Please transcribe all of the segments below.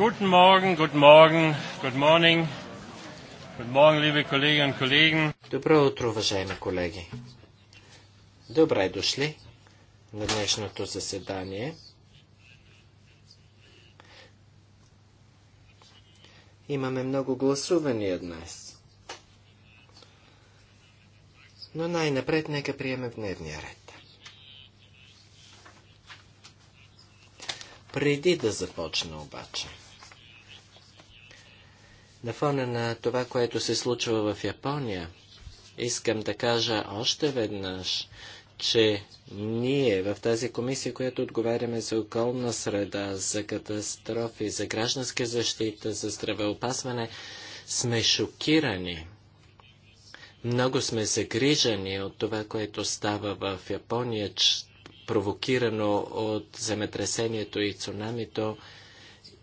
Guten Morgen, guten Morgen, good morning. Good morning, liebe Kolleginnen und Kollegen. Добро утро, уважаеми колеги. Добре дошли на днешното заседание. Имаме много гласувания днес. Но най-напред нека приеме в дневния ред. Преди да започна обаче, на фона на това, което се случва в Япония, искам да кажа още веднъж, че ние в тази комисия, която отговаряме за околна среда, за катастрофи, за гражданска защита, за здравеопасване, сме шокирани. Много сме загрижени от това, което става в Япония, провокирано от земетресението и цунамито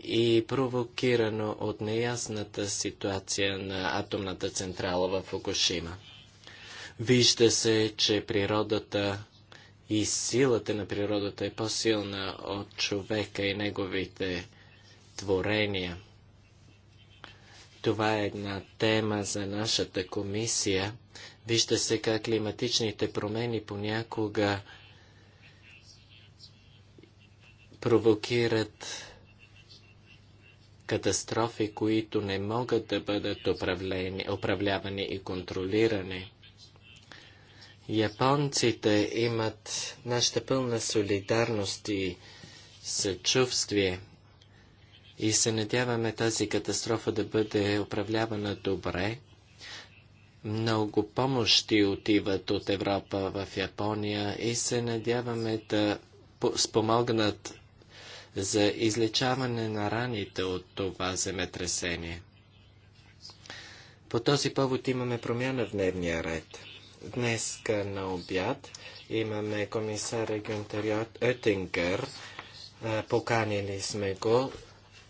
и провокирано от неясната ситуация на атомната централа в Фукушима. Вижда се, че природата и силата на природата е по-силна от човека и неговите творения. Това е една тема за нашата комисия. Вижда се как климатичните промени понякога провокират катастрофи, които не могат да бъдат управлявани и контролирани. Японците имат нашата пълна солидарност и съчувствие и се надяваме тази катастрофа да бъде управлявана добре. Много помощи отиват от Европа в Япония и се надяваме да спомогнат за излечаване на раните от това земетресение. По този повод имаме промяна в дневния ред. Днес на обяд имаме комисар Гюнтер Оттингер. Е, поканили сме го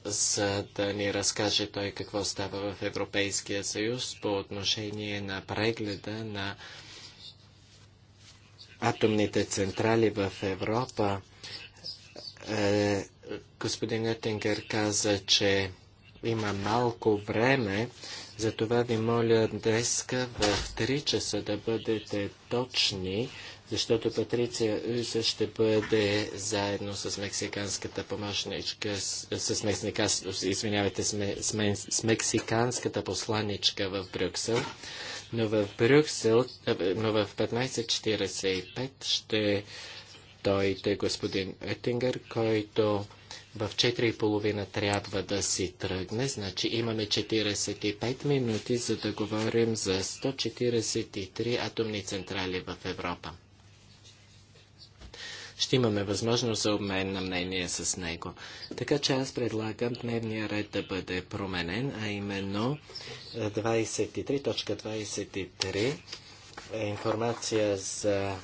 за да ни разкаже той какво става в Европейския съюз по отношение на прегледа на атомните централи в Европа. Е, господин Етингер каза, че има малко време, затова ви моля днеска в 3 часа да бъдете точни, защото Патриция Юза ще бъде заедно с мексиканската помощничка, с, с, мексика, извинявайте, с, с мексиканската посланичка в Брюксел. Но в Брюксел, но в 15.45 ще дойде господин Етингер, който в 4.30 трябва да си тръгне, значи имаме 45 минути, за да говорим за 143 атомни централи в Европа. Ще имаме възможност за обмен на мнение с него. Така че аз предлагам дневния ред да бъде променен, а именно 23.23 .23, .23 е информация за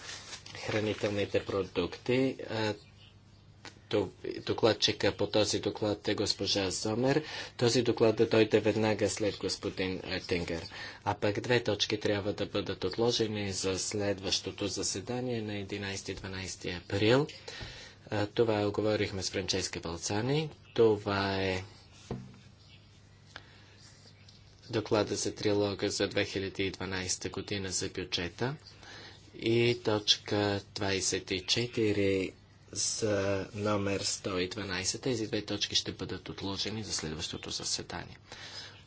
хранителните продукти. Докладчика по този доклад е госпожа Зомер. Този доклад да дойде веднага след господин Тингер. А пък две точки трябва да бъдат отложени за следващото заседание на 11-12 април. Това оговорихме е, с Франческа Балцани. Това е доклада за трилога за 2012 година за бюджета и точка 24 за номер 112. Тези две точки ще бъдат отложени за следващото заседание.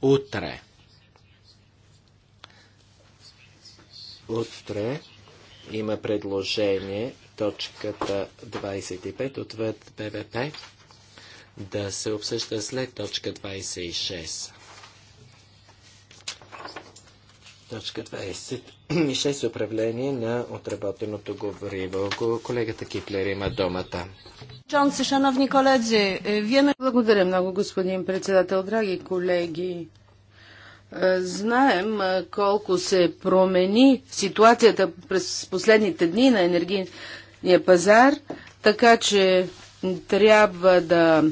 Утре. Утре има предложение точката 25 отвъд БВП да се обсъжда след точка 26. Точка 20. Е управление на отработеното гориво. Колегата Киплер има думата. Шановни колеги, е, вие... Благодаря много, господин председател. Драги колеги, е, знаем колко се промени ситуацията през последните дни на енергийния пазар, така че трябва да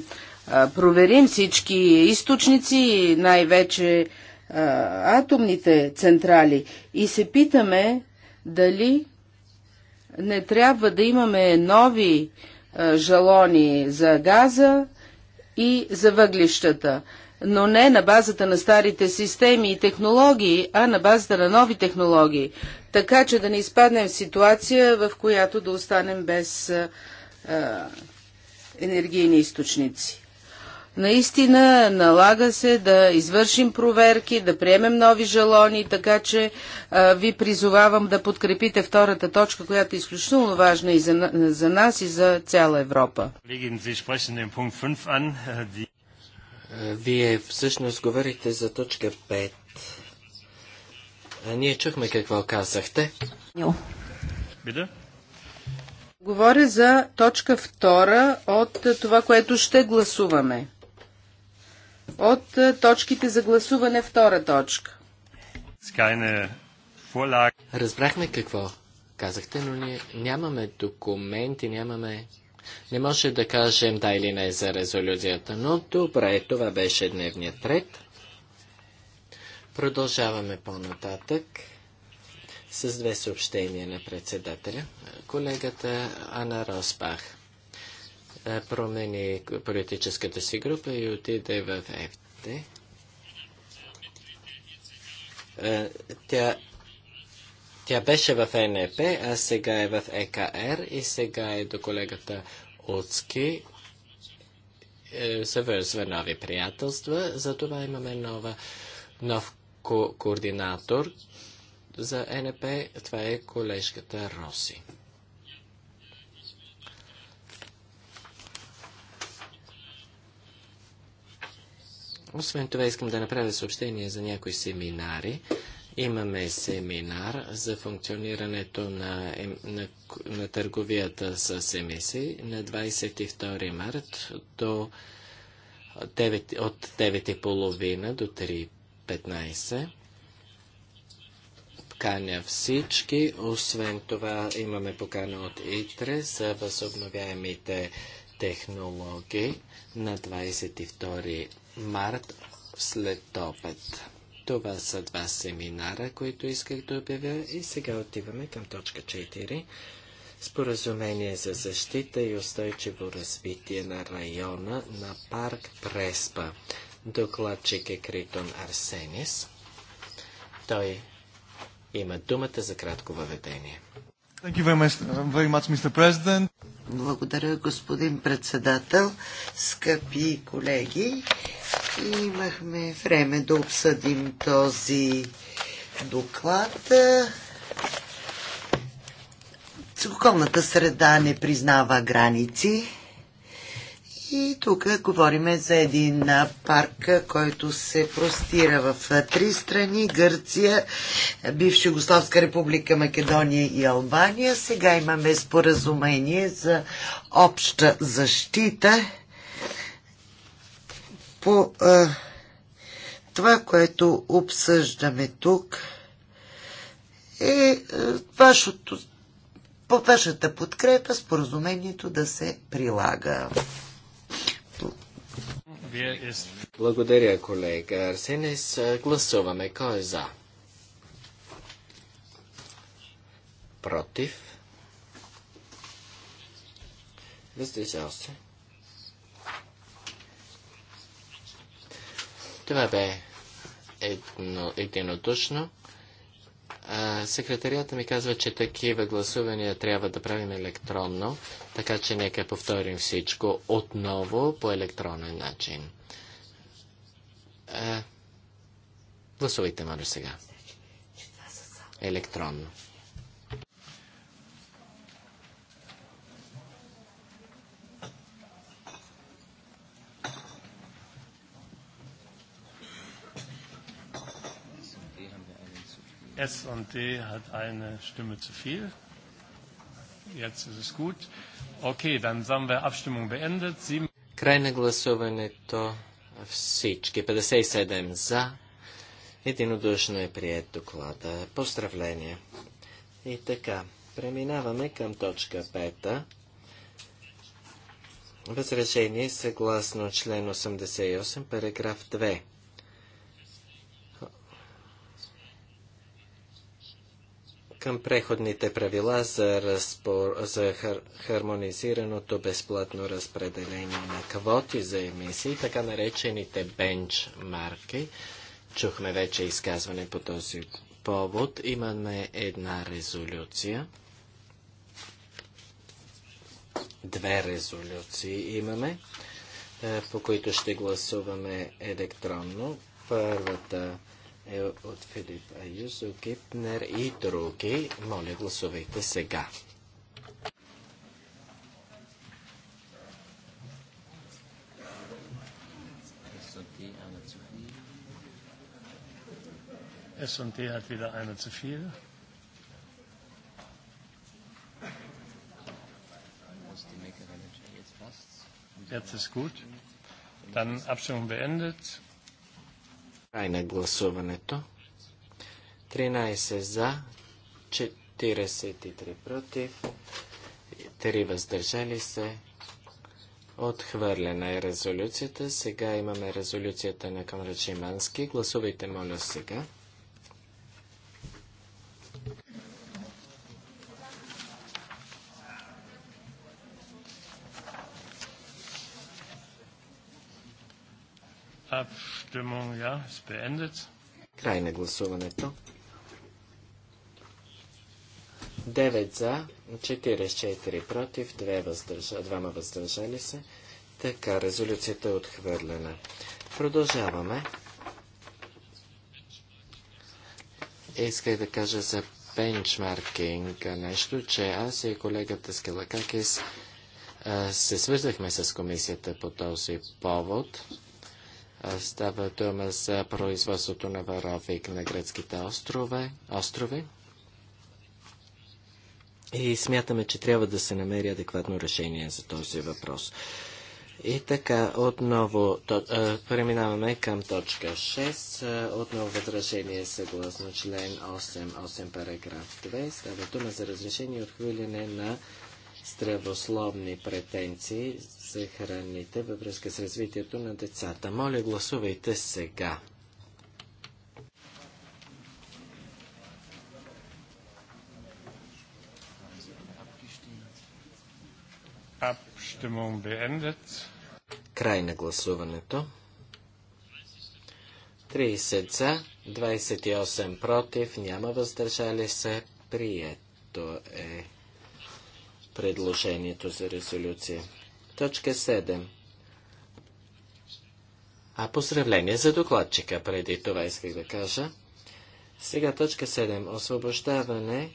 проверим всички източници, най-вече атомните централи и се питаме дали не трябва да имаме нови жалони за газа и за въглищата, но не на базата на старите системи и технологии, а на базата на нови технологии, така че да не изпаднем в ситуация, в която да останем без а, енергийни източници. Наистина налага се да извършим проверки, да приемем нови жалони, така че а, ви призовавам да подкрепите втората точка, която е изключително важна и за, за нас и за цяла Европа. Вие всъщност говорите за точка 5. А ние чухме какво казахте. Биде? Говоря за точка 2 от това, което ще гласуваме от е, точките за гласуване втора точка. Разбрахме какво казахте, но ние нямаме документи, нямаме... Не може да кажем да или не за резолюцията, но добре, това беше дневният ред. Продължаваме по-нататък с две съобщения на председателя. Колегата Ана Росбах е, промени политическата си група и отиде в ФТ. Е, тя, тя беше в НП, а сега е в ЕКР и сега е до колегата Оцки. Е, Съвързва нови приятелства, затова имаме нова, нов ко- координатор за НП. Това е колежката Роси. Освен това искам да направя съобщение за някои семинари. Имаме семинар за функционирането на, на, на търговията с емисии на 22 март до 9, от 9.30 до 3.15. Поканя всички. Освен това имаме покана от ИТРЕ за възобновяемите технологии на 22 март след обед. Това са два семинара, които исках да обявя и сега отиваме към точка 4. Споразумение за защита и устойчиво развитие на района на парк Преспа. Докладчик е Критон Арсенис. Той има думата за кратко въведение. Much, much, благодаря, господин председател, скъпи колеги. Имахме време да обсъдим този доклад. Околната среда не признава граници. И тук говориме за един парк, който се простира в три страни Гърция, бивша Югославска република Македония и Албания. Сега имаме споразумение за обща защита по а, това, което обсъждаме тук е вашето, по вашата подкрепа споразумението да се прилага. Благодаря, колега Арсенес. Гласуваме. Кой е за? Против? Въздържал се. Това бе едно, единодушно. А, секретарията ми казва, че такива гласувания трябва да правим електронно, така че нека повторим всичко отново по електронен начин. А, гласувайте, моля сега. Електронно. S&D hat eine Stimme zu viel. Jetzt ist es gut. Okay, dann sagen wir Abstimmung beendet. Sieben... Край на гласуването всички. 57 за. Единодушно е прият доклада. Поздравления. И така, преминаваме към точка 5. Възражение съгласно член 88, параграф 2. към преходните правила за, разпор... за хар... хармонизираното безплатно разпределение на квоти за емисии, така наречените бенчмарки. Чухме вече изказване по този повод. Имаме една резолюция. Две резолюции имаме, е, по които ще гласуваме електронно. Първата е от Филип Аюзо Гипнер и други. Моля, гласувайте сега. S&T hat wieder eine zu viel. Jetzt ist gut. Dann Abstimmung beendet. Край на гласуването. 13 за, 43 против, 3 въздържали се. Отхвърлена е резолюцията. Сега имаме резолюцията на Камрачимански. Гласувайте, моля, сега. Край на гласуването. 9 за, 44 против, 2 въздържа, 2 въздържали се. Така, резолюцията е отхвърлена. Продължаваме. Исках да кажа за бенчмаркинг нещо, че аз и колегата Скелакакис се свързахме с комисията по този повод. Става дума за производството на варовик на гръцките острове, острови. И смятаме, че трябва да се намери адекватно решение за този въпрос. И така, отново то, а, преминаваме към точка 6. отново възражение съгласно член 8, 8 параграф 2. Става дума за разрешение и отхвърляне на здравословни претенции за храните във връзка с развитието на децата. Моля, гласувайте сега. Край на гласуването. 30 за, 28 против, няма въздържали се. Прието е предложението за резолюция. Точка 7. А поздравление за докладчика преди това исках да кажа. Сега точка 7. Освобождаване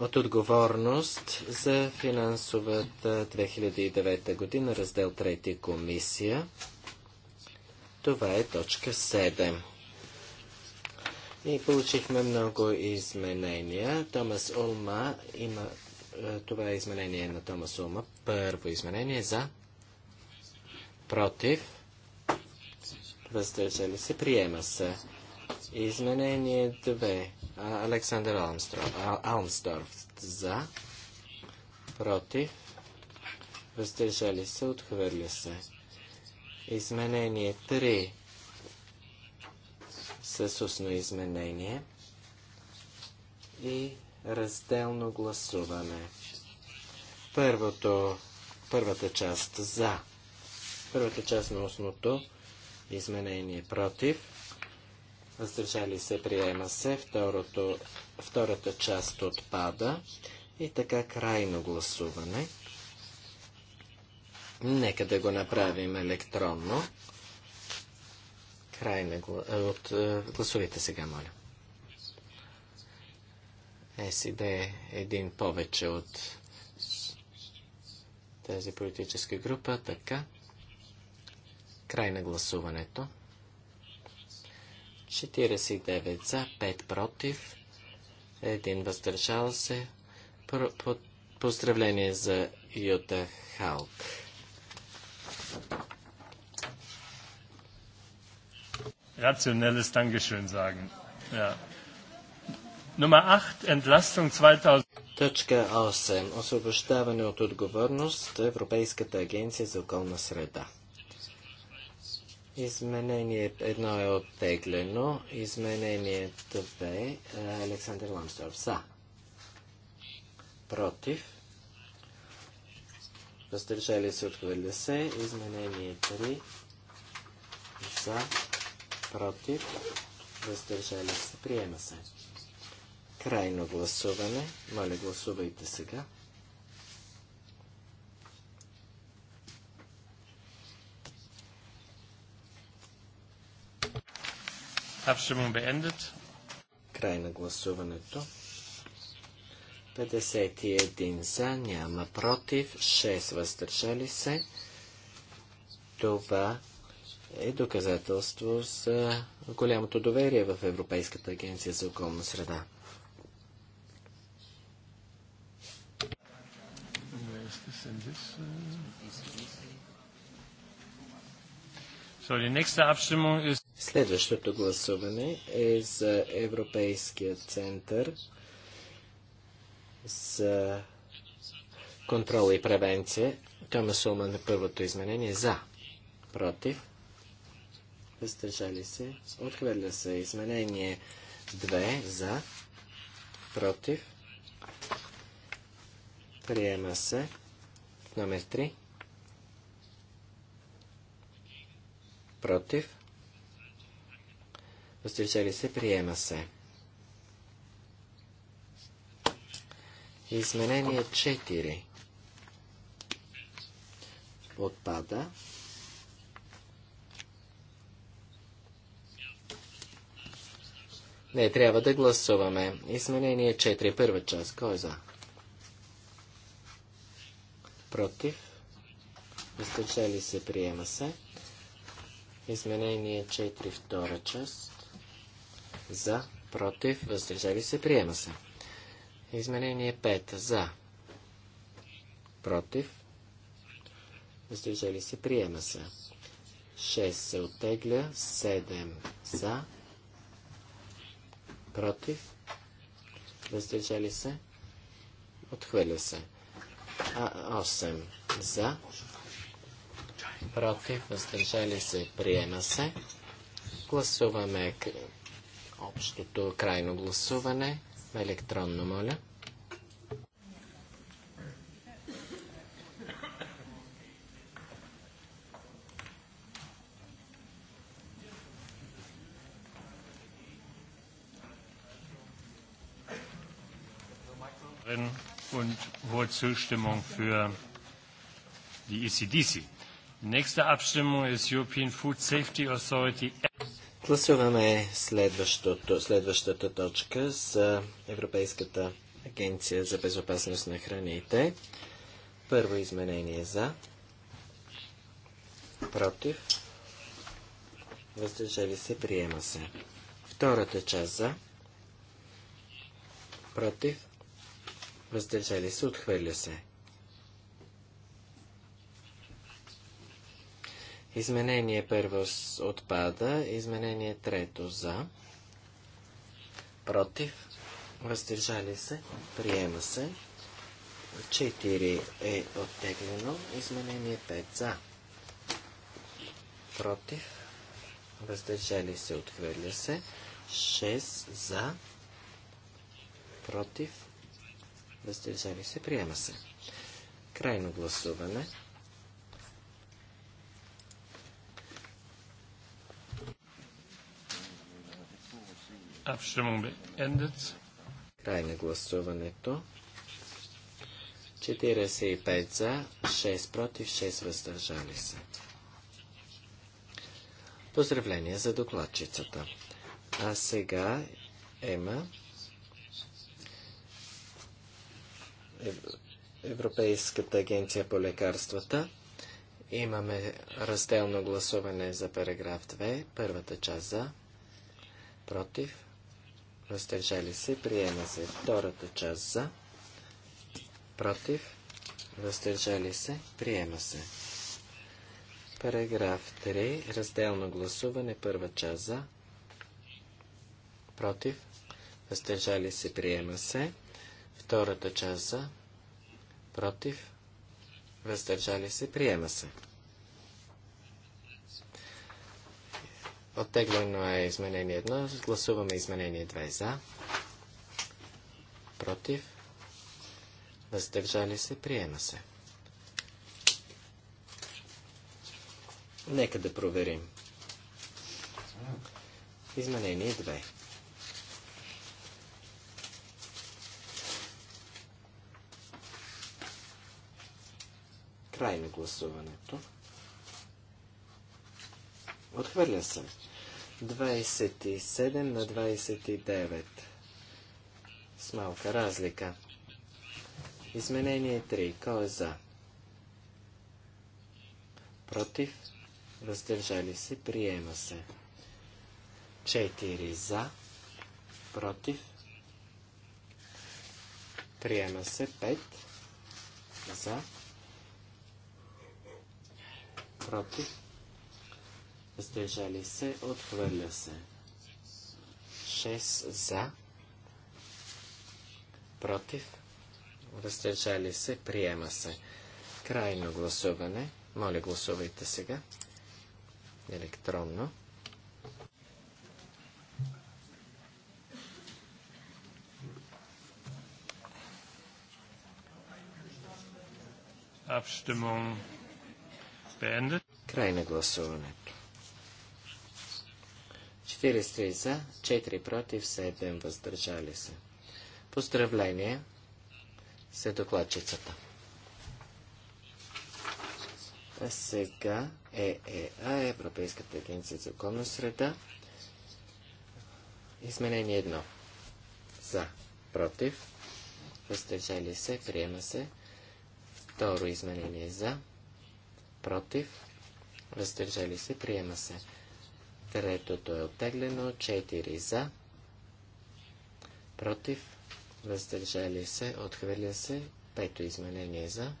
от отговорност за финансовата 2009 година, раздел 3 комисия. Това е точка 7. И получихме много изменения. Томас Олма има е, това е изменение на Тома Сума. Първо изменение за, против, въздържали се, приема се. Изменение 2. Александър Алмсторф. Алмсторф за, против, въздържали се, отхвърля се. Изменение 3 Съсусно изменение и разделно гласуване. Първото, първата част за. Първата част на устното изменение против. Въздържали се, приема се. Второто, втората част отпада. И така крайно гласуване. Нека да го направим електронно. Край от... Е, гласувайте сега, моля. СИД е един повече от тази политическа група. Така. Край на гласуването. 49 за, 5 против, Един въздържал се. Поздравление за Юта Халк. Рационelles дангешен, sagen. Ja. 8. Entlastung 2000. Точка 8. Освобождаване от отговорност Европейската агенция за околна среда. Изменение 1 е оттеглено. Изменение 2. Е, Александър Ламстор. За. Против. Въздържали се отхвърля се. Изменение 3. За. Против. Въздържали се. Приема се. Крайно гласуване. Моля, гласувайте сега. Abstimmung beendet. Край на гласуването. 51 за, няма против, 6 въздържали се. Това е доказателство за голямото доверие в Европейската агенция за околна среда. Uh, Следващото гласуване е за Европейския център за контрол и превенция. Към сума на е първото изменение за, против, въздържали се, отхвърля се изменение 2 за, против, приема се. Номер 3. Против. Въздържали се. Приема се. Изменение 4. Отпада. Не, трябва да гласуваме. Изменение 4. Първа част. Кой е за? против, въздържали се, приема се. Изменение 4, втора част, за, против, въздържали се, приема се. Изменение 5, за, против, въздържали се, приема се. 6 се оттегля, 7 за, против, въздържали се, отхвърля се. 8 за, против, въздържали се, приема се. Гласуваме общото крайно гласуване на електронно, моля. volle Zustimmung für die ECDC. Nächste Abstimmung ist European Food Safety Authority. Гласуваме следващата точка с Европейската агенция за безопасност на храните. Първо изменение за, против, въздържали се, приема се. Втората част за, против, въздържали се, отхвърля се. Изменение първо отпада, изменение трето за, против, въздържали се, приема се. 4 е оттеглено, изменение 5 за, против, въздържали се, отхвърля се, 6 за, против, въздържали се, приема се. Крайно гласуване. Abstimmung beendet. гласуването. 45 за, 6 против, 6 въздържали се. Поздравления за докладчицата. А сега, Ема, Европейската агенция по лекарствата. Имаме разделно гласуване за параграф 2, първата част за, против, въздържали се, приема се втората част за, против, въздържали се, приема се. Параграф 3, разделно гласуване, първа част за, против, въздържали се, приема се. Втората част за, против, въздържали се, приема се. Оттеглено е изменение 1, гласуваме изменение 2 за, против, въздържали се, приема се. Нека да проверим. Изменение 2. Край на гласуването. Отхвърля се. 27 на 29. С малка разлика. Изменение 3. Кой е за? Против? Въздържали се? Приема се. 4 за. Против? Приема се. 5 за против, въздържали се, отхвърля се. 6 за, против, въздържали се, приема се. Крайно гласуване. Моля, гласувайте сега. Електронно. Abstimmung beendet. Край на гласуването. 43 за, 4 против, 7 въздържали се. Поздравление се докладчицата. А сега ЕЕА, Европейската агенция за околна среда. Изменение 1. За, против, въздържали се, приема се. Второ изменение за, против, въздържали се, приема се. Третото е оттеглено, 4 за, против, въздържали се, отхвърля се, пето изменение за,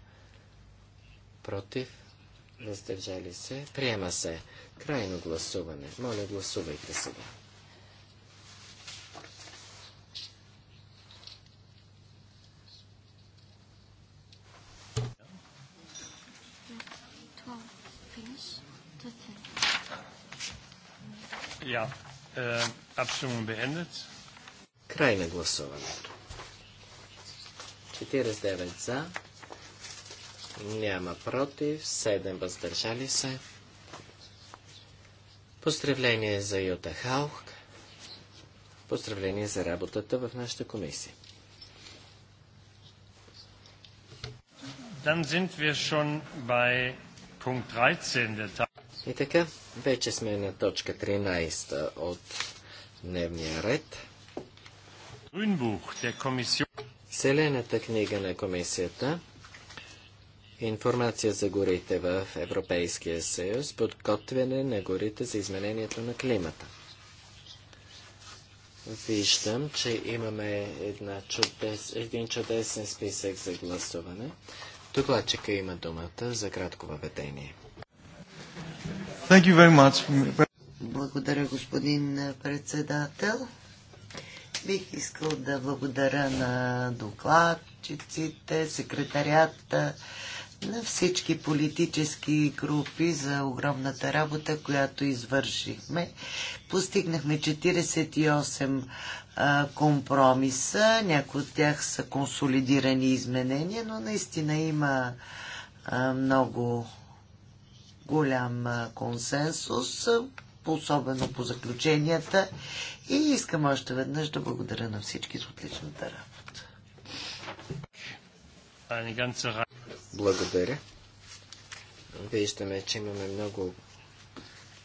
против, въздържали се, приема се. Крайно гласуване. Моля, гласувайте сега. Abstimmung beendet. Край на гласуването. 49 за, няма против, 7 въздържали се. Поздравление за Юта Хаух. Поздравление за работата в нашата комисия. Dann sind wir schon bei Punkt 13 der И така, вече сме на точка 13 от дневния ред. Селената книга на комисията Информация за горите в Европейския съюз, подготвяне на горите за изменението на климата. Виждам, че имаме една чудес, един чудесен списък за гласуване. Докладчика има думата за кратко въведение. Благодаря, господин председател. Бих искал да благодаря на докладчиците, секретарията, на всички политически групи за огромната работа, която извършихме. Постигнахме 48 а, компромиса, някои от тях са консолидирани изменения, но наистина има а, много голям консенсус особено по заключенията. И искам още веднъж да благодаря на всички за отличната работа. Благодаря. Виждаме, че имаме много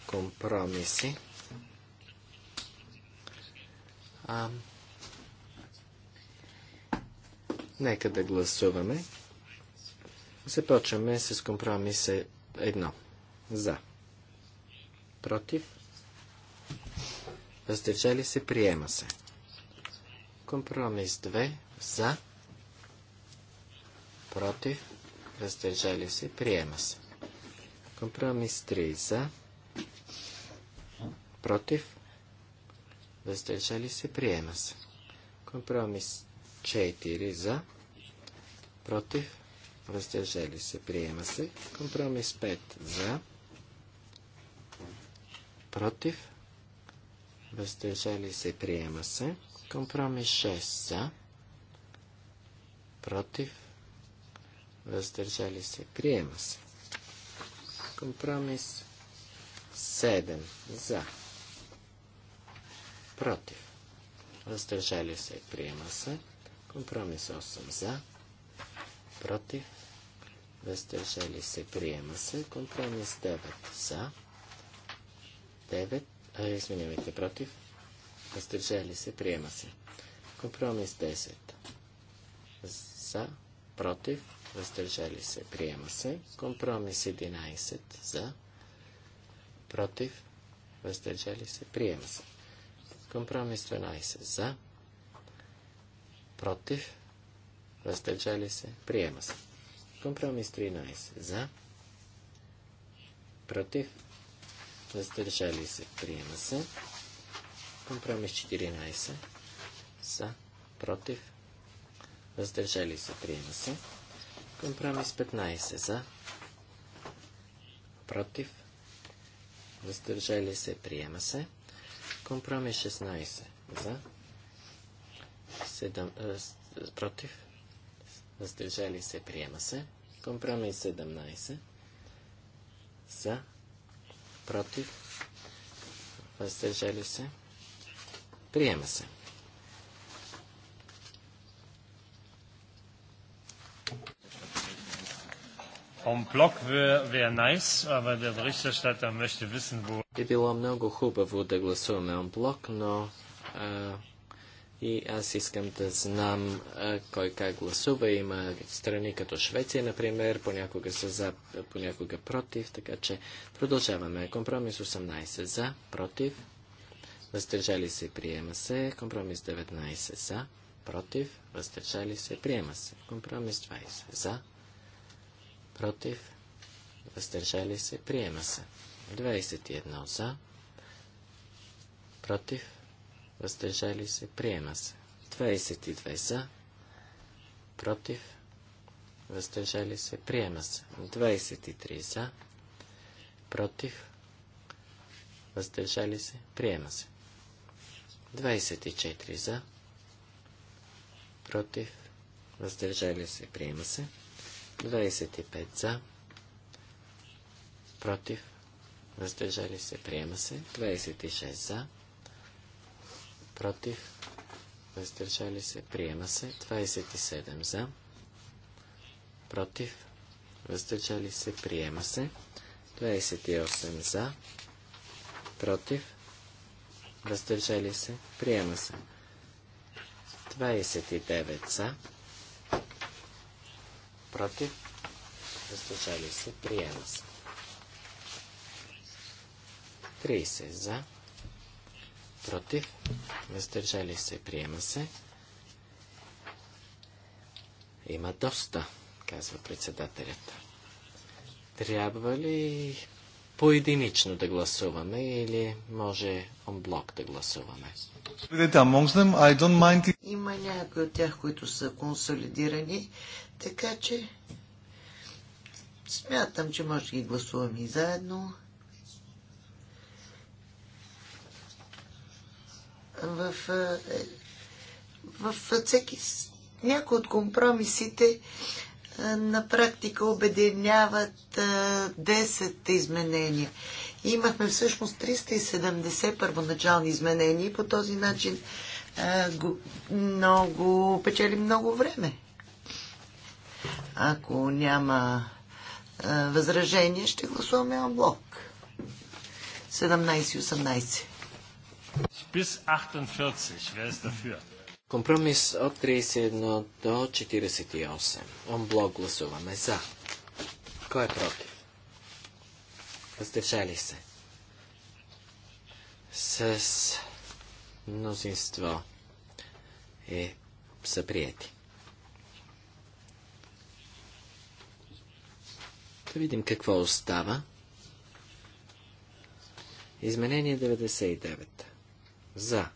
компромиси. А, нека да гласуваме. Започваме с компромиса едно. За против, въздържали се, приема се. Компромис 2 за, против, въздържали се, приема се. Компромис 3 за, против, въздържали се, приема се. Компромис 4 за, против, въздържали се, приема се. Компромис 5 за, против, въздържали се, приема се. Компромис 6 за, против, въздържали се, приема се. Компромис 7 за, против, въздържали се, приема се. Компромис 8 за, против, въздържали се, приема се. Компромис 9 за, 9, а извинявайте, против, въздържали се, приема се. Компромис 10. За, против, въздържали се, приема се. Компромис 11. За, против, въздържали се, приема се. Компромис 12. За, против, въздържали се, приема се. Компромис 13. За, против, въздържали се, приема се. Компромис 14 за, против, въздържали се, приема се. Компромис 15 за, против, въздържали се, приема се. Компромис 16 за, 7, э, против, въздържали се, приема се. Компромис 17 за, против, въздържали се, приема се. En Би е било много хубаво да гласуваме онблок, но а, и аз искам да знам а, кой как гласува. Има страни като Швеция, например, понякога са за, понякога против, така че продължаваме. Компромис 18 за, против, въздържали се, приема се. Компромис 19 за, против, въздържали се, приема се. Компромис 20 за, против, въздържали се, приема се. 21 за, против, въздържали се, приема се. 22 за, против, въздържали се, приема се. 23 за, против, въздържали се, приема се. 24 за, против, въздържали се, приема се. 25 за, против, въздържали се, приема се. 26 за, против, въздържали се, приема се. 27 за, против, въздържали се, приема се. 28 за, против, въздържали се, приема се. 29 за, против, въздържали се, приема се. 30 за, против, въздържали се, приема се. Има доста, казва председателят. Трябва ли поединично да гласуваме или може онблок да гласуваме? Има някои от тях, които са консолидирани, така че смятам, че може да ги гласуваме и заедно. в, е, в всеки някои от компромисите е, на практика обединяват 10 е, изменения. Имахме всъщност 370 първоначални изменения и по този начин много, печели много време. Ако няма възражение, ще гласуваме блок. 17 и 18 bis 48. Wer ist dafür? Компромис от 31 до 48. блок гласуваме за. Кой е против? Въздържали се. С мнозинство е са Да видим какво остава. Изменение 99. За.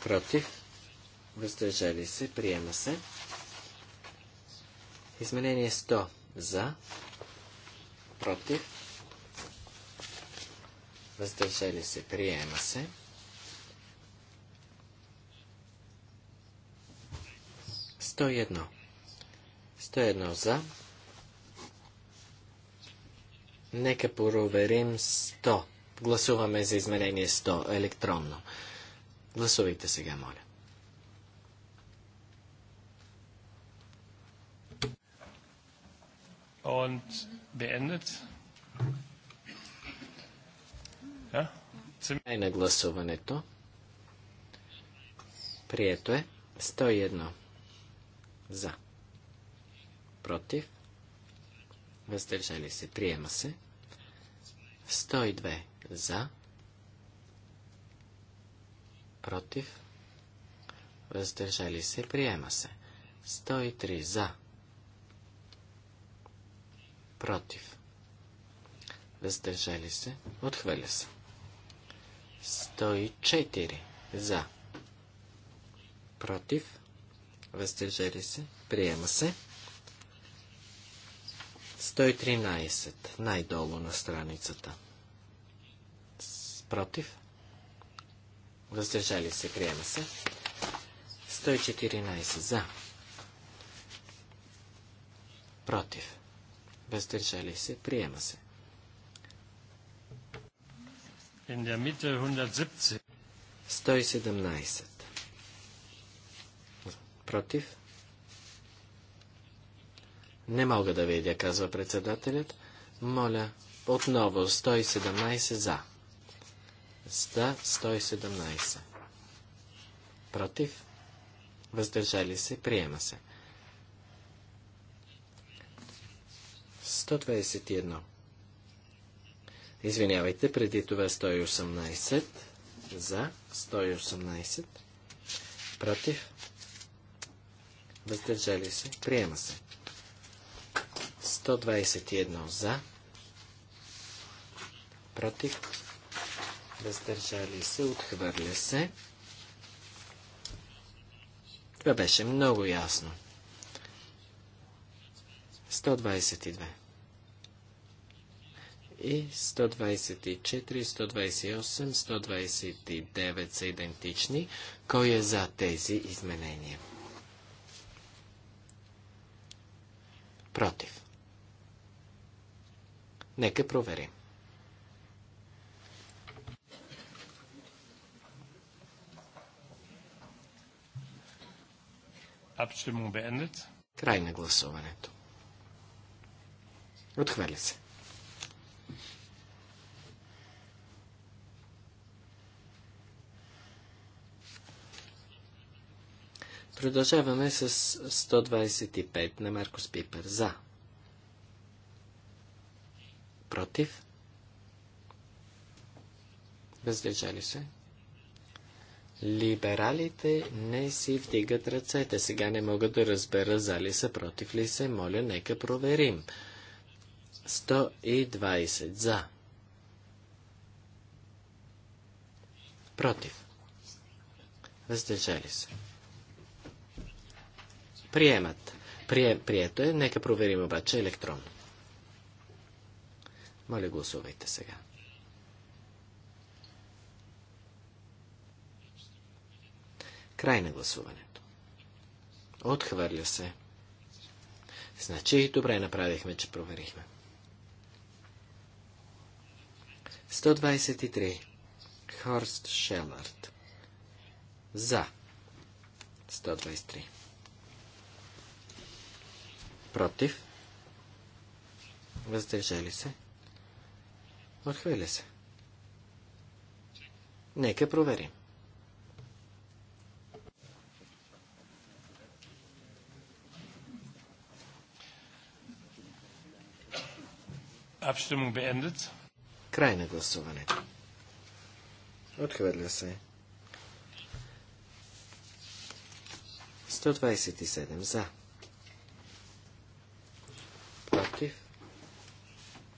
Против. Въздържали се. Приема се. Изменение 100. За. Против. Въздържали се. Приема се. Сто едно. Сто едно за. Нека проверим 100. Гласуваме за измерение 100 електронно. Гласувайте сега, моля. und beendet. Ja? на гласуването. Прието е 101 за. Против. Въздържали се. Приема се. 102 за, против, въздържали се, приема се. 103 за, против, въздържали се, отхвърля се. 104 за, против, въздържали се, приема се. 113 най-долу на страницата против, въздържали се, приема се. 114 за, против, въздържали се, приема се. In der Mitte 117. 117. Против? Не мога да видя, казва председателят. Моля, отново 117 за за 117. Против. Въздържали се. Приема се. 121. Извинявайте, преди това 118. За 118. Против. Въздържали се. Приема се. 121 за. Против въздържали се, отхвърля се. Това беше много ясно. 122 и 124, 128, 129 са идентични. Кой е за тези изменения? Против. Нека проверим. Край на гласуването. Отхвърля се. Продължаваме с 125 на Маркос Пипер. За. Против. Въздържали се. Либералите не си вдигат ръцете. Сега не мога да разбера зали са против ли се. Моля, нека проверим. 120 за. Против. Въздържали се. Приемат. Прие, прието е. Нека проверим обаче електронно. Моля, гласувайте сега. Край на гласуването. Отхвърля се. Значи, добре направихме, че проверихме. 123. Хорст Шелард. За. 123. Против. Въздържали се. Отхвърля се. Нека проверим. Abstimmung beendet. Край на Отхвърля се. 127 за. Против.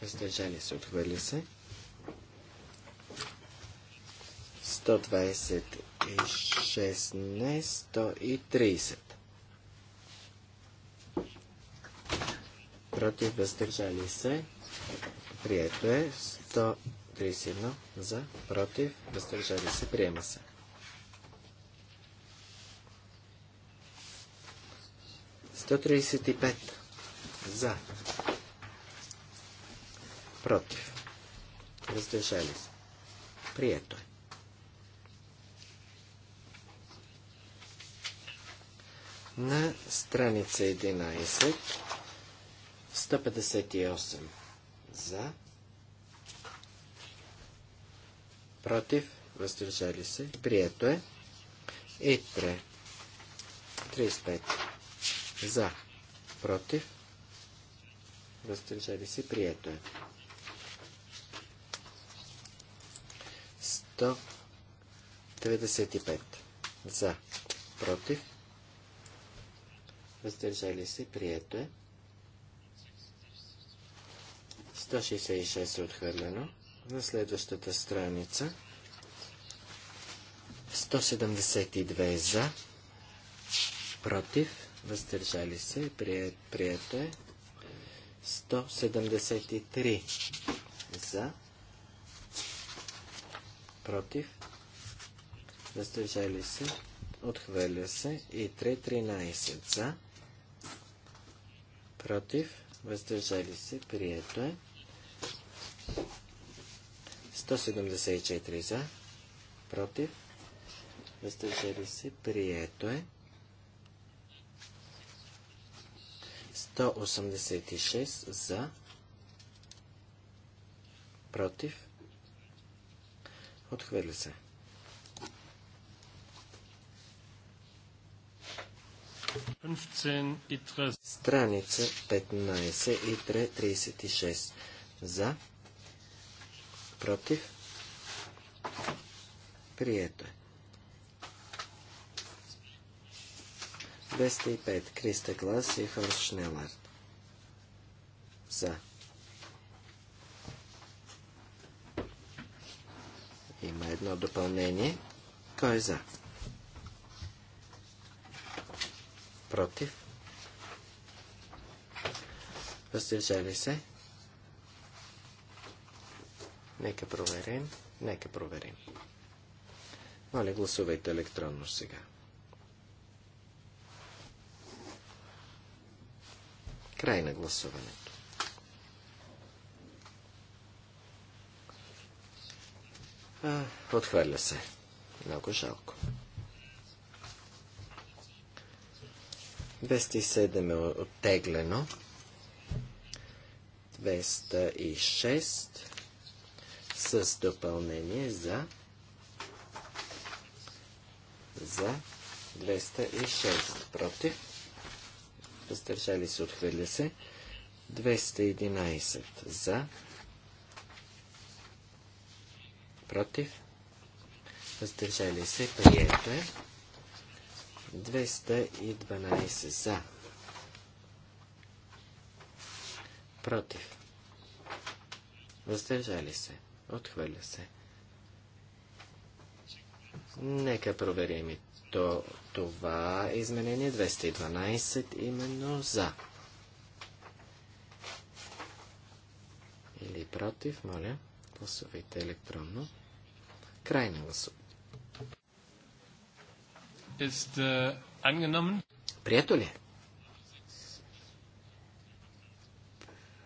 Въздържали се. Отхвърля се. 126, не 130. Против въздържали се. Прието е 131 за, против, въздържали се, приема се. Сто за, против, въздържали се, прието е. На страница 11, 158 за, против, въздържали се, прието е. И 3. 35. За, против, въздържали се, прието е. 195. За, против, въздържали се, прието е. 166 е отхвърлено. На следващата страница. 172 за. Против. Въздържали се. прието е. 173 за. Против. Въздържали се. Отхвърля се. И 313 за. Против въздържали се, прието е. 174 за, против, 260, се, прието е. 186 за, против, отхвърля се. Страница 15 и 3, 36 за, Против. Прието е. 205. Криста Глас и Хорст Шнелард. За. Има едно допълнение. Кой е за? Против. Въздържали се. Нека проверим. Нека проверим. Моля, гласувайте електронно сега. Край на гласуването. А, отхвърля се. Много жалко. 207 е оттеглено. 206 с допълнение за за 206 против. Въздържали се, отхвърля се. 211 за против. Въздържали се, прието е. 212 за против. Въздържали се. Отхвърля се. Нека проверим и то, това изменение 212 именно за. Или против, моля, гласувайте електронно. Край на гласуване. Прието ли? Е?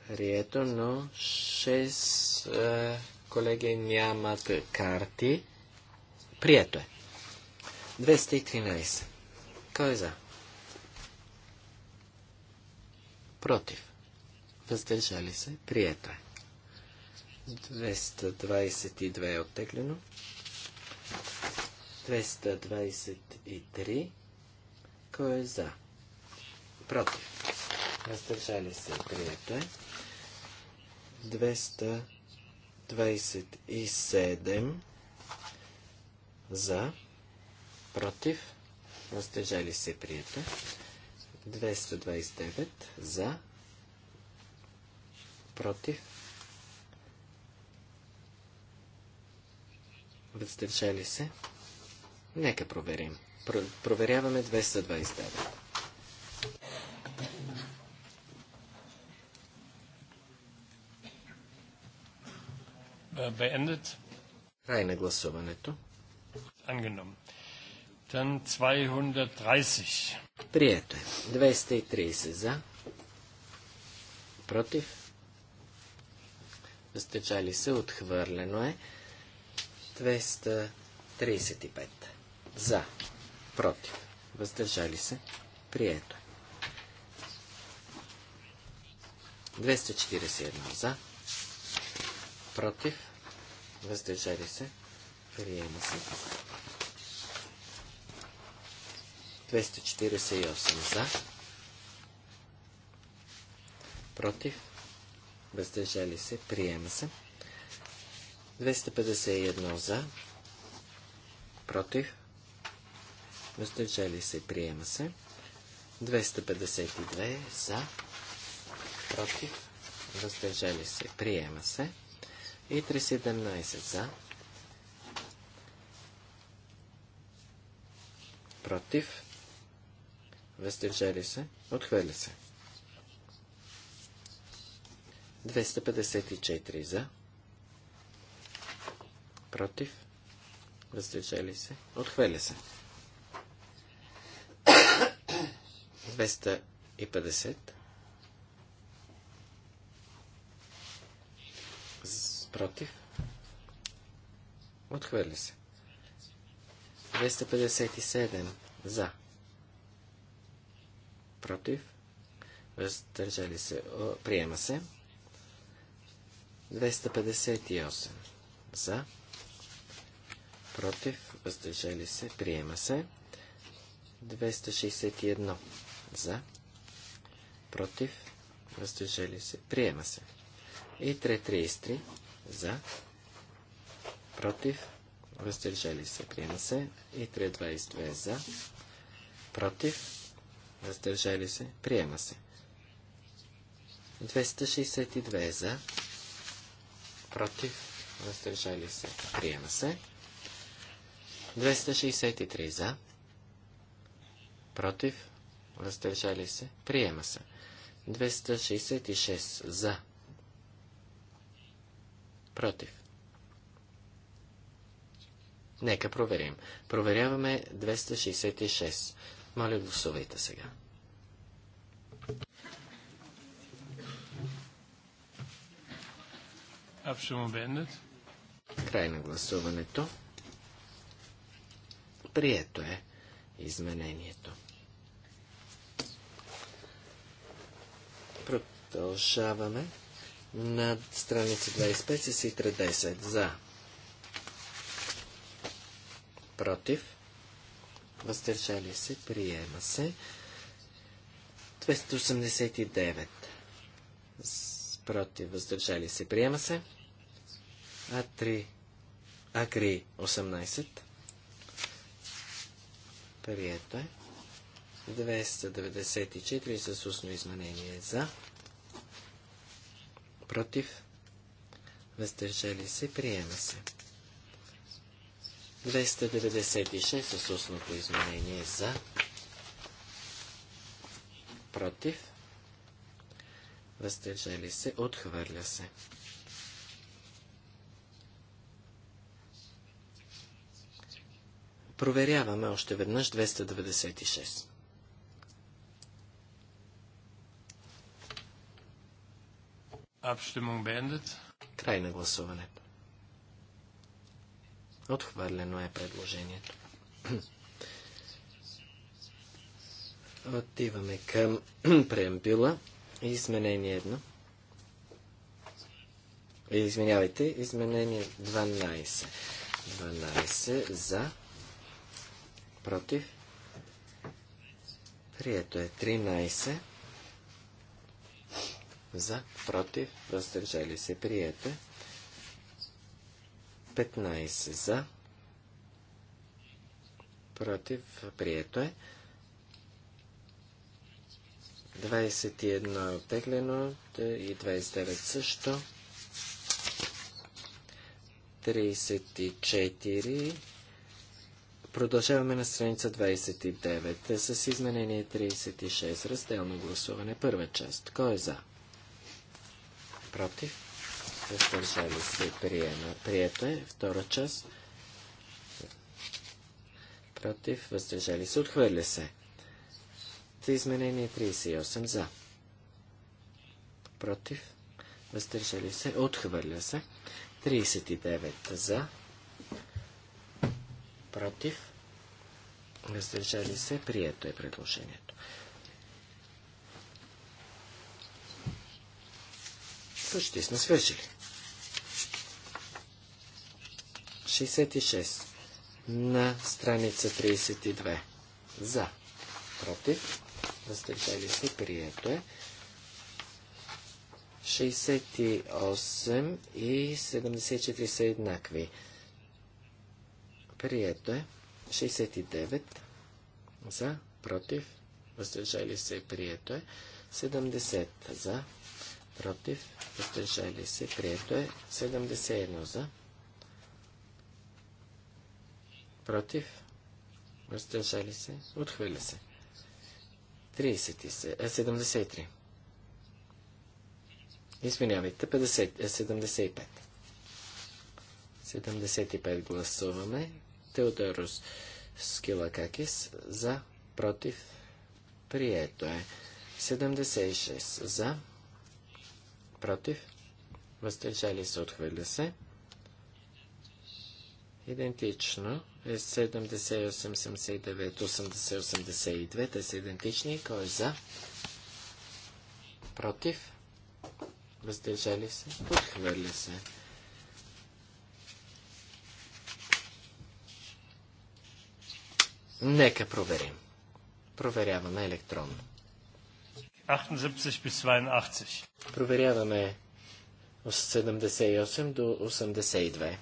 Прието, но 6... uh, е, колеги нямат карти. Прието е. 213. Кой е за? Против. Въздържали се. Прието е. 222 е оттеглено. 223. Кой е за? Против. Въздържали се. Прието е. 200. 27 за, против, въздържали се прието. 229 за, против, въздържали се. Нека проверим. проверяваме 229. Äh, beendet. Край на гласуването. Angenommen. Dann 230. Прието е. 230 за. Против. Въздържали се. Отхвърлено е. 235. За. Против. Въздържали се. Прието е. 241 за против, въздържали се, приема се. 248 за, против, въздържали се, приема се. 251 за, против, въздържали се, приема се. 252 за, против, въздържали се, приема се. И 317 за. Против. Въздържали се. Отхвърля се. 254 за. Против. Въздържали се. Отхвърля се. 250 против, отхвърля се. 257 за, против, въздържали се, приема се. 258 за, против, въздържали се, приема се. 261 за, против, въздържали се, приема се. И 333 за, против, въздържали се, приема се. И 322 е за, против, въздържали се, приема се. 262 е за, против, въздържали се, приема се. 263 за, против, въздържали се, приема се. 266 за, Против. Нека проверим. Проверяваме 266. Моля, гласувайте сега. Край на гласуването. Прието е изменението. Продължаваме на страница 25 с ИТРА 10. За. Против. Въздържали се. Приема се. 289. Против. Въздържали се. Приема се. А3. Агри 18. Прието е. 294 с устно изменение за против, въздържали се, приема се. 296 с устното изменение за, против, въздържали се, отхвърля се. Проверяваме още веднъж 296. Abstimmung beendet. Край на гласуването. Отхвърлено е предложението. Отиваме към преамбюла. Изменение 1. Е, извинявайте, изменение 12. 12 за, против, прието е 13 за, против, въздържали се, прието. 15 за, против, прието е. 21 е оттеглено и 29 също. 34. Продължаваме на страница 29 с изменение 36. Разделно гласуване. Първа част. Кой е за? против, въздържали се, приема. Прието е. Втора част. Против, въздържали се, отхвърля се. За изменение 38 за. Против, въздържали се, отхвърля се. 39 за. Против, въздържали се, прието е предложението. Почти сме свършили. 66 на страница 32. За. Против. Въздържали се. Прието е. 68 и 74 са еднакви. Прието е. 69 за, против, въздържали се, прието е. 70 за, против, въздържали се, прието е 71 за, против, въздържали се, отхвърля се. 73. Е, Извинявайте, 50, 75. 75 гласуваме. Теодорус Скилакакис за, против, прието е. 76 за, против, въздържали се, отхвърля се. Идентично е 78, 79, 80, 82. Те са идентични. Кой е за? Против? Въздържали се? Отхвърля се. Нека проверим. Проверяваме електронно. 78 82. Проверяваме от 78 до 82.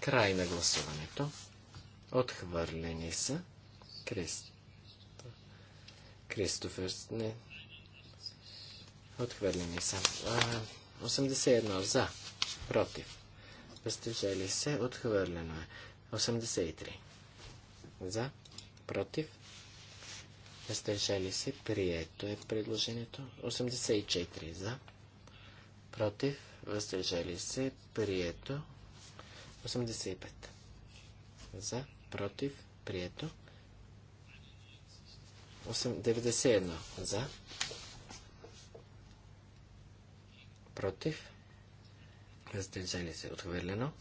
Край на гласуването. Отхвърлени са Крист. Кристофер. Не. Отхвърлени са. А, 81 за. Против. Въздържали се. Отхвърлено е. 83. За. Против въздържали се, прието е предложението. 84 за, против, въздържали се, прието. 85 за, против, прието. 91 за, против, въздържали се, отхвърлено.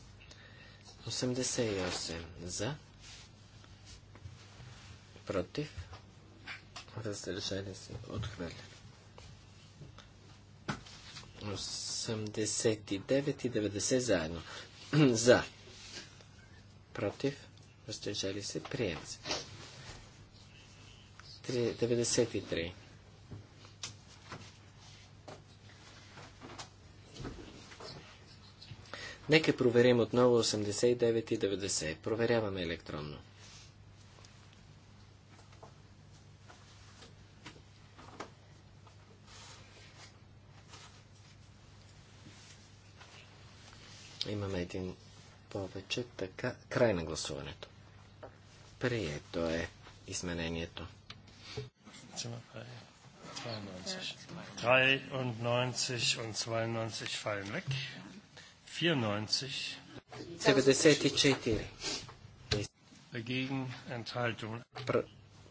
88 за, против, разрешение се, Отхвърля. 89 и 90 заедно. За. Против. Въздържали се. Приема се. 93. Нека проверим отново 89 и 90. Проверяваме електронно. 89. Имаме един повече. Така, край на гласуването. Прието е изменението. 93 und 92 fallen weg. 94. 94. Dagegen Enthaltung.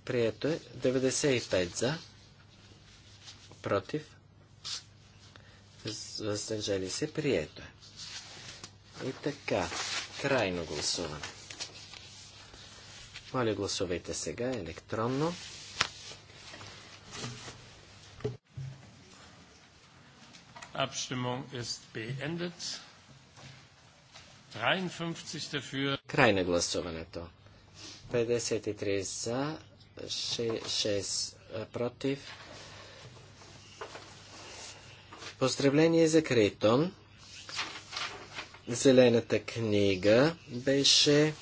прието е 95 за. Против. Въздържали се. Прието е. И така, крайно гласуване. Моля, гласувайте сега електронно. Abstimmung ist beendet. 53 dafür. Край на гласуването. 53 за, 6, 6 против. Поздравление за Крейтон. Зелената книга беше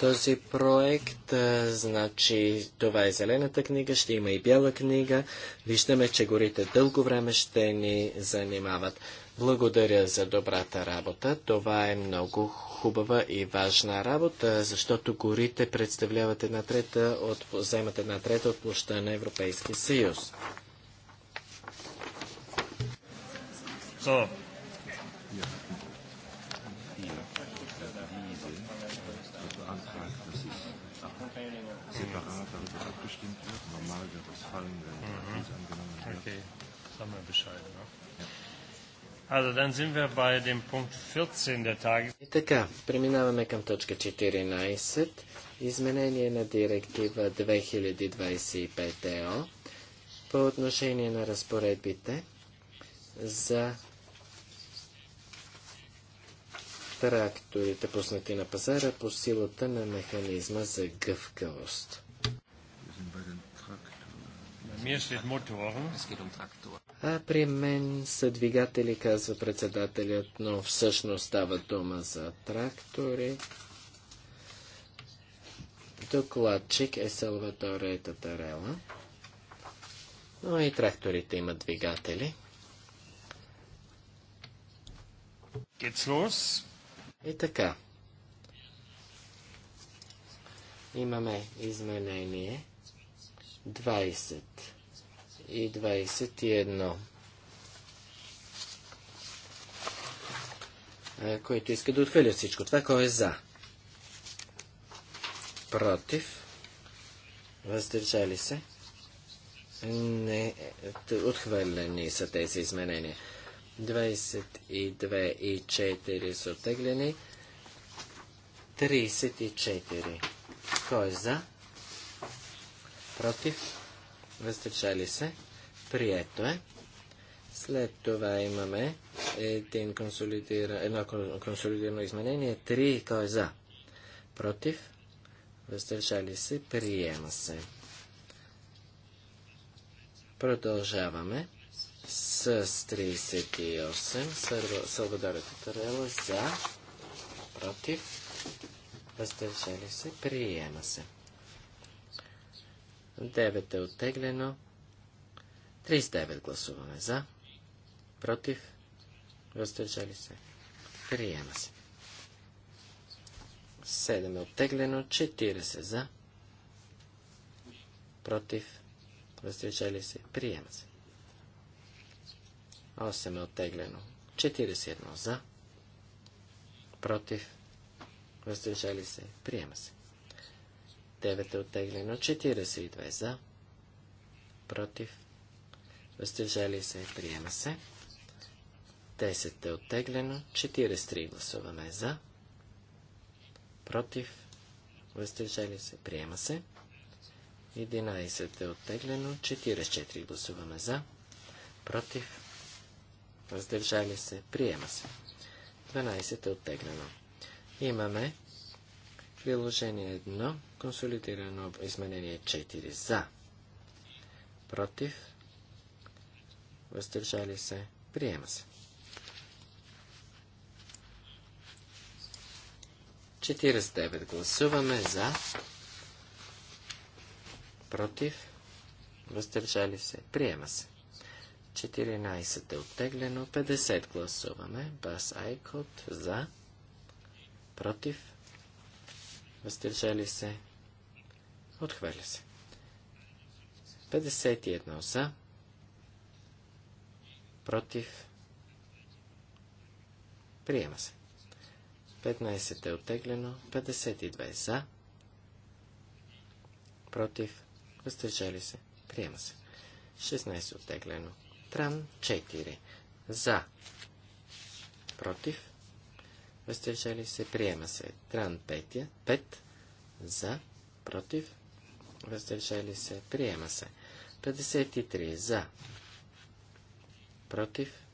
този проект. Значи, това е зелената книга, ще има и бяла книга. Виждаме, че горите дълго време ще ни занимават. Благодаря за добрата работа. Това е много хубава и важна работа, защото горите представляват една трета от, вземат една трета от площа на Европейския съюз. So, separat darüber abgestimmt wird. Normal wird es fallen, wenn mhm. dies angenommen wird. Okay, sagen Sammelbescheid. Ne? Ja. Also dann sind wir bei dem Punkt 14 der Tages... И така, преминаваме към точка 14. Изменение на директива 2025 то по отношение на разпоредбите за тракторите, пуснати на пазара по силата на механизма за гъвкавост. Um при мен са двигатели, казва председателят, но всъщност става дума за трактори. Докладчик е Салваторе Татарела. Но и тракторите имат двигатели. И така. Имаме изменение 20 и 21, Който иска да отхвърля всичко. Това кой е за? Против? Въздържали се? Не, отхвърлени са тези изменения. 22 и 4 са оттеглени. 34. Кой е за? против, въздържали се, прието е. След това имаме един консолидира, едно консолидирано изменение, три, кой е за, против, въздържали се, приема се. Продължаваме с 38. Салвадорите Татарела е за, против, въздържали се, приема се. 9 е оттеглено. 39 гласуваме за. Против. Въздържали се. Приема се. 7 е оттеглено. 40 за. Против. Въздържали се. Приема се. 8 е оттеглено. 41 за. Против. Въздържали се. Приема се. 9 е оттеглено. 42 за. Против. Въздържали се. Приема се. 10 е оттеглено. 43 гласуваме за. Против. Въздържали се. Приема се. 11 е оттеглено. 44 гласуваме за. Против. Въздържали се. Приема се. 12 е оттеглено. Имаме Приложение 1. Консолидирано изменение 4. За. Против. Въздържали се. Приема се. 49 гласуваме за. Против. Въздържали се. Приема се. 14 е оттеглено. 50 гласуваме. Бас Айкот за. Против въздържали се, отхвърля се. 51 за, против, приема се. 15 е оттеглено, 52 за, против, въздържали се, приема се. 16 е оттеглено, тран 4 за, против, въздържали се, приема се. Тран 5, Пет. за, против, въздържали се, приема се. 53 за, против,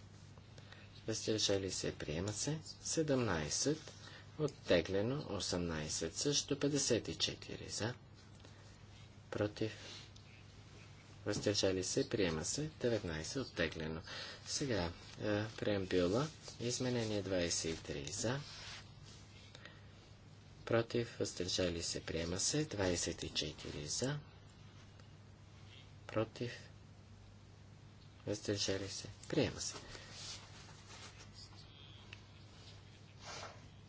въздържали се, приема се. 17 оттеглено, 18 също, 54 за, против, въздържали се, приема се, 19 оттеглено. Сега е, преамбюла, изменение 23 за, против, въздържали се, приема се, 24 за, против, въздържали се, приема се.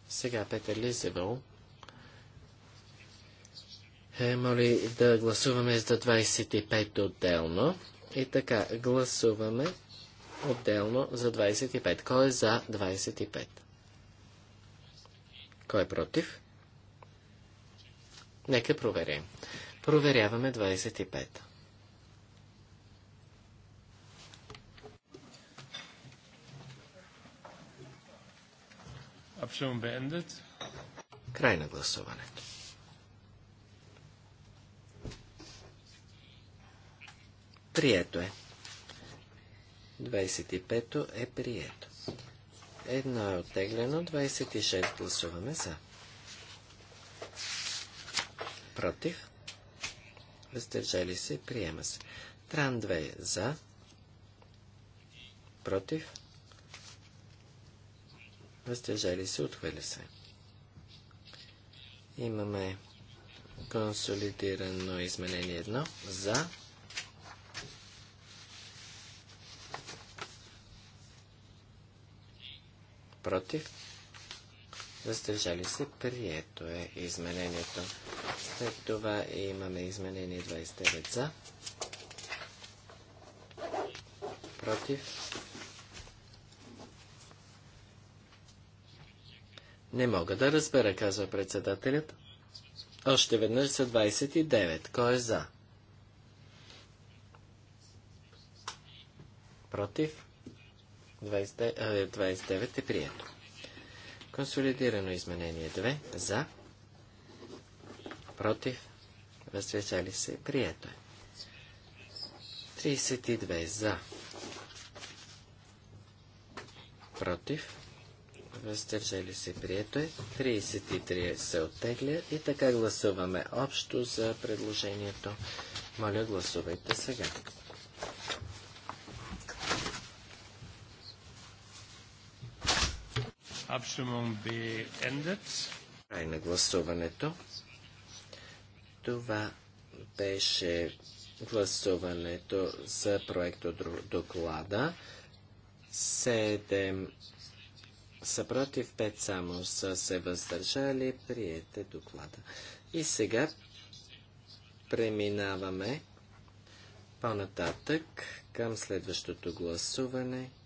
Сега Петър Лизевъл е, моли да гласуваме за 25 отделно. И така, гласуваме отделно за 25. Кой е за 25? Кой е против? Нека проверим. Проверяваме 25. Край на гласуването. Прието е. 25 е прието. Едно е оттеглено, 26 гласуваме за. Против. Въздържали се, приема се. Тран 2 е за. Против. Въздържали се, отхвърля се. Имаме консолидирано изменение 1 за против, въздържали се, прието е изменението. След това имаме изменение 29 за, против, Не мога да разбера, казва председателят. Още веднъж са 29. Кой е за? Против? 29, е прието. Консолидирано изменение 2 за, против, възвечали се, прието е. 32 за, против, въздържали се, прието е. 33 е. се оттегля и така гласуваме общо за предложението. Моля, гласувайте сега. Abstimmung beendet. Край на гласуването. Това беше гласуването за проекто доклада. Седем са против, пет само са се въздържали. Приете доклада. И сега преминаваме по-нататък към следващото гласуване –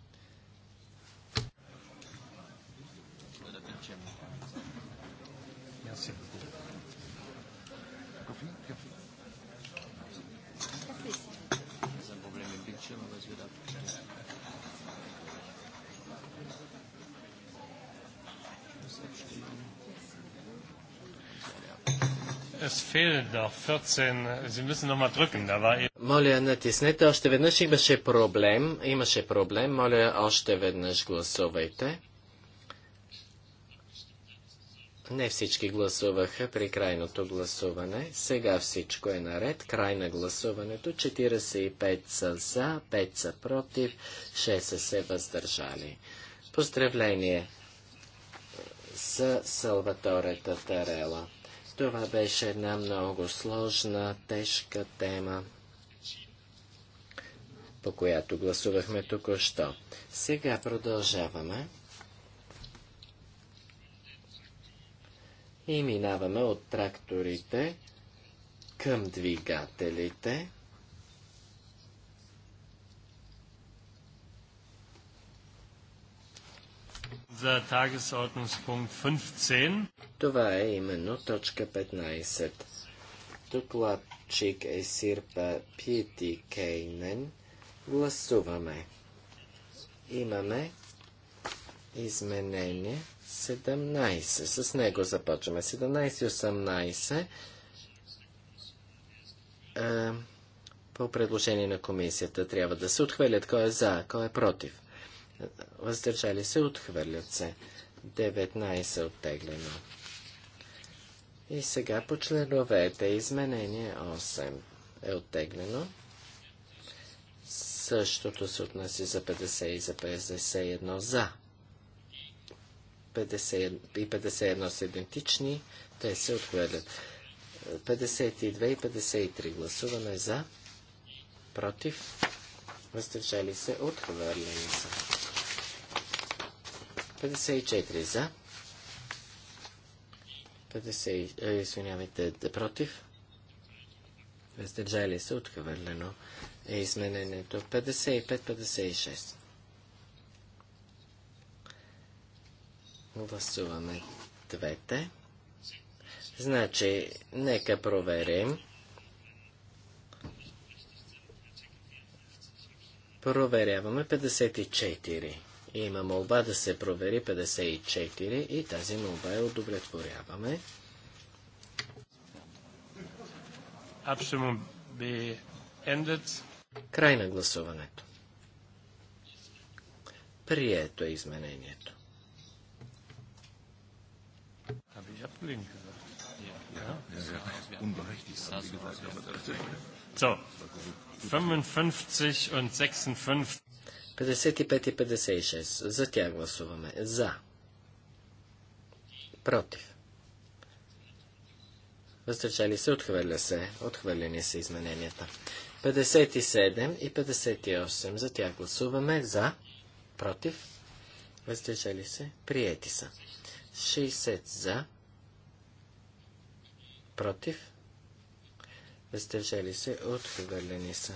das fehlt 14. Sie müssen drücken. Da war Моля, натиснете още веднъж. Имаше проблем. Имаше проблем. Моля, още веднъж гласувайте. Не всички гласуваха при крайното гласуване. Сега всичко е наред. Край на гласуването. 45 са за, 5 са против, 6 са се въздържали. Поздравление с Салваторе Татарела. Това беше една много сложна, тежка тема, по която гласувахме току-що. Сега продължаваме. И минаваме от тракторите към двигателите. Unser Tagesordnungspunkt 15. Това е именно точка 15. Докладчик е Сирпа Пити Кейнен. Гласуваме. Имаме изменение 17. С него започваме. 17 18. по предложение на комисията трябва да се отхвърлят кой е за, кой е против въздържали се, отхвърлят се. 19 оттеглено. И сега по членовете изменение 8 е оттеглено. Същото се отнася за 50 и за 51 за. 50 и 51 са идентични, те се отхвърлят. 52 и 53 гласуваме за, против, въздържали се, отхвърлени са. 54 за. 50, е, извинявайте, против. Въздържали се, отхвърлено е изменението 55-56. Гласуваме двете. Значи, нека проверим. Проверяваме 54. Има молба да се провери 54 и тази молба я удовлетворяваме. Край на гласуването. Прието е изменението. So, 55 56. 55 и 56. За тях гласуваме. За. Против. Въздържали се, отхвърля се. Отхвърлени са измененията. 57 и 58. За тях гласуваме. За. Против. Въздържали се. Приети са. 60 за. Против. Въздържали се. Отхвърлени са.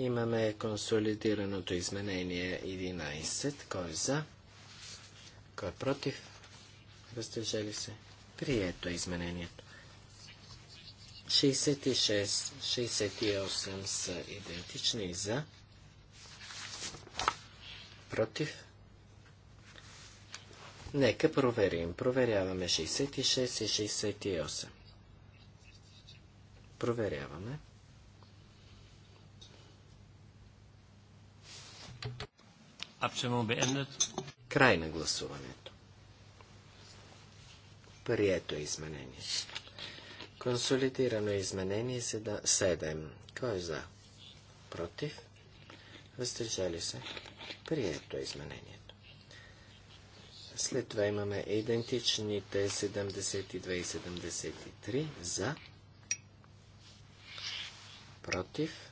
Имаме консолидираното изменение 11. Кой е за? Кой е против? Въздържали се. Прието е изменението. 66, 68 са идентични за. Против. Нека проверим. Проверяваме 66 и 68. Проверяваме. 66. Край на гласуването. Прието е изменение. Консолидирано изменение 7. Кой е за? Против? Въздържали се? Прието е изменението. След това имаме идентичните 72 и 73 за, против,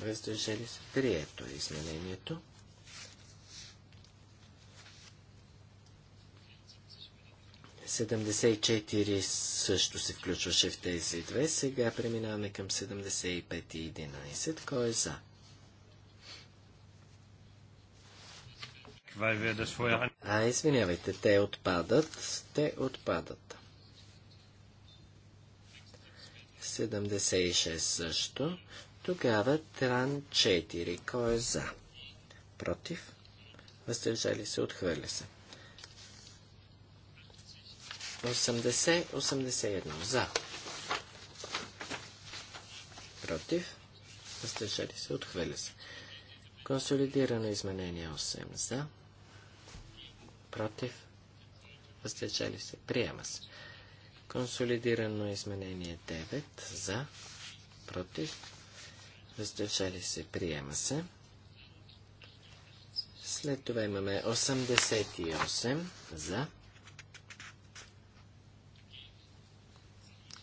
въздържали се. Прието е изменението. Седемдесет четири също се включваше в тези две. Сега преминаваме към 75 и 11. Кой е за? А, извинявайте, те отпадат. Те отпадат. 76 също. Тогава Тран 4. Кой е за? Против? Въздържали се, отхвърля се. 80-81. За. Против? Въздържали се, отхвърля се. Консолидирано изменение 8. За. Против? Въздържали се, приема се. Консолидирано изменение 9. За. Против? въздържали се, приема се. След това имаме 88 за.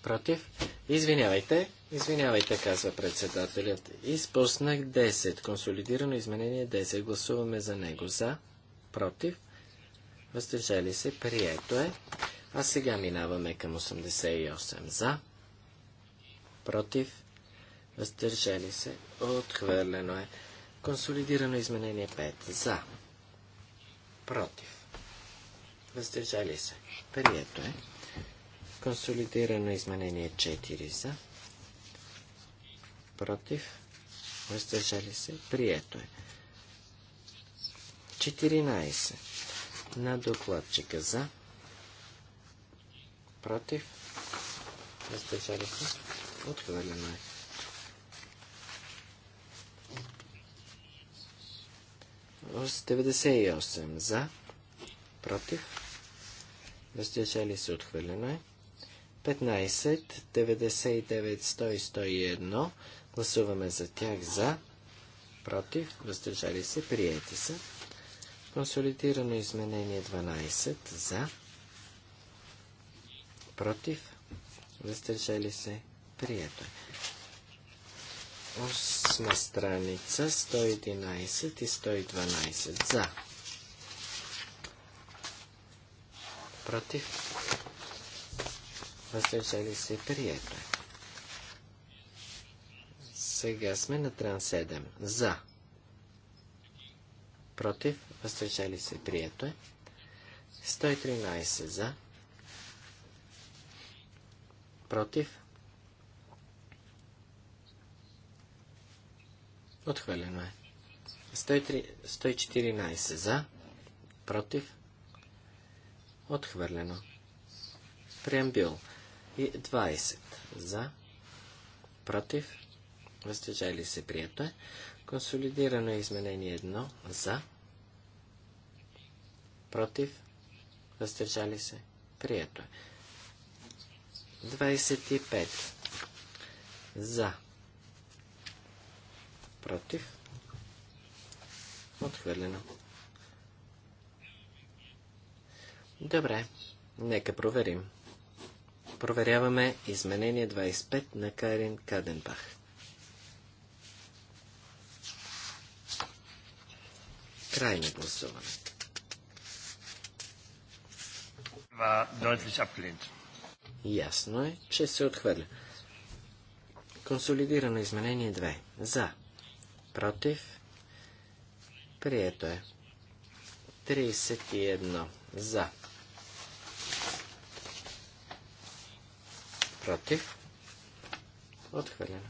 Против? Извинявайте, извинявайте, казва председателят. Изпуснах 10. Консолидирано изменение 10. Гласуваме за него. За? Против? Въздържали се? Прието е. А сега минаваме към 88. За? Против? въздържали се, отхвърлено е. Консолидирано изменение 5. За. Против. Въздържали се. Прието е. Консолидирано изменение 4. За. Против. Въздържали се. Прието е. 14. На докладчика за. Против. Въздържали се. Отхвърлено е. 98 за, против, въздържали се отхвърлено е. 15, 99, 100 и 101. Гласуваме за тях за, против, въздържали се, приети са. Консолидирано изменение 12 за, против, въздържали се, прието е. Осма страница 111 и 112 за. Против. Въздържали се прието. Е. Сега сме на тран 7. За. Против. Въздържали се прието. 113 е. за. Против. Отхвърлено е. 103, 114 за, против, отхвърлено. Преамбюл. И 20 за, против, въздържали се, прието е. Консолидирано е изменение 1 за, против, въздържали се, прието е. 25 за, против, отхвърлено. Добре, нека проверим. Проверяваме изменение 25 на Карин Каденбах. Край на гласуване. Ясно е, че се отхвърля. Консолидирано изменение 2. За против, прието е. 31 за, против, отхвърлено.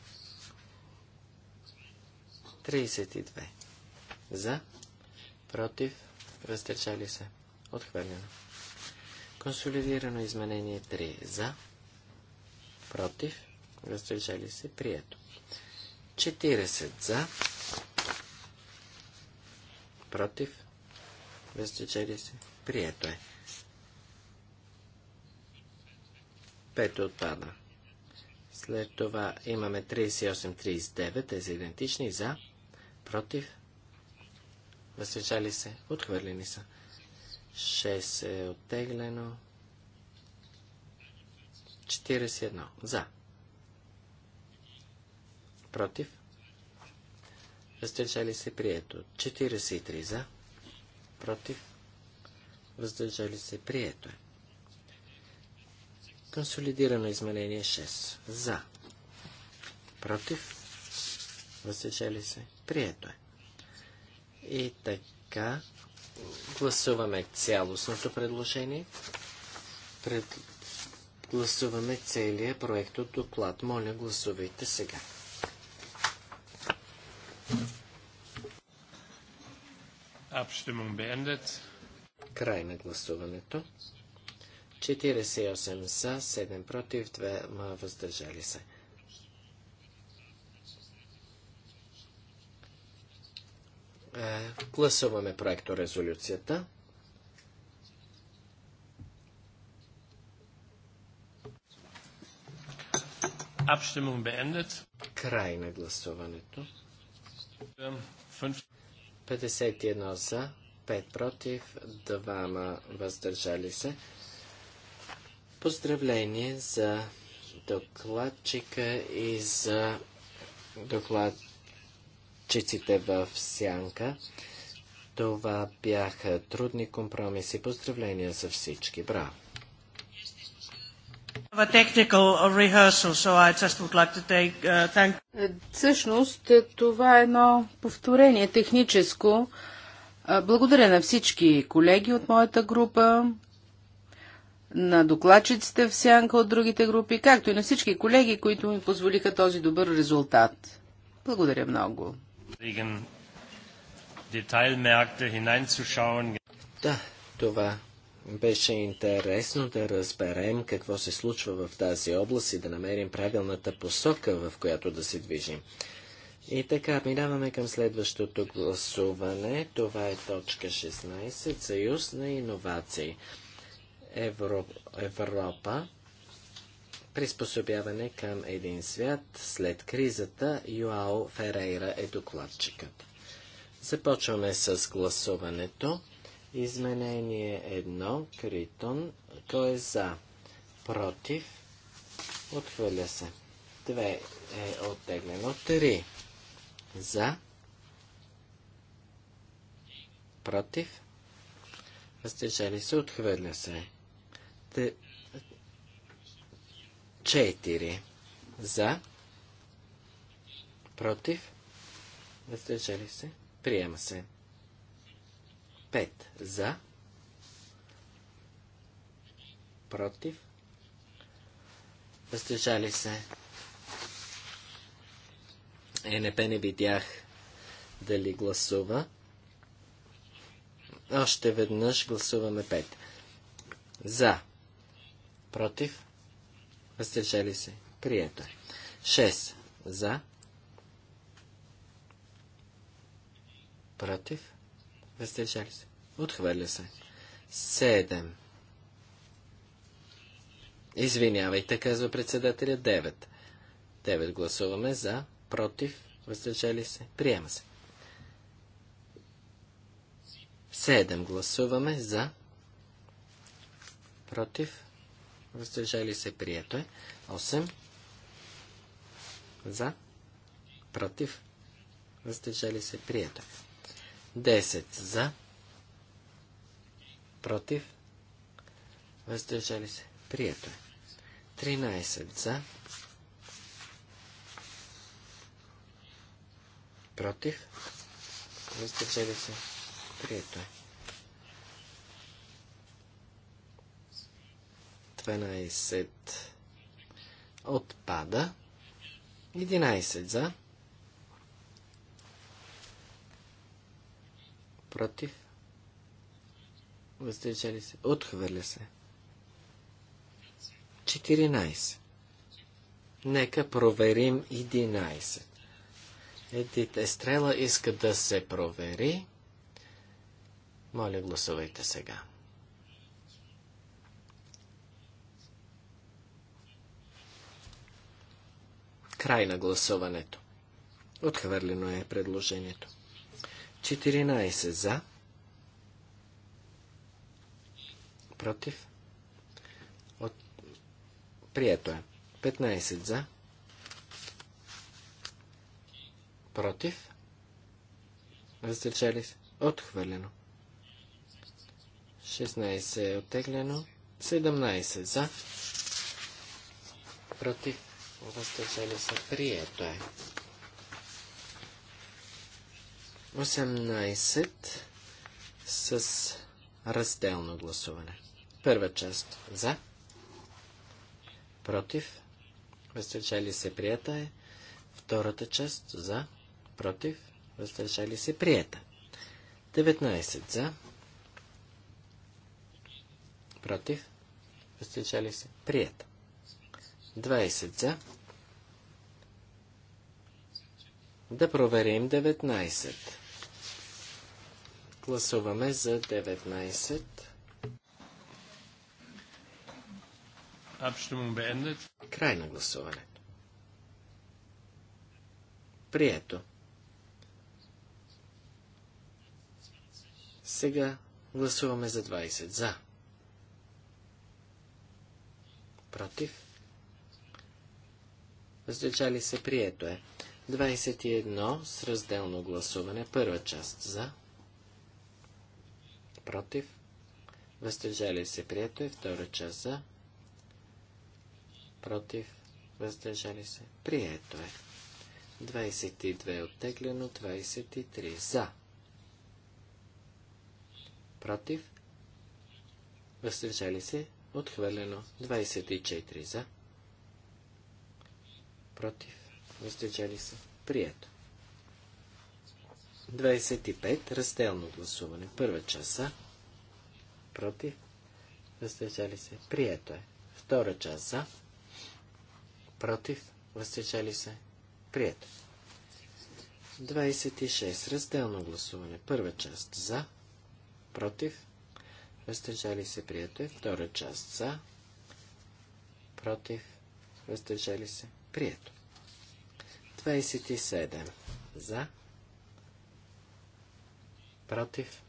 32 за, против, въздържали се, отхвърлено. Консолидирано изменение 3 за, против, въздържали се, прието. 40 за, против, въздържали се, прието е. Пето отпада. След това имаме 38-39, те са идентични, за, против, възвечали се, отхвърлени са. 6 е оттеглено. 41. За. Против въздържали се прието. 43 за, против, въздържали се прието. Е. Консолидирано изменение 6 за, против, въздържали се прието. Е. И така, гласуваме цялостното предложение. Пред... Гласуваме целият проект от доклад. Моля, гласувайте сега. Abstimmung beendet. Край на гласуването. 48 са, 7 против, 2 ма въздържали се. Е, гласуваме проекто резолюцията. Abstimmung beendet. Край на гласуването. 51 за, 5 против, 2 въздържали се. Поздравление за докладчика и за докладчиците в Сянка. Това бяха трудни компромиси. Поздравления за всички. Браво! So like take... Uh, е, всъщност, е, това е едно повторение техническо. Е, благодаря на всички колеги от моята група, на докладчиците в сянка от другите групи, както и на всички колеги, които ми позволиха този добър резултат. Благодаря много. Да, това беше интересно да разберем какво се случва в тази област и да намерим правилната посока, в която да се движим. И така, минаваме към следващото гласуване. Това е точка 16. Съюз на иновации. Евро... Европа. Приспособяване към един свят след кризата. Юао Ферейра е докладчикът. Започваме с гласуването. Изменение 1, Критон, Той е за? Против, отхвърля се. 2 е оттеглено. 3 за, против, въздържали се, отхвърля се. 4 за, против, въздържали се, приема се. 5 за, против, въздържали се. ЕНП не видях дали гласува. Още веднъж гласуваме 5. За. Против. Въздържали се. Прието. 6. За. Против. Разтежали се. Отхвърля се. 7. Извинявайте, казва председателя. 9. 9 гласуваме за, против, въздържали се, приема се. 7 гласуваме за, против, въздържали се, прието е. 8 за, против, въздържали се, прието е. 10 за, против, въздържали се, прието е. 13 за, против, въздържали се, прието е. 12 отпада, 11 за, против, въздържали се, отхвърля се. 14. Нека проверим 11. Едит Естрела иска да се провери. Моля, гласувайте сега. Край на гласуването. Отхвърлено е предложението. 14 за. Против. От... Прието е. 15 за. Против. Въздържали се. Отхвърлено. 16 е оттеглено. 17 за. Против. Въздържали се. Прието е. 18 с разделно гласуване. Първа част за, против, въздържали се прията е. Втората част за, против, въздържали се прията. 19 за, против, въздържали се прията. 20 за. Да проверим 19. Гласуваме за 19. Край на гласуването. Прието. Сега гласуваме за 20. За. Против. Въздържали се. Прието е. 21 с разделно гласуване. Първа част за против, въздържали се, прието е, втора част за, против, въздържали се, прието е. 22 е оттеглено, 23 е за, против, въздържали се, отхвърлено, 24 за, против, въздържали се, прието. 25. Разделно гласуване. Първа часа. Против. Въздържали се. Прието е. Втора част Против. Въздържали се. Прието. 26. Разделно гласуване. Първа част за. Против. Въздържали се. Прието е. Втора част за. Против. Въздържали се. Прието. 27. Е. За против,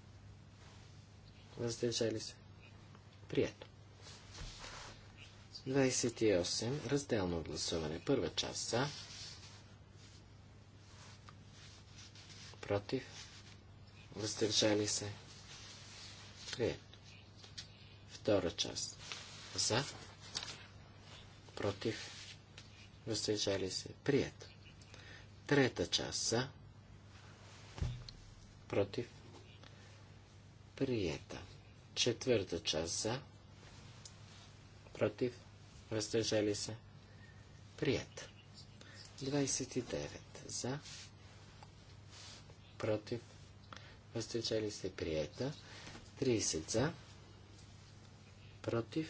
въздържали се. Прието. 28. Разделно гласуване. Първа част за. Против. Въздържали се. Прието. Втора част. За. Против. Въздържали се. Прието. Трета част. За. Против. Приета. Четвърта част за. Против. Въздържали се. Приета. 29 за. Против. Въздържали се. Приета. 30 за. Против.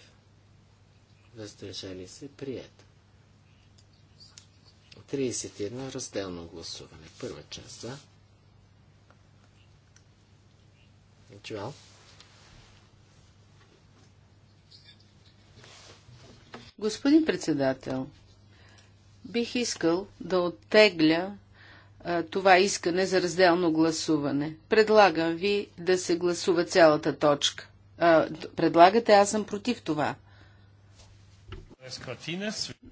Въздържали се. Приета. 31 разделно гласуване. Първа част за. Джоал. Господин председател, бих искал да оттегля а, това искане за разделно гласуване. Предлагам ви да се гласува цялата точка. А, предлагате, аз съм против това.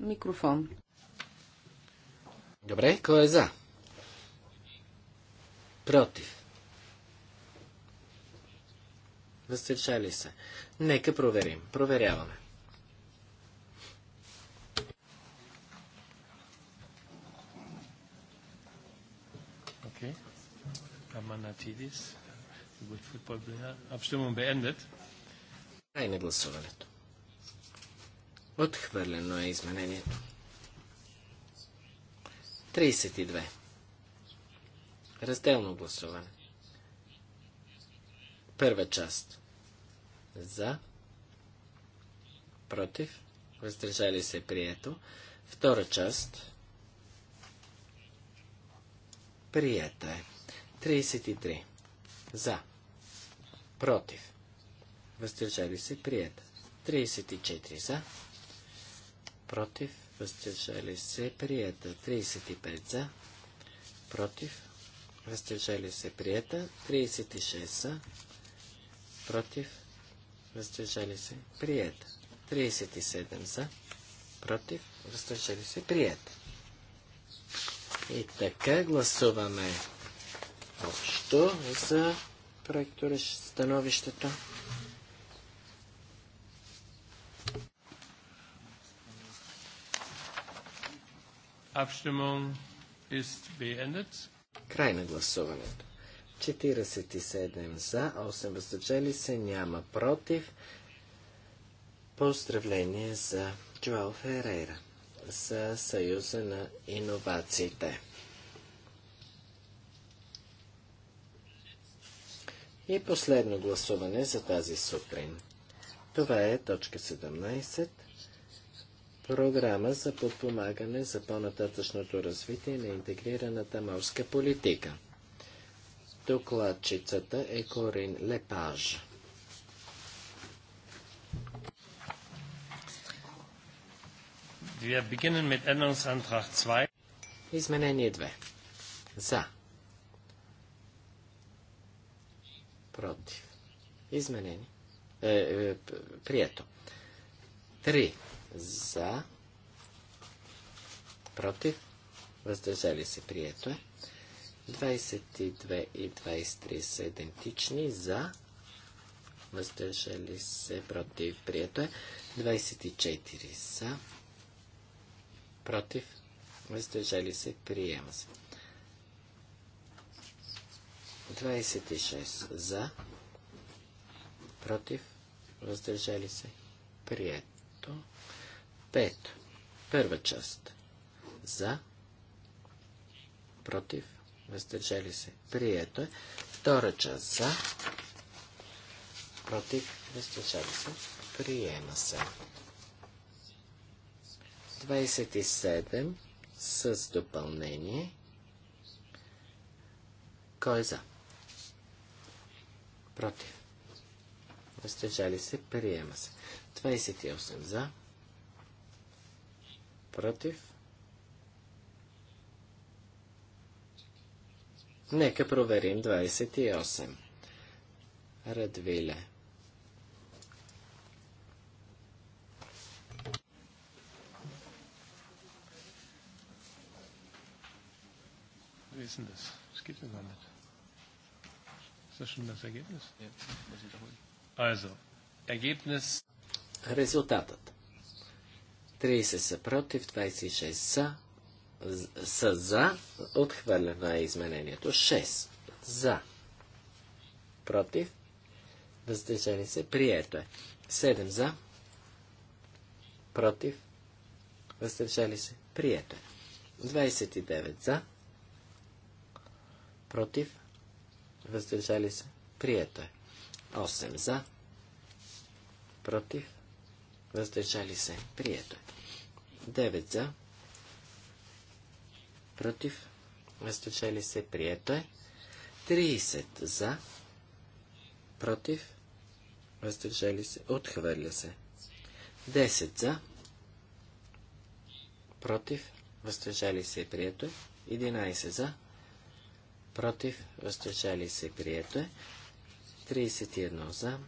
Микрофон. Добре, кой е за? Против. Въздържали се. Нека проверим. Проверяваме. Okay. Край на гласуването. Отхвърлено е изменението. 32. Разделно гласуване. Първа част. За. Против. Въздържали се прието. Втора част. Прията е. 33. За. Против. Въздържали се приета. 34 за. Против. Въздържали се прията. 35 за. Против. Въздържали се прията. 36 за против, въздържали се, прието. 37 за, против, въздържали се, прието. И така гласуваме общо за проектора становището. Abstimmung ist beendet. Край на гласуването. 47 за, 8 въздържали се, няма против. Поздравление за Джоал Ферейра, за Съюза на иновациите. И последно гласуване за тази сутрин. Това е точка 17. Програма за подпомагане за по-нататъчното развитие на интегрираната морска политика. Докладчицата е Корин Лепаж. Wir beginnen mit Änderungsantrag 2. Изменение 2. За. Против. Изменение. Е, е прието. 3. За. Против. Въздържали се. Прието е. 22 и 23 са идентични за, въздържали се против, прието е. 24 са против, въздържали се, приема се. 26 за, против, въздържали се, прието. 5. Първа част за, против, въздържали се, прието е. Втора част за, против, въздържали се, приема се. 27 с допълнение. Кой е за? Против. Въздържали се, приема се. 28 за. Против. Нека проверим 28. Радвиле. Резултатът. 30 са против, 26 са са за, отхвърлено е изменението. 6 за, против, въздържали се, прието е. 7 за, против, въздържали се, прието е. 29 за, против, въздържали се, прието е. 8 за, против, въздържали се, прието е. 9 за, против, въздържали се, прието е. 30 за, против, въздържали се, отхвърля се. 10 за, против, въздържали се, прието е. 11 за, против, въздържали се, прието е. 31 за,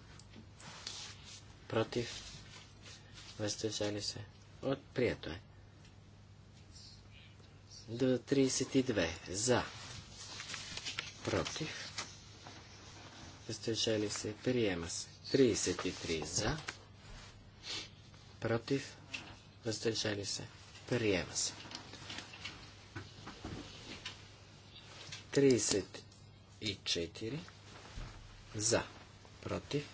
против, въздържали се, от прието е до 32 за, против, въздържали се, приема се. 33 за, против, въздържали се, приема се. 34 за, против,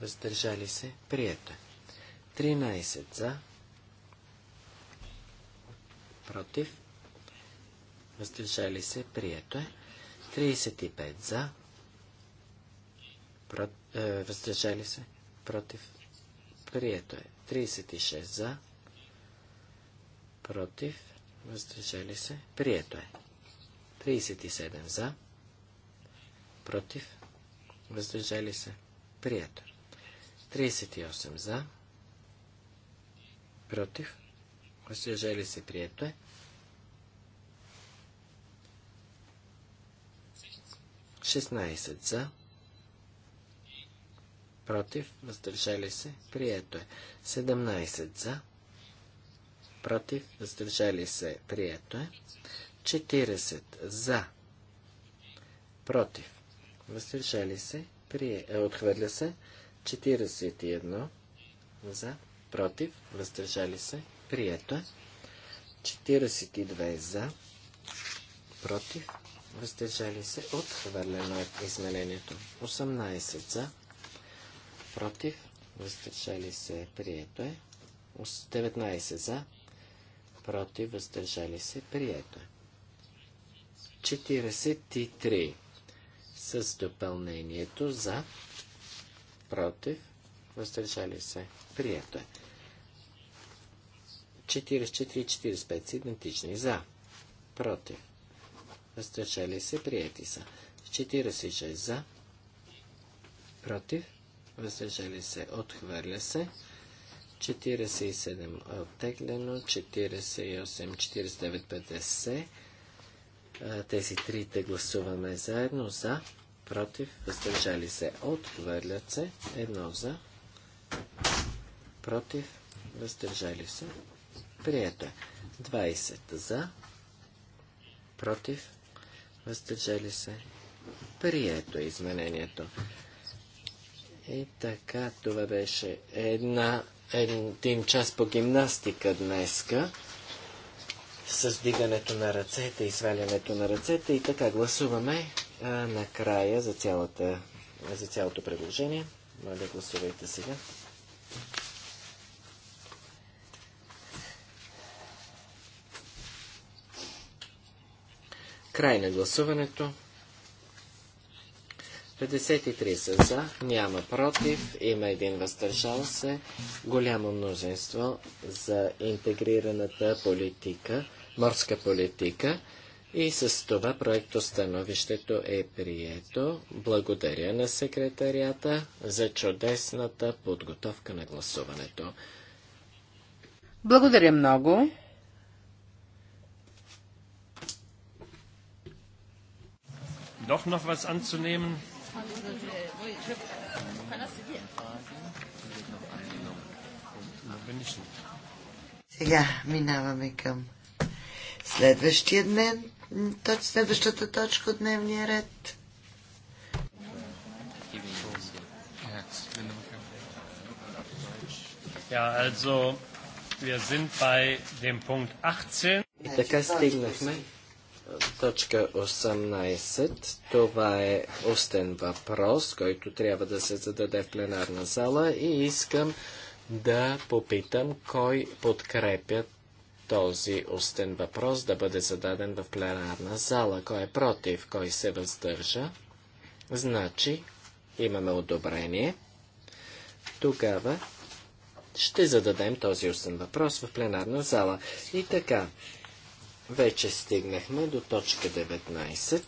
въздържали се, прието. 13 е. за, против, въздържали се, прието е. 35 за, про, е, въздържали се, против, прието е. 36 за, против, въздържали се, прието е. 37 за, против, въздържали се, прието. 38 е. за, против, Въздържали се прието е. 16 за. Против. Въздържали се. Прието е. 17 за. Против. Въздържали се. Прието е. 40 за. Против. Въздържали се. Прие... Е, отхвърля се. 41 за. Против. Въздържали се. Прието е. 42 за. Против. Въздържали се. Отхвърлено е изменението. 18 за. Против. Въздържали се. Прието е. 19 за. Против. Въздържали се. Прието е. 43 с допълнението за. Против. Въздържали се. Прието е. 44 и 45 са идентични. За. Против. Въздържали се. Приети са. 46 за. Против. Въздържали се. Отхвърля се. 47 оттеглено. 48, 49, 50. Тези трите гласуваме заедно. За. Против. Въздържали се. Отхвърлят се. Едно за. Против. Въздържали се. Прието е. 20 за, против, въздържали се. Прието е изменението. И така, това беше една, един час по гимнастика днеска с дигането на ръцете и свалянето на ръцете. И така, гласуваме а, накрая за, цялата, за цялото предложение. Моля, гласувайте сега. Край на гласуването. 53 са за, няма против, има един въздържал се, голямо множество за интегрираната политика, морска политика. И с това становището е прието. Благодаря на секретарията за чудесната подготовка на гласуването. Благодаря много. doch noch was anzunehmen? Сега минаваме към следващия днен, следващата точка от дневния ред. Ja, also wir sind bei dem Punkt 18. И така стигнахме Точка 18. Това е устен въпрос, който трябва да се зададе в пленарна зала и искам да попитам кой подкрепя този устен въпрос да бъде зададен в пленарна зала. Кой е против, кой се въздържа? Значи, имаме одобрение. Тогава ще зададем този устен въпрос в пленарна зала. И така, вече стигнахме до точка 19.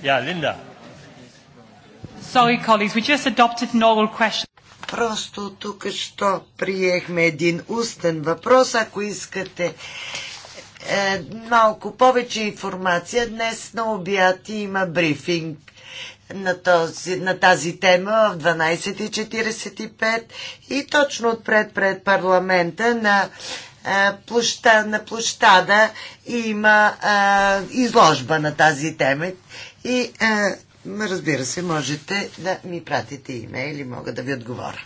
Yeah, Linda. Sorry, colleagues, we just adopted an oral question. Просто тук що приехме един устен въпрос, ако искате е, малко повече информация. Днес на обяд има брифинг на, този, на тази тема в 12.45 и точно отпред пред парламента на е, площа, на площада има а, е, изложба на тази тема. И а, е, разбира се, можете да ми пратите имейл или мога да ви отговоря.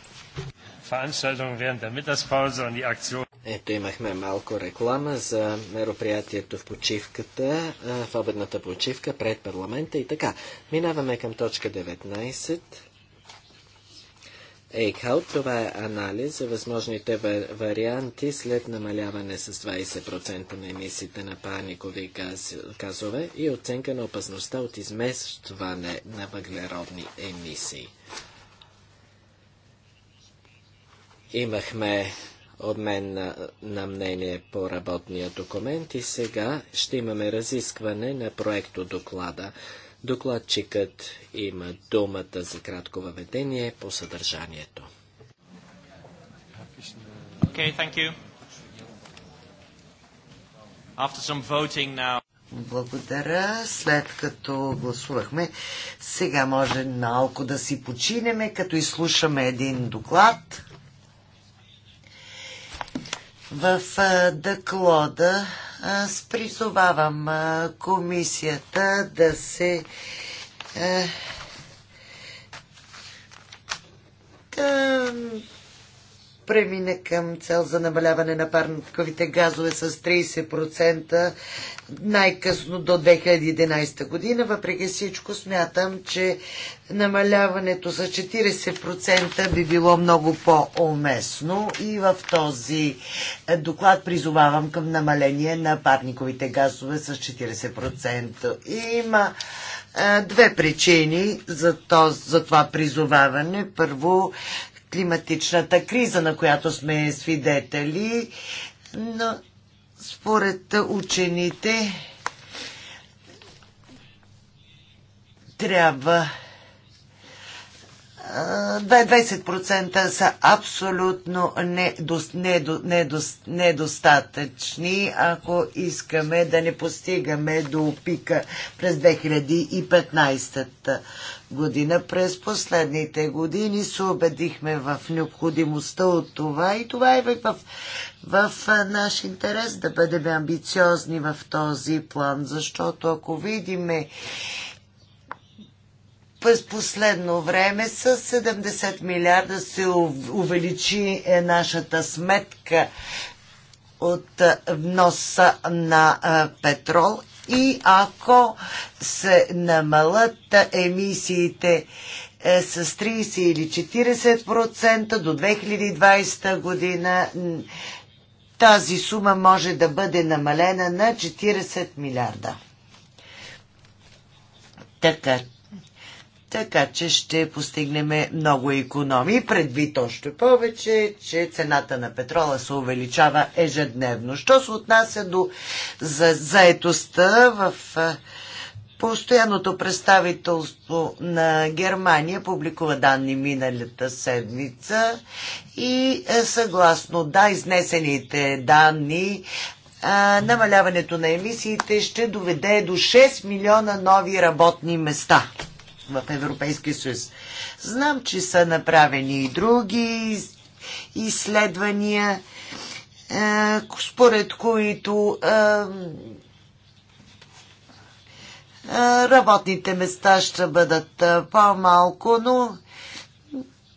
Ето имахме малко реклама за мероприятието в почивката, в обедната почивка пред парламента и така. Минаваме към точка 19. Ейкхаут, това е анализ за възможните варианти след намаляване с 20% на емисиите на паникови газове и оценка на опасността от изместване на въглеродни емисии. Имахме мен на, на мнение по работния документ и сега ще имаме разискване на проекто доклада. Докладчикът има думата за кратко въведение по съдържанието. Okay, thank you. After some voting now. Благодаря. След като гласувахме, сега може малко да си починеме, като изслушаме един доклад в доклада призовавам комисията да се да премине към цел за намаляване на парниковите газове с 30% най-късно до 2011 година. Въпреки всичко смятам, че намаляването с 40% би било много по-уместно и в този доклад призовавам към намаление на парниковите газове с 40%. И има две причини за, то, за това призоваване. Първо, климатичната криза, на която сме свидетели, но според учените трябва 20% са абсолютно недостатъчни, ако искаме да не постигаме до пика през 2015 година. През последните години се убедихме в необходимостта от това и това е в, в, в наш интерес да бъдем амбициозни в този план, защото ако видиме през последно време с 70 милиарда се увеличи е, нашата сметка от вноса на петрол и ако се намалят емисиите е, с 30 или 40% до 2020 година, тази сума може да бъде намалена на 40 милиарда. Така така че ще постигнем много економии, предвид още повече, че цената на петрола се увеличава ежедневно. Що се отнася до за, заетостта в Постоянното представителство на Германия публикува данни миналата седмица и съгласно да, изнесените данни намаляването на емисиите ще доведе до 6 милиона нови работни места в Европейския съюз. Знам, че са направени и други изследвания, е, според които е, е, работните места ще бъдат по-малко, но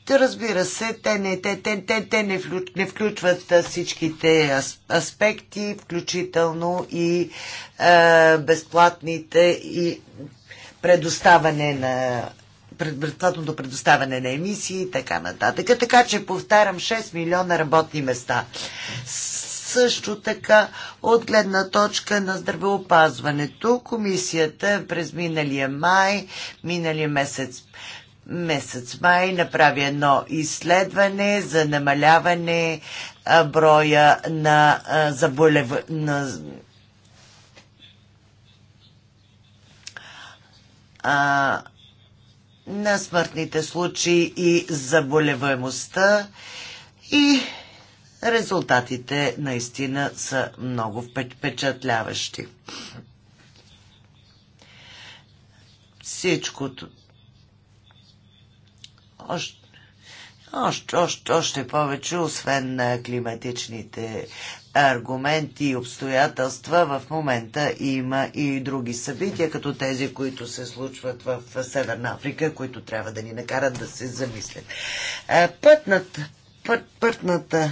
разбира се, те не, те, те, те, те не, включ, не включват всичките аспекти, включително и е, безплатните и предоставане на безплатното предоставяне на емисии и така нататък. Така че повтарям 6 милиона работни места. Също така, от гледна точка на здравеопазването, комисията през миналия май, миналия месец месец май направи едно изследване за намаляване броя на, заболев... на а, на смъртните случаи и заболеваемостта и резултатите наистина са много впечатляващи. Всичкото още, още, още повече, освен на климатичните аргументи и обстоятелства. В момента има и други събития, като тези, които се случват в Северна Африка, които трябва да ни накарат да се замислят. Пътната, път, пътната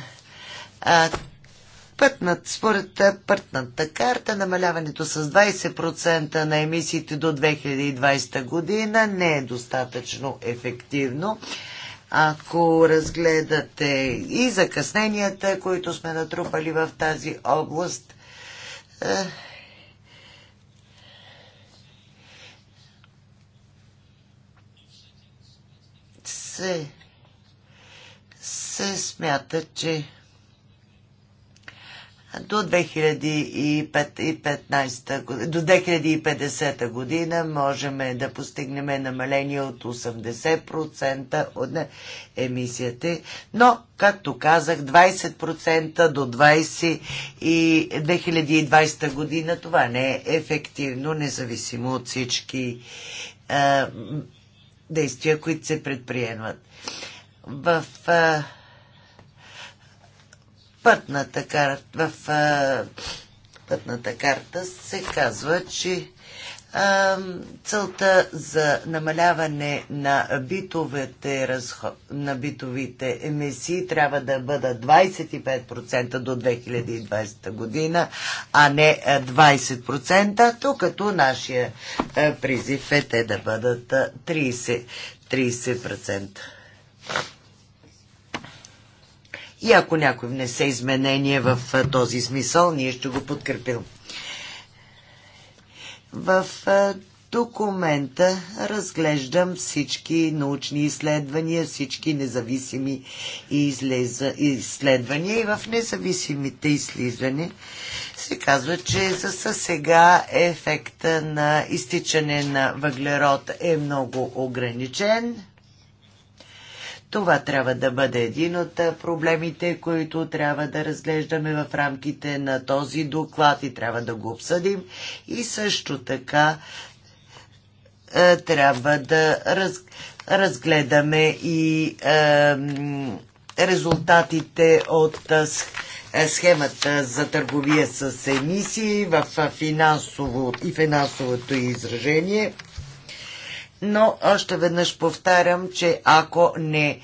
пътнат, според пътната карта, намаляването с 20% на емисиите до 2020 година не е достатъчно ефективно ако разгледате и закъсненията, които сме натрупали в тази област, е, се, се смята, че до 2015, до 2050 година можем да постигнем намаление от 80% от емисията, но, както казах, 20% до 20 и 2020 година това не е ефективно, независимо от всички а, действия, които се предприемат. В а, пътната карта, в а, пътната карта се казва, че а, целта за намаляване на битовите, разход, на битовите емисии трябва да бъда 25% до 2020 година, а не 20%, тук като нашия призив е те да бъдат 30%. 30%. И ако някой внесе изменение в този смисъл, ние ще го подкрепим. В документа разглеждам всички научни изследвания, всички независими изследвания и в независимите изследвания се казва, че за сега ефекта на изтичане на въглерод е много ограничен. Това трябва да бъде един от проблемите, които трябва да разглеждаме в рамките на този доклад и трябва да го обсъдим. И също така трябва да раз, разгледаме и е, резултатите от схемата за търговия с емисии в финансово и финансовото изражение но още веднъж повтарям, че ако не е,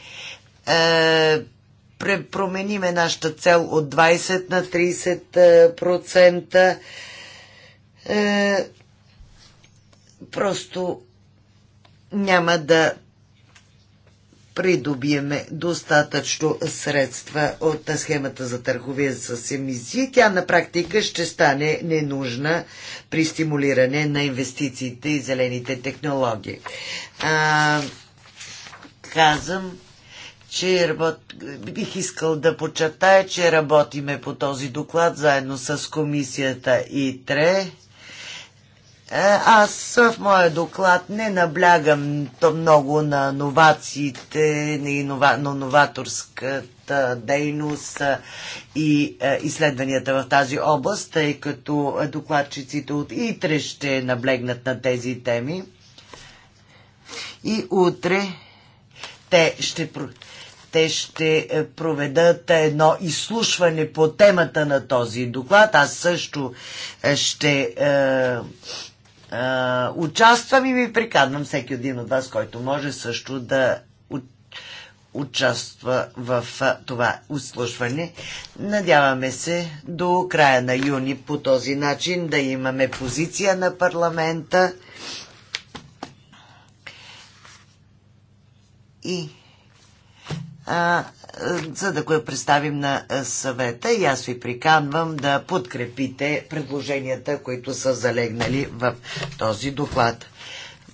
промениме нашата цел от 20 на 30%, е, е, просто няма да придобиеме достатъчно средства от схемата за търговия с емисии. Тя на практика ще стане ненужна при стимулиране на инвестициите и зелените технологии. А, казвам, че работ... бих искал да подчертая, че работиме по този доклад заедно с комисията ИТРЕ е, аз в моя доклад не наблягам то много на новациите, на, инова, на новаторската дейност и е, изследванията в тази област, тъй като докладчиците от ИТРЕ ще наблегнат на тези теми. И утре те ще, те ще е, проведат едно изслушване по темата на този доклад. Аз също ще участвам и ви приказвам всеки един от вас, който може също да участва в това услушване. Надяваме се до края на юни по този начин да имаме позиция на парламента и а, за да го я представим на е, съвета и аз ви приканвам да подкрепите предложенията, които са залегнали в този доклад.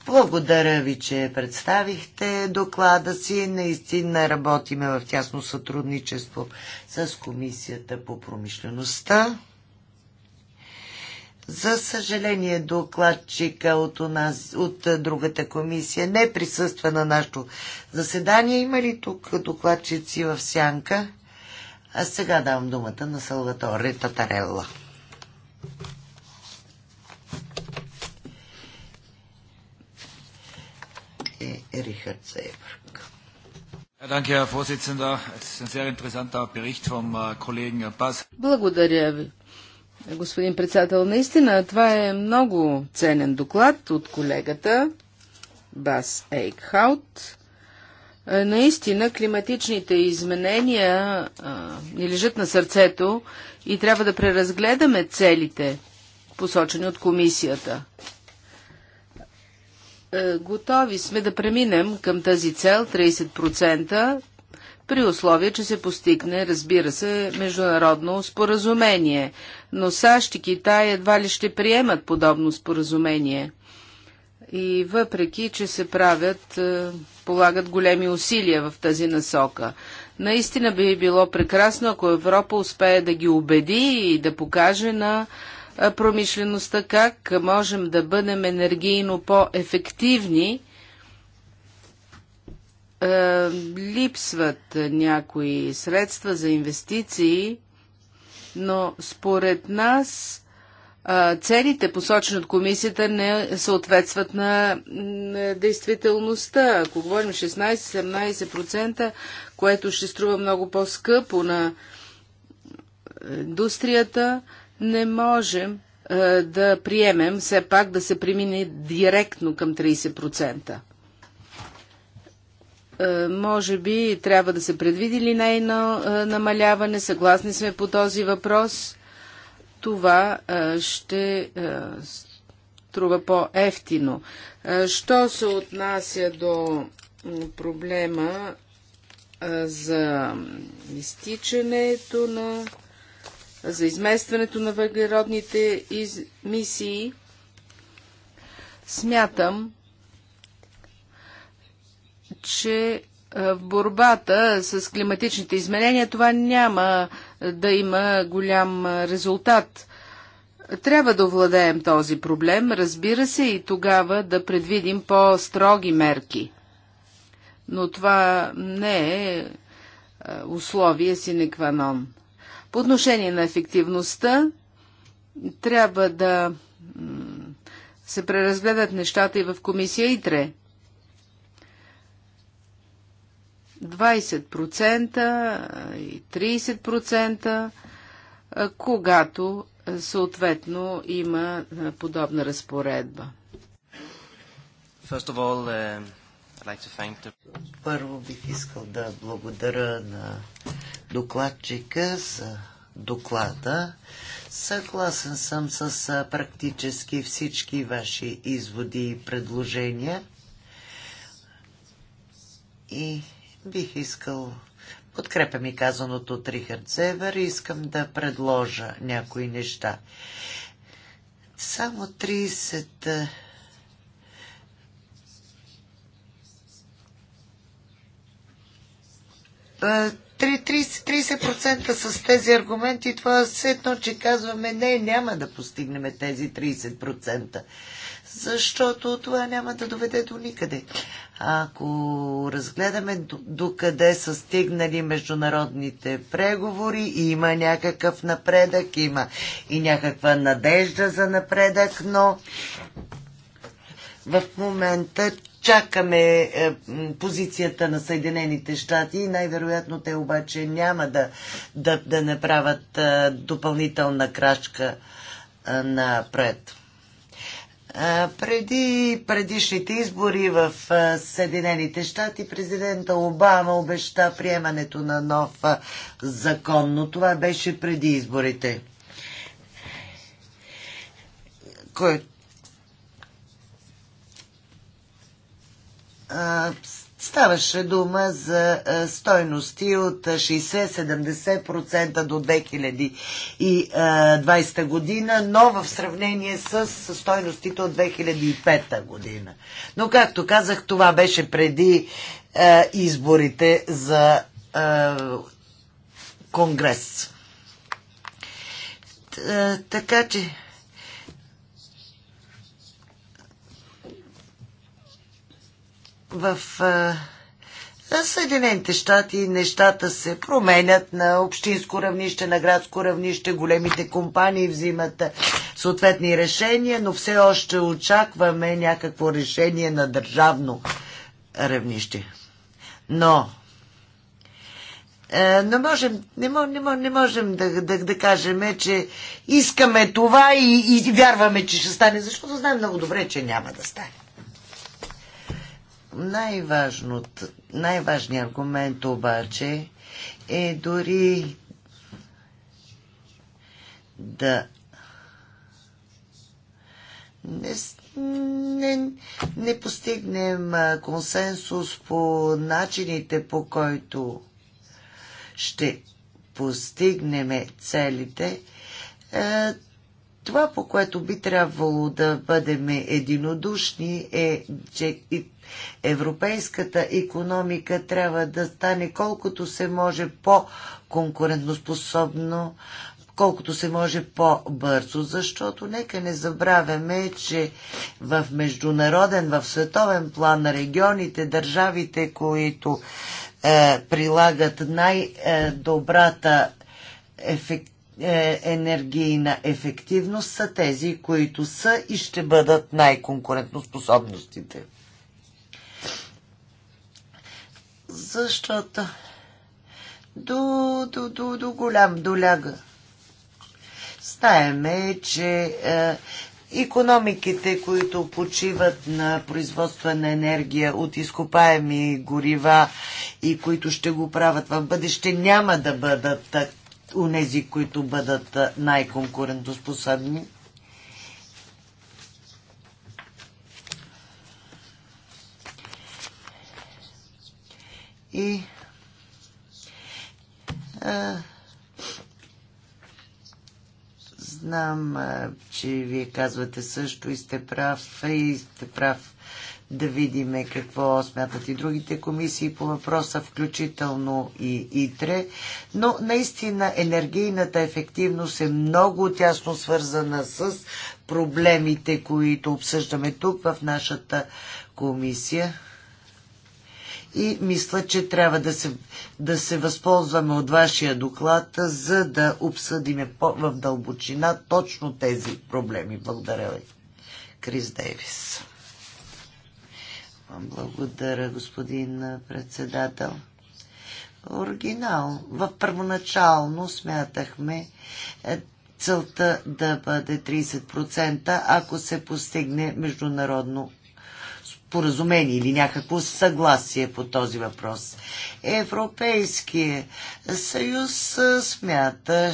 Благодаря ви, че представихте доклада си. Наистина работиме в тясно сътрудничество с Комисията по промишлеността. За съжаление, докладчика от, нас, от е, другата комисия не присъства на нашето заседание. Има ли тук докладчици в сянка? А сега давам думата на Салватори Татарелла. И е, Рихард Сейбърг. Äh, Благодаря ви господин председател. Наистина, това е много ценен доклад от колегата Бас Ейкхаут. Е, наистина, климатичните изменения а, ни лежат на сърцето и трябва да преразгледаме целите, посочени от комисията. Е, готови сме да преминем към тази цел 30% при условие, че се постигне, разбира се, международно споразумение. Но САЩ и Китай едва ли ще приемат подобно споразумение. И въпреки, че се правят, е, полагат големи усилия в тази насока. Наистина би било прекрасно, ако Европа успее да ги убеди и да покаже на е, промишлеността как можем да бъдем енергийно по-ефективни, е, липсват някои средства за инвестиции, но според нас е, целите, посочени от комисията, не съответстват на действителността. Ако говорим 16-17%, което ще струва много по-скъпо на индустрията, не можем е, да приемем все пак да се премине директно към 30%. Е, може би трябва да се предвиди линейно е, намаляване. Съгласни сме по този въпрос. Това е, ще струва по-ефтино. Що се отнася до проблема за изтичането на за изместването на въглеродните мисии, смятам, че в борбата с климатичните изменения това няма да има голям резултат. Трябва да овладеем този проблем, разбира се, и тогава да предвидим по-строги мерки. Но това не е условие синекванон. По отношение на ефективността, трябва да се преразгледат нещата и в комисия ИТРЕ – 20% и 30%, когато съответно има подобна разпоредба. All, uh, like Първо бих искал да благодаря на докладчика за доклада. Съгласен съм с практически всички ваши изводи и предложения. И Бих искал Подкрепя ми казаното от Рихард Зевер и искам да предложа някои неща. Само 30 30%, с тези аргументи, това все едно, че казваме не, няма да постигнем тези 30%. Защото това няма да доведе до никъде. Ако разгледаме докъде до са стигнали международните преговори, има някакъв напредък, има и някаква надежда за напредък, но в момента чакаме е, позицията на Съединените щати и най-вероятно те обаче няма да, да, да направят е, допълнителна крачка е, напред. Преди предишните избори в Съединените щати президента Обама обеща приемането на нов закон, но това беше преди изборите, който Ставаше дума за стойности от 60-70% до 2020 година, но в сравнение с стойностите от 2005 година. Но, както казах, това беше преди изборите за Конгрес. Така че в Съединените щати нещата се променят на общинско равнище, на градско равнище, големите компании взимат съответни решения, но все още очакваме някакво решение на държавно равнище. Но не можем, не, можем, не, не можем да, да, да кажем, е, че искаме това и, и вярваме, че ще стане, защото знаем много добре, че няма да стане. Най-важният най аргумент обаче е дори да не, не, не постигнем консенсус по начините по който ще постигнем целите, е, това, по което би трябвало да бъдем единодушни, е, че и Европейската економика трябва да стане колкото се може по-конкурентоспособно, колкото се може по-бързо, защото нека не забравяме, че в международен, в световен план регионите, държавите, които е, прилагат най-добрата е, ефективност, е, енергийна ефективност са тези, които са и ще бъдат най-конкурентоспособностите. защото до, до, до, до голям доляга. Знаеме, че е, економиките, които почиват на производство на енергия от изкопаеми горива и които ще го правят в бъдеще, няма да бъдат е, унези, които бъдат е, най-конкурентоспособни. и а, знам, а, че вие казвате също и сте прав, и сте прав да видим какво смятат и другите комисии по въпроса, включително и ИТРЕ. Но наистина енергийната ефективност е много тясно свързана с проблемите, които обсъждаме тук в нашата комисия и мисля, че трябва да се, да се възползваме от вашия доклад, за да обсъдиме в дълбочина точно тези проблеми. Благодаря ви. Крис Дейвис. Благодаря, господин председател. Оригинал. В първоначално смятахме е, целта да бъде 30%, ако се постигне международно споразумение или някакво съгласие по този въпрос. Европейския съюз смята,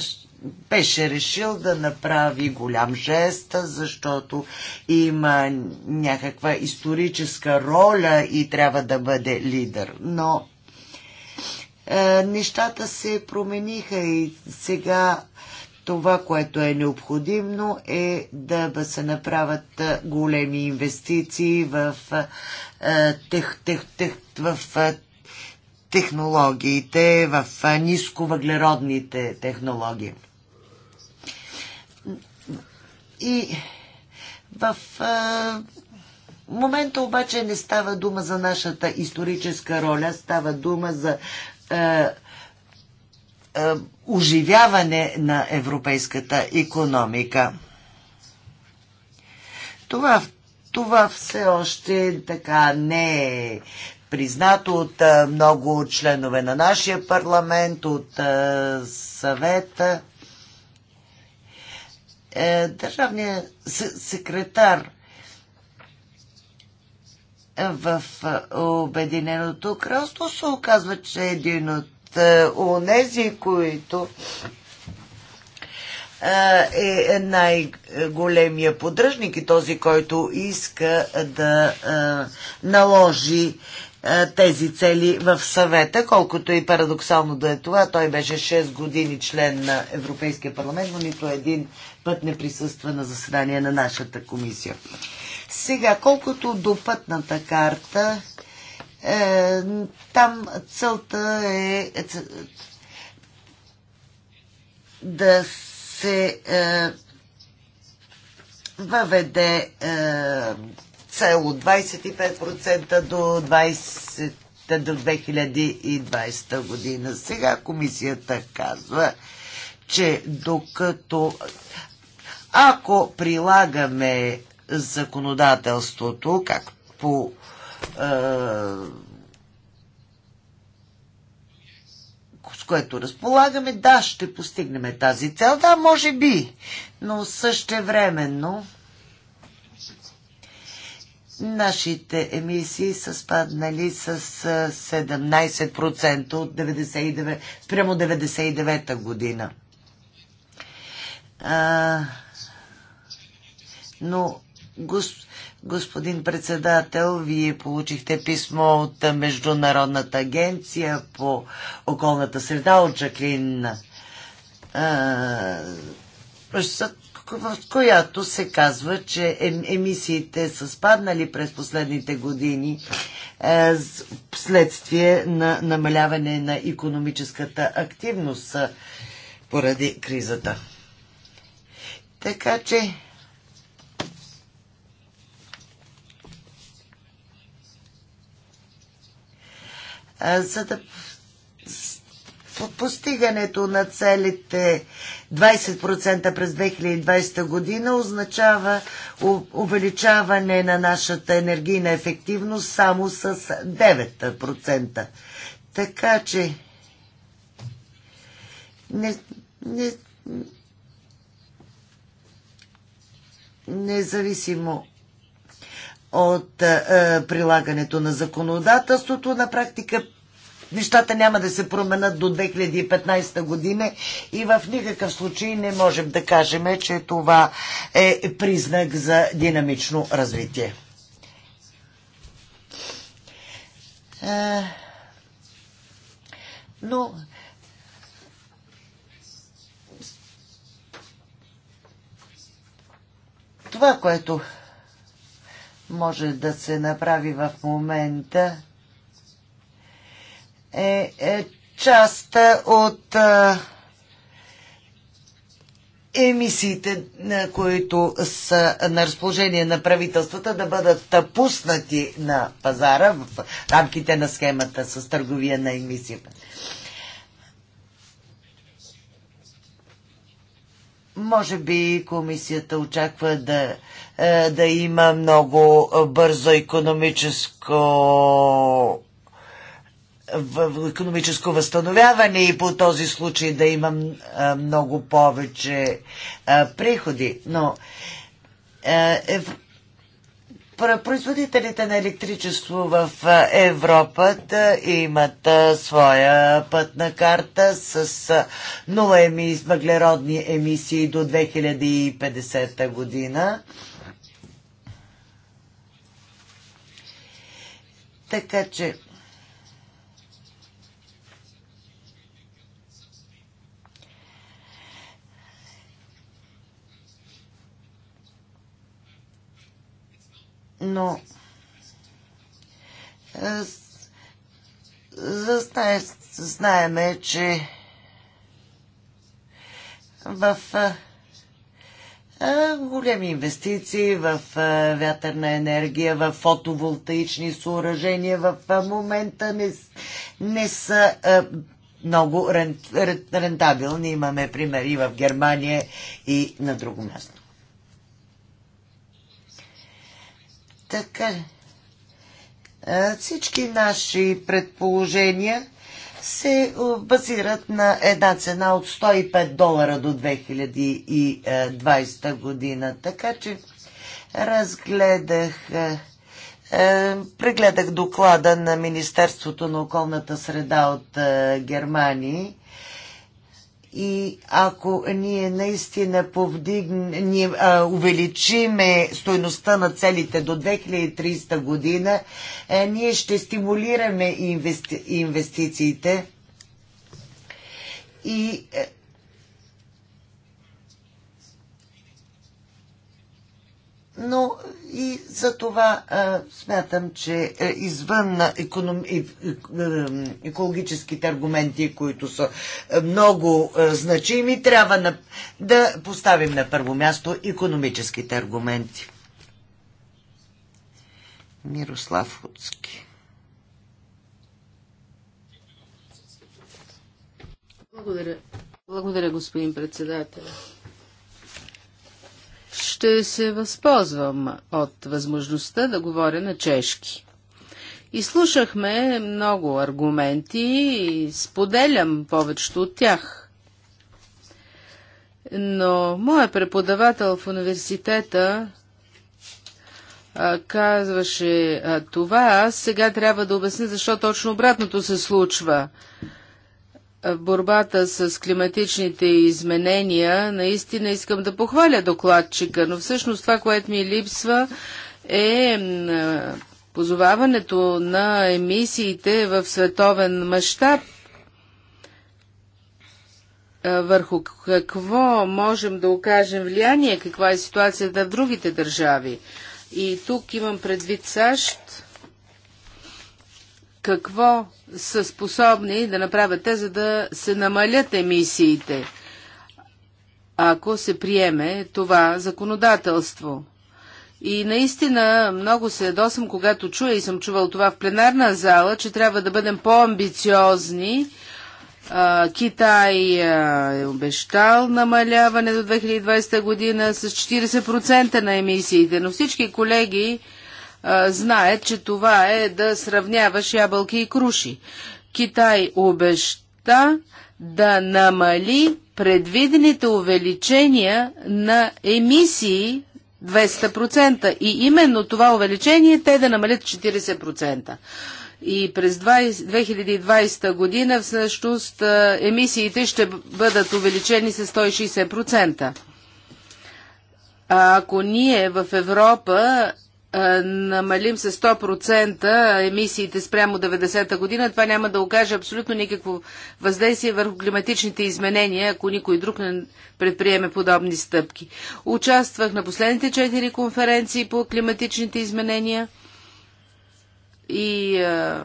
беше решил да направи голям жест, защото има някаква историческа роля и трябва да бъде лидер. Но е, нещата се промениха и сега това, което е необходимо е да се направят големи инвестиции в, тех, тех, тех, в технологиите, в нисковъглеродните технологии. И в момента обаче не става дума за нашата историческа роля, става дума за е, оживяване на европейската економика. Това, това все още така не е признато от е, много членове на нашия парламент, от е, съвета. Държавният секретар в Обединеното кралство се оказва, че е един от е, нези, които е, е най-големия поддръжник и този, който иска да е, наложи тези цели в съвета, колкото и парадоксално да е това. Той беше 6 години член на Европейския парламент, но нито един път не присъства на заседание на нашата комисия. Сега, колкото до пътната карта, е, там целта е, е да се е, въведе цел от 25% до 20 до 2020 година. Сега комисията казва, че докато ако прилагаме законодателството, както по с което разполагаме, да, ще постигнем тази цел, да, може би, но същевременно нашите емисии са спаднали с 17% от 99, спрямо 99-та година. А, но, гос, Господин председател, вие получихте писмо от Международната агенция по околната среда от Жаклин, в която се казва, че емисиите са спаднали през последните години е, следствие на намаляване на економическата активност поради кризата. Така че за да в постигането на целите 20% през 2020 година означава увеличаване на нашата енергийна ефективност само с 9%. Така че не, не, независимо от е, е, прилагането на законодателството. На практика нещата няма да се променят до 2015 година и в никакъв случай не можем да кажем, че това е признак за динамично развитие. Е, но това, което може да се направи в момента е, е част от а, емисиите, на които са на разположение на правителствата, да бъдат пуснати на пазара в рамките на схемата с търговия на емисията. Може би комисията очаква да, е, да има много бързо економическо в економическо възстановяване и по този случай да имам е, много повече е, приходи. Но производителите на електричество в Европа да имат своя пътна карта с нула въглеродни емисии до 2050 година. Така че но е, знае, знаеме, че в е, е, големи инвестиции в вятърна енергия, в фотоволтаични съоръжения в момента не, не са много рентабилни. Имаме примери в Германия и на друго място. Така. Всички наши предположения се базират на една цена от 105 долара до 2020 година. Така че разгледах, прегледах доклада на Министерството на околната среда от Германия и ако ние наистина увеличиме стойността на целите до 2300 година, а, е, ние ще стимулираме инвести, инвестициите и а, е, но и за това а, смятам, че а, е, извън економ... Е, е, екологическите аргументи, които са много а, значими, трябва на... да поставим на първо място економическите аргументи. Мирослав Хуцки. Благодаря. Благодаря, господин председател ще се възползвам от възможността да говоря на чешки. И слушахме много аргументи и споделям повечето от тях. Но моя преподавател в университета казваше това, аз сега трябва да обясня защо точно обратното се случва борбата с климатичните изменения, наистина искам да похваля докладчика, но всъщност това, което ми липсва е позоваването на емисиите в световен мащаб. Върху какво можем да окажем влияние, каква е ситуацията в другите държави. И тук имам предвид САЩ, какво са способни да направят те, за да се намалят емисиите, ако се приеме това законодателство. И наистина много се ядосам, когато чуя и съм чувал това в пленарна зала, че трябва да бъдем по-амбициозни. Китай е обещал намаляване до 2020 година с 40% на емисиите, но всички колеги знаят, че това е да сравняваш ябълки и круши. Китай обеща да намали предвидените увеличения на емисии 200% и именно това увеличение те да намалят 40%. И през 20, 2020 година всъщност емисиите ще бъдат увеличени с 160%. А ако ние в Европа е, намалим с 100% емисиите спрямо 90-та година, това няма да окаже абсолютно никакво въздействие върху климатичните изменения, ако никой друг не предприеме подобни стъпки. Участвах на последните 4 конференции по климатичните изменения и а,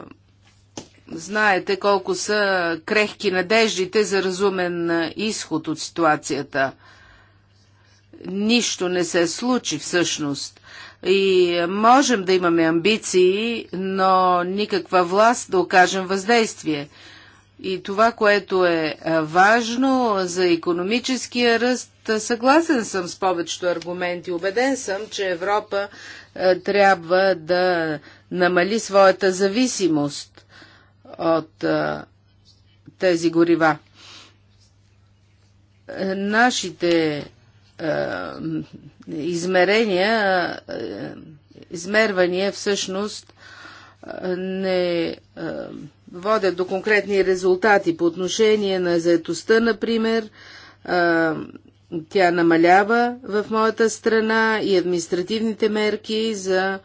е, знаете колко са крехки надеждите за разумен е, изход от ситуацията. Нищо не се случи всъщност и можем да имаме амбиции, но никаква власт да окажем въздействие. И това, което е, е важно за економическия ръст, е, съгласен съм с повечето аргументи. Убеден съм, че Европа е, трябва да намали своята зависимост от тези горива. нашите измерения, е, измервания всъщност е, не е, водят до конкретни резултати. По отношение на заетостта, например, тя намалява в моята страна и административните мерки за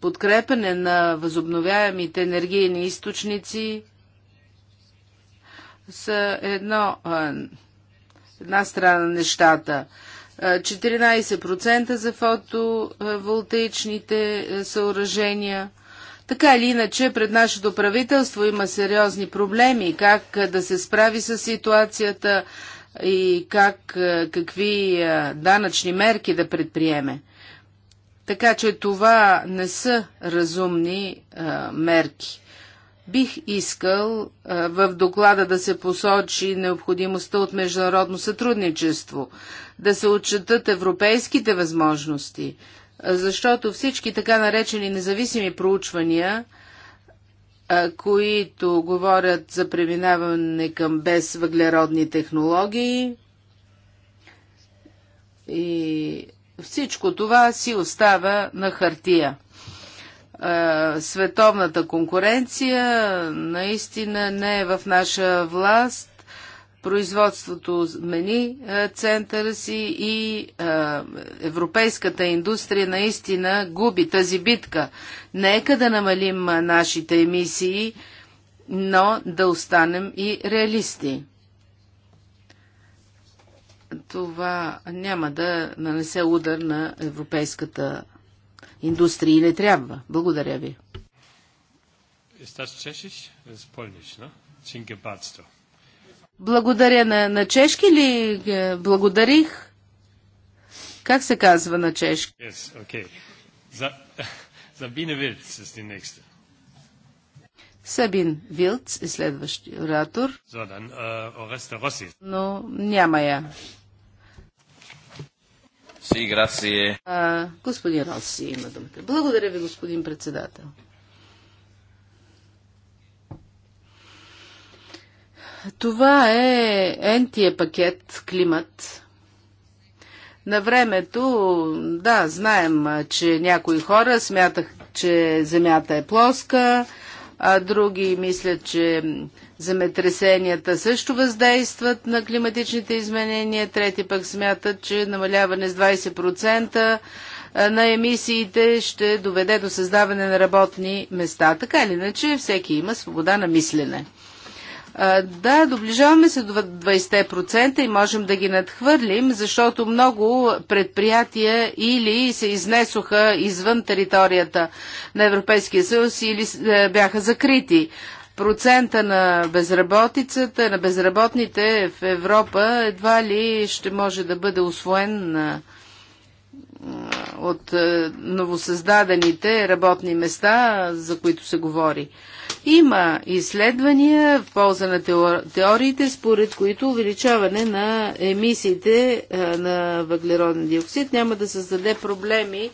подкрепане на възобновяемите енергийни източници са едно, една страна на нещата. 14% за фотоволтаичните е, съоръжения. Така или иначе, пред нашето правителство има сериозни проблеми как е, да се справи с ситуацията и как, е, какви данъчни мерки да предприеме. Така че това не са разумни а, мерки. Бих искал а, в доклада да се посочи необходимостта от международно сътрудничество, да се отчетат европейските възможности, защото всички така наречени независими проучвания, които говорят за преминаване към безвъглеродни технологии, и всичко това си остава на хартия. Световната конкуренция наистина не е в наша власт производството смени е, центъра си и а, е, европейската индустрия наистина губи тази битка. Нека да намалим е, нашите емисии, но да останем и реалисти. Това няма да нанесе удар на европейската индустрия и не трябва. Благодаря ви. Ist das Tschechisch? Das ist Polnisch, ne? Cinque благодаря на, на чешки ли? Благодарих. Как се казва на чешки? Yes, okay. За, за Сабине Вилц е следващия. Сабин Вилц е следващия оратор. So, then, uh, Ореста Роси. Но няма я. Си, sí, грация. Господин Роси има думата. Благодаря ви, господин председател. Това е ентия пакет климат. На времето, да, знаем, че някои хора смятах, че Земята е плоска, а други мислят, че земетресенията също въздействат на климатичните изменения, трети пък смятат, че намаляване с 20% на емисиите ще доведе до създаване на работни места. Така или иначе, всеки има свобода на мислене. Да, доближаваме се до 20% и можем да ги надхвърлим, защото много предприятия или се изнесоха извън територията на Европейския съюз или е, бяха закрити. Процента на безработицата, на безработните в Европа едва ли ще може да бъде освоен е, е, от новосъздадените работни места, за които се говори. Има изследвания в полза на теориите, според които увеличаване на емисиите на въглероден диоксид няма да създаде проблеми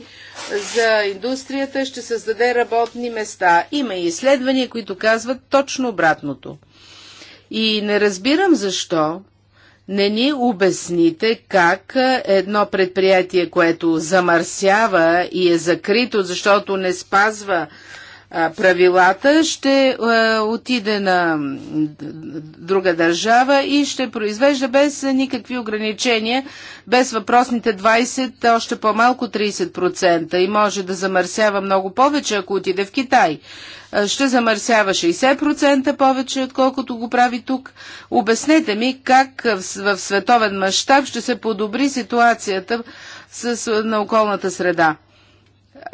за индустрията, ще създаде работни места. Има и изследвания, които казват точно обратното. И не разбирам защо не ни обясните как едно предприятие, което замърсява и е закрито, защото не спазва правилата, ще отиде на друга държава и ще произвежда без никакви ограничения, без въпросните 20, още по-малко 30% и може да замърсява много повече, ако отиде в Китай. Ще замърсява 60% повече, отколкото го прави тук. Обяснете ми как в световен мащаб ще се подобри ситуацията с, на околната среда.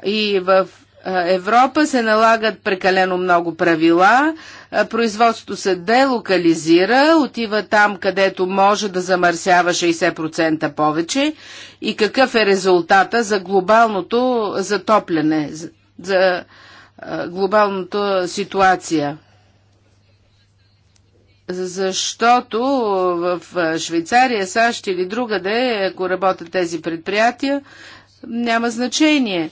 И в Европа се налагат прекалено много правила, производството се делокализира, отива там, където може да замърсява 60% повече и какъв е резултата за глобалното затопляне, за глобалната ситуация. Защото в Швейцария, САЩ или другаде, ако работят тези предприятия, няма значение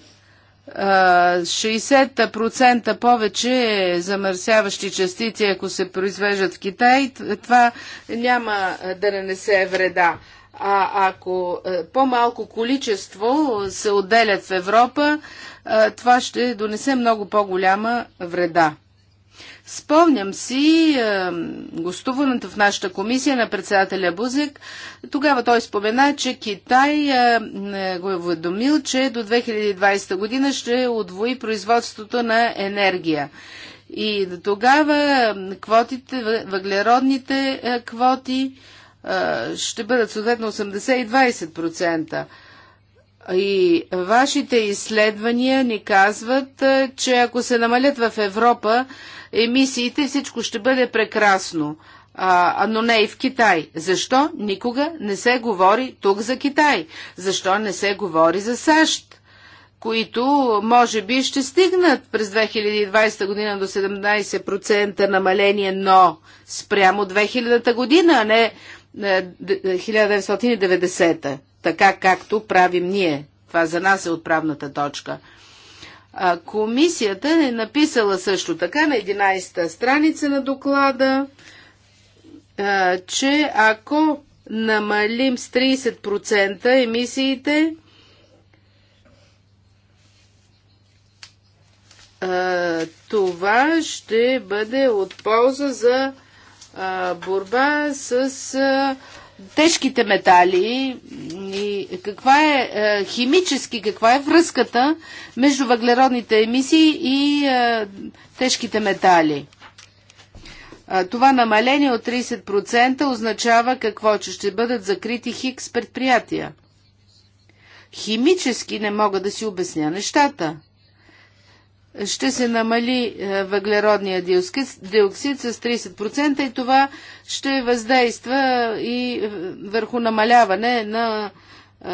60% повече замърсяващи частици, ако се произвеждат в Китай, това няма да нанесе вреда. А ако по-малко количество се отделят в Европа, това ще донесе много по-голяма вреда. Спомням си е, гостуването в нашата комисия на председателя Бузик. Тогава той спомена, че Китай е, е, го е уведомил, че до 2020 година ще отвои производството на енергия. И до тогава квотите, въглеродните е, квоти е, ще бъдат съответно 80 и 20%. И вашите изследвания ни казват, че ако се намалят в Европа емисиите, всичко ще бъде прекрасно. А, но не и в Китай. Защо никога не се говори тук за Китай? Защо не се говори за САЩ? които може би ще стигнат през 2020 година до 17% намаление, но спрямо 2000 година, а не 1990. Е, така както правим ние. Това за нас е отправната точка. А, комисията е написала също така на 11-та страница на доклада, а, че ако намалим с 30% емисиите, а, това ще бъде от полза за борба с тежките метали и каква е, е химически, каква е връзката между въглеродните емисии и е, тежките метали. Това намаление от 30% означава какво, че ще бъдат закрити хикс предприятия. Химически не мога да си обясня нещата ще се намали е, въглеродния диоксид с 30% и това ще въздейства е, и върху намаляване на е,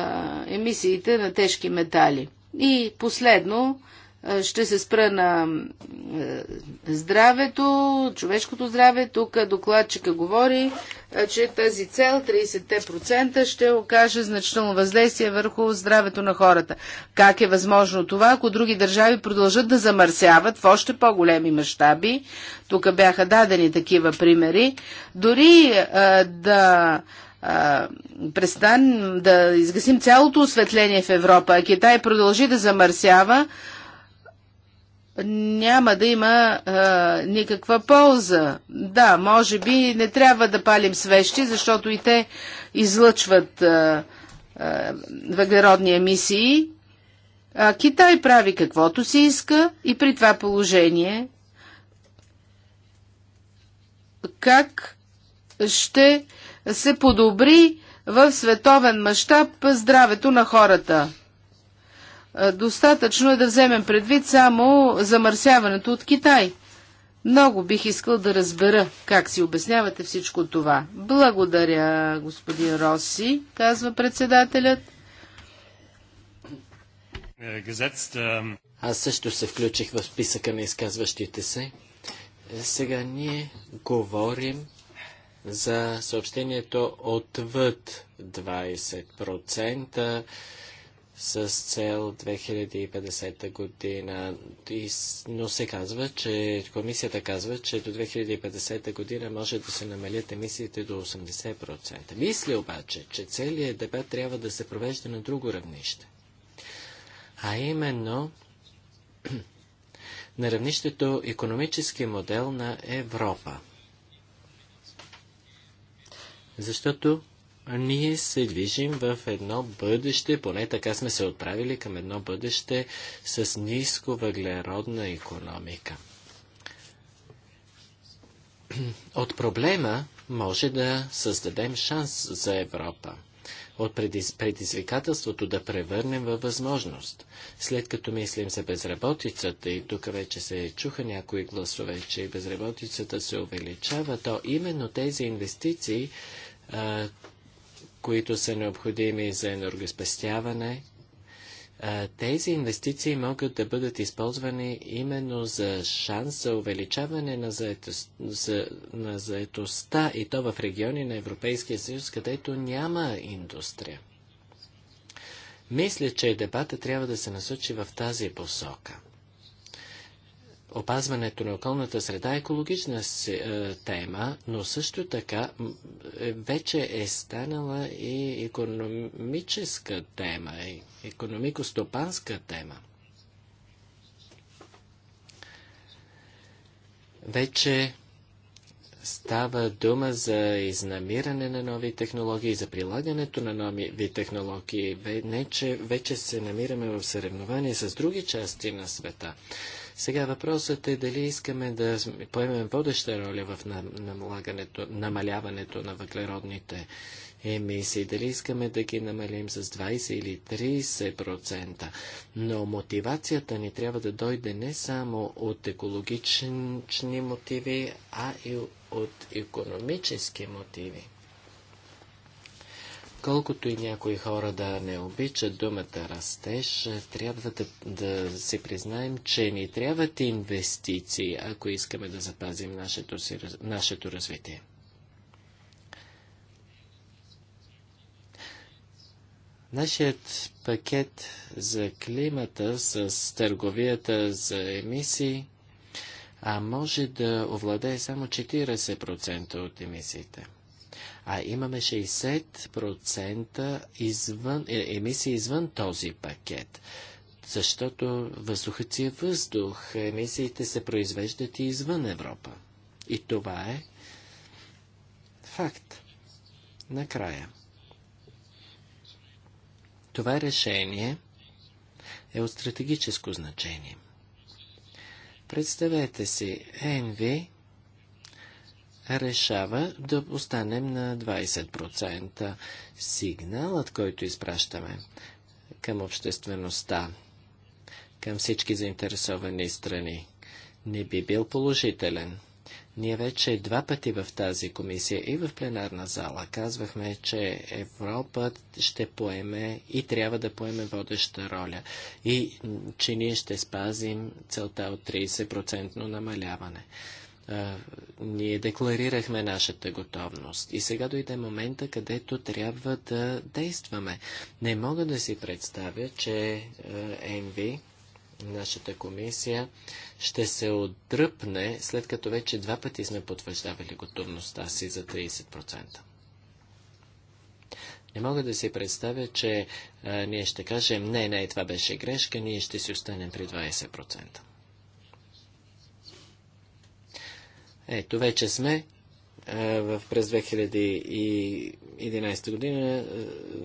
емисиите на тежки метали. И последно, е, ще се спра на е, здравето, човешкото здраве. Тук докладчика говори, е, че тази цел 30% ще окаже значително въздействие върху здравето на хората. Как е възможно това, ако други държави продължат да замърсяват в още по-големи мащаби? Тук бяха дадени такива примери. Дори а, да престан да изгасим цялото осветление в Европа, а Китай продължи да замърсява, няма да има а, никаква полза. Да, може би не трябва да палим свещи, защото и те излъчват а, а, въглеродни емисии. А Китай прави каквото си иска и при това положение как ще се подобри в световен мащаб здравето на хората. Е, достатъчно е да вземем предвид само замърсяването от Китай. Много бих искал да разбера как си обяснявате всичко това. Благодаря, господин Роси, казва председателят. Аз също се включих в списъка на изказващите се. Е, сега ние говорим за съобщението отвъд 20% с цел 2050 година. Но се казва, че комисията казва, че до 2050 година може да се намалят емисиите до 80%. Мисля обаче, че целият дебат трябва да се провежда на друго равнище. А именно на равнището економически модел на Европа. Защото ние се движим в едно бъдеще, поне така сме се отправили към едно бъдеще с ниско въглеродна економика. От проблема може да създадем шанс за Европа. От предизвикателството да превърнем във възможност. След като мислим за безработицата, и тук вече се чуха някои гласове, че безработицата се увеличава, то именно тези инвестиции които са необходими за енергоспестяване. Тези инвестиции могат да бъдат използвани именно за шанс за увеличаване на, заетост, за, на заетостта и то в региони на Европейския съюз, където няма индустрия. Мисля, че дебата трябва да се насочи в тази посока опазването на околната среда е екологична е, тема, но също така е, вече е станала и економическа тема, и економико-стопанска тема. Вече става дума за изнамиране на нови технологии, за прилагането на нови технологии. Не, че вече се намираме в съревнование с други части на света. Сега въпросът е дали искаме да поемем водеща роля в намаляването на въглеродните емисии, дали искаме да ги намалим с 20 или 30%. Но мотивацията ни трябва да дойде не само от екологични мотиви, а и от економически мотиви. Колкото и някои хора да не обичат думата растеж, трябва да, да си признаем, че ни трябват инвестиции, ако искаме да запазим нашето, си, нашето развитие. Нашият пакет за климата с търговията за емисии, а може да овладее само 40% от емисиите а имаме 60% извън, е, емисии извън този пакет. Защото въздухът си е въздух, емисиите се произвеждат и извън Европа. И това е факт. Накрая. Това решение е от стратегическо значение. Представете си, ЕНВИ решава да останем на 20% сигналът, който изпращаме към обществеността, към всички заинтересовани страни, не би бил положителен. Ние вече два пъти в тази комисия и в пленарна зала казвахме, че Европа ще поеме и трябва да поеме водеща роля и че ние ще спазим целта от 30% намаляване ние декларирахме нашата готовност. И сега дойде момента, където трябва да действаме. Не мога да си представя, че ЕНВИ, нашата комисия, ще се отдръпне, след като вече два пъти сме потвърждавали готовността си за 30%. Не мога да си представя, че ние ще кажем, не, не, това беше грешка, ние ще си останем при 20%. Ето, вече сме в през 2011 година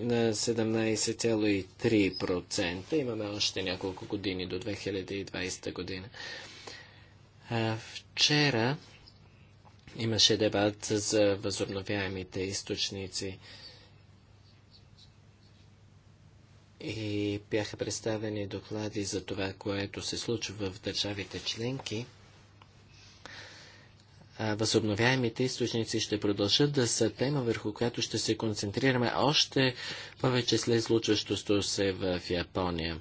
на 17,3%. Имаме още няколко години до 2020 година. Вчера имаше дебат за възобновяемите източници и бяха представени доклади за това, което се случва в държавите членки – възобновяемите източници ще продължат да са тема, върху която ще се концентрираме още повече след случващото се в Япония.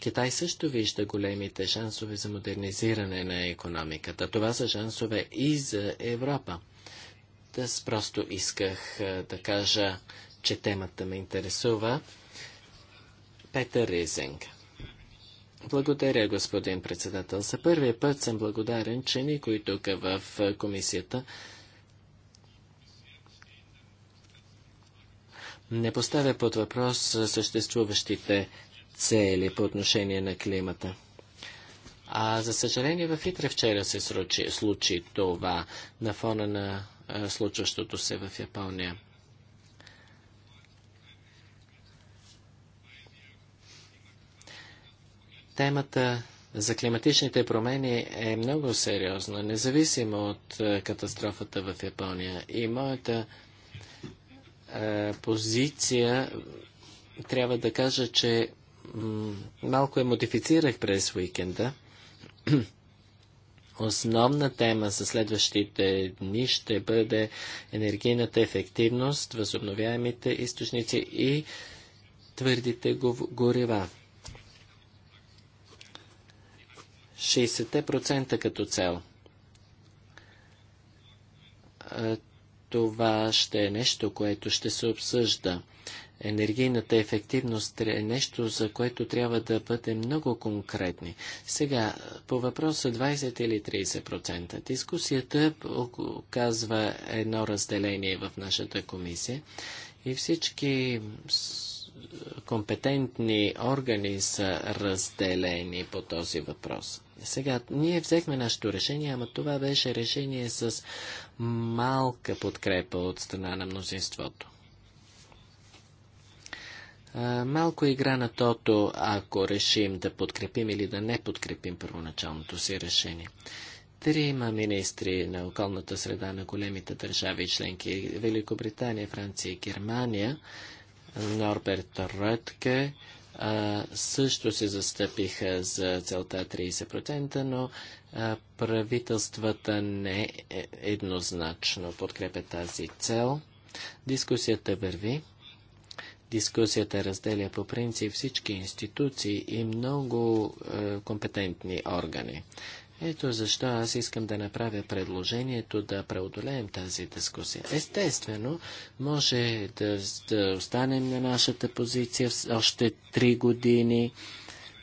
Китай също вижда големите шансове за модернизиране на економиката. Това са шансове и за Европа. Аз просто исках да кажа, че темата ме интересува. Петър Ризинг. Благодаря, господин председател. За първия път съм благодарен, че никой тук в комисията не поставя под въпрос съществуващите цели по отношение на климата. А за съжаление в Итре вчера се случи, случи това на фона на случващото се в Япония. Темата за климатичните промени е много сериозна, независимо от е, катастрофата в Япония. И моята е, позиция трябва да кажа, че малко я модифицирах през уикенда. Основна тема за следващите дни ще бъде енергийната ефективност, възобновяемите източници и твърдите горива. 60% като цел. Това ще е нещо, което ще се обсъжда. Енергийната ефективност е нещо, за което трябва да бъдем много конкретни. Сега, по въпроса 20 или 30%, дискусията оказва едно разделение в нашата комисия и всички компетентни органи са разделени по този въпрос. Сега, ние взехме нашето решение, ама това беше решение с малка подкрепа от страна на мнозинството. малко игра на тото, ако решим да подкрепим или да не подкрепим първоначалното си решение. Трима министри на околната среда на големите държави членки Великобритания, Франция и Германия, Норберт Ротке, също се застъпиха за целта 30%, но правителствата не е, еднозначно подкрепят тази цел. Дискусията върви. Дискусията разделя по принцип всички институции и много е, компетентни органи. Ето защо аз искам да направя предложението да преодолеем тази дискусия. Естествено, може да, да останем на нашата позиция още три години,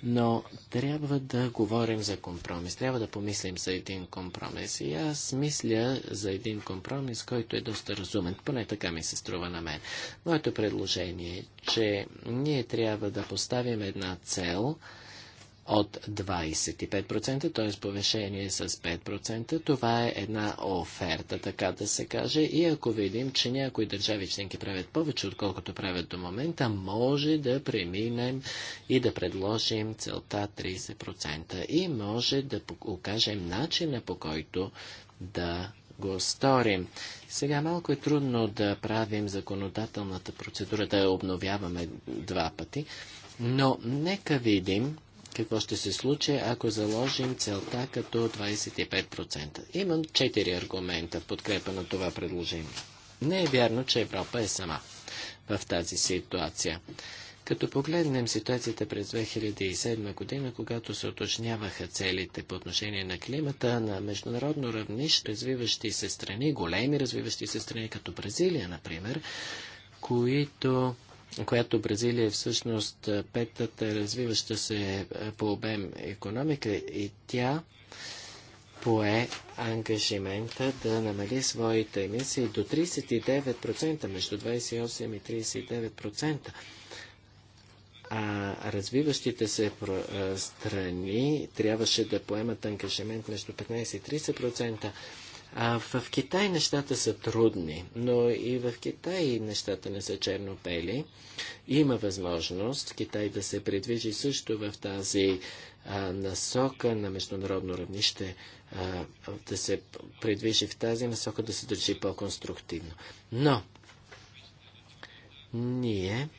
но трябва да говорим за компромис. Трябва да помислим за един компромис. И аз мисля за един компромис, който е доста разумен. Поне така ми се струва на мен. Моето предложение е, че ние трябва да поставим една цел – от 25%, т.е. повишение с 5%. Това е една оферта, така да се каже. И ако видим, че някои държави членки правят повече, отколкото правят до момента, може да преминем и да предложим целта 30%. И може да окажем начина по който да го сторим. Сега малко е трудно да правим законодателната процедура, да я обновяваме два пъти, но нека видим какво ще се случи, ако заложим целта като 25%. Имам 4 аргумента в подкрепа на това предложение. Не е вярно, че Европа е сама в тази ситуация. Като погледнем ситуацията през 2007 година, когато се уточняваха целите по отношение на климата на международно равнище, развиващи се страни, големи развиващи се страни, като Бразилия, например, които която Бразилия е всъщност петата развиваща се по обем економика и тя пое ангажимента да намали своите емисии до 39%, между 28 и 39%. А развиващите се страни трябваше да поемат ангажимент между 15 и 30%. А в Китай нещата са трудни, но и в Китай нещата не са чернопели. Има възможност Китай да се придвижи също в тази насока на международно равнище, да се придвижи в тази насока, да се държи по-конструктивно. Но ние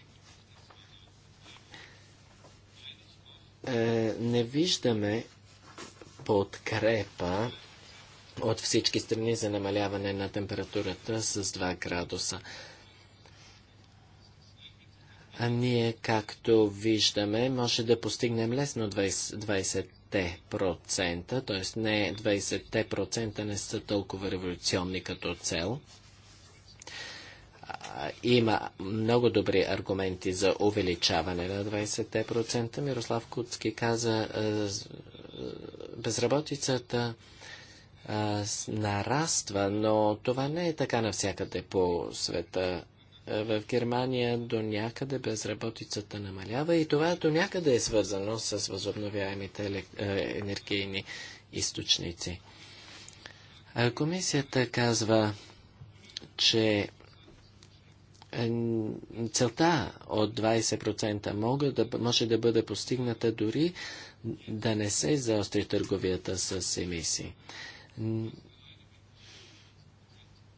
е, не виждаме подкрепа от всички страни за намаляване на температурата с 2 градуса. А ние, както виждаме, може да постигнем лесно 20%, 20%, т.е. не 20% не са толкова революционни като цел. Има много добри аргументи за увеличаване на 20%. Мирослав Куцки каза, безработицата а, нараства, но това не е така навсякъде по света. В Германия до някъде безработицата намалява и това до някъде е свързано с възобновяемите енергийни източници. комисията казва, че целта от 20% мога да, може да бъде постигната дори да не се заостри търговията с емисии.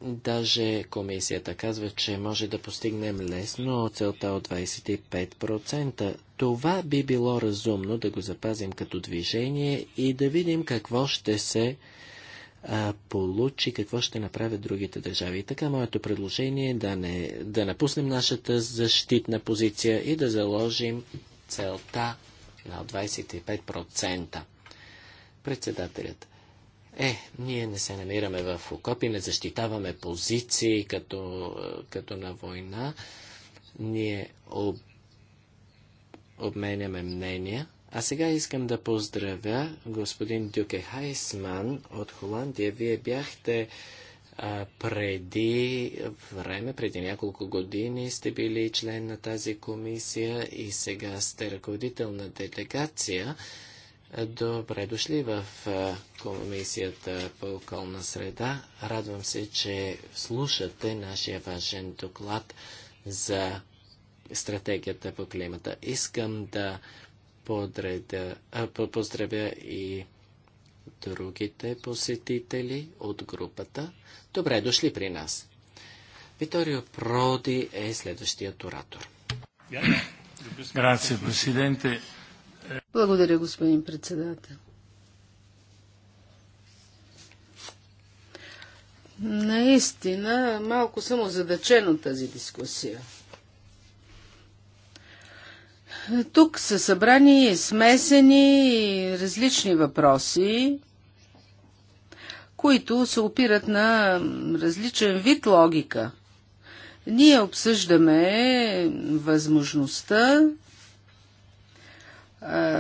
Даже комисията казва, че може да постигнем лесно целта от 25%. Това би било разумно да го запазим като движение и да видим какво ще се а, получи, какво ще направят другите държави. И така, моето предложение е да, не, да напуснем нашата защитна позиция и да заложим целта на 25%. Председателят. Е, ние не се намираме в окопи, не защитаваме позиции като, като на война. Ние об... обменяме мнения. А сега искам да поздравя господин Дюке Хайсман от Холандия. Вие бяхте а, преди време, преди няколко години сте били член на тази комисия и сега сте ръководител на делегация. Добре дошли в е, Комисията по околна среда. Радвам се, че слушате нашия важен доклад за стратегията по климата. Искам да подреда, а, поздравя и другите посетители от групата. Добре дошли при нас. Виторио Проди е следващият оратор. Грация, президенте. Благодаря, господин председател. Наистина, малко съм озадачен от тази дискусия. Тук са събрани смесени различни въпроси, които се опират на различен вид логика. Ние обсъждаме възможността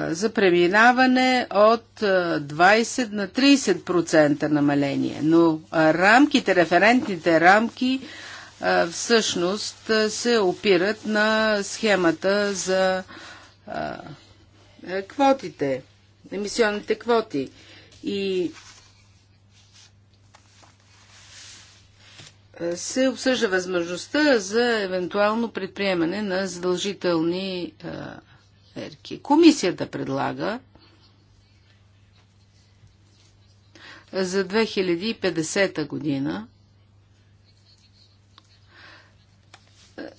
за преминаване от 20 на 30% намаление. Но рамките, референтните рамки всъщност се опират на схемата за е, квотите, емисионните квоти. И се обсъжда възможността за евентуално предприемане на задължителни мерки. Комисията предлага за 2050 година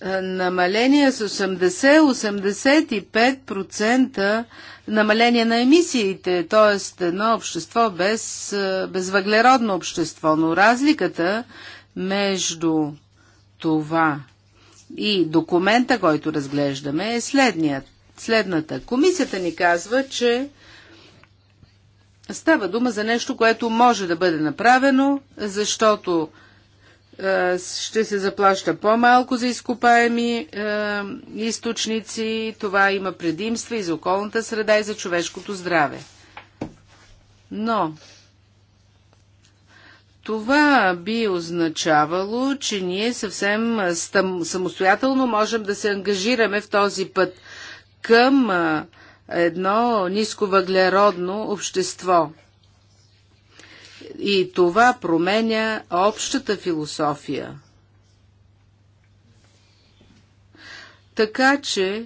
е, намаление с 80-85% намаление на емисиите, т.е. едно общество без, е, безвъглеродно общество. Но разликата между това и документа, който разглеждаме, е следният следната. Комисията ни казва, че става дума за нещо, което може да бъде направено, защото е, ще се заплаща по-малко за изкопаеми е, източници. Това има предимства и за околната среда, и за човешкото здраве. Но това би означавало, че ние съвсем е, самостоятелно можем да се ангажираме в този път – към едно нисковъглеродно общество. И това променя общата философия. Така че,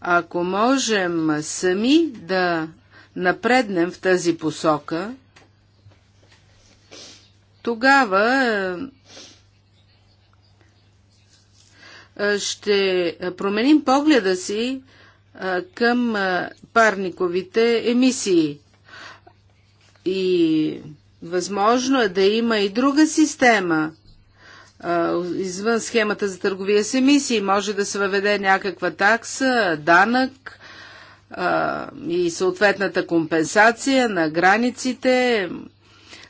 ако можем сами да напреднем в тази посока, тогава ще променим погледа си към парниковите емисии. И възможно е да има и друга система извън схемата за търговия с емисии. Може да се въведе някаква такса, данък и съответната компенсация на границите,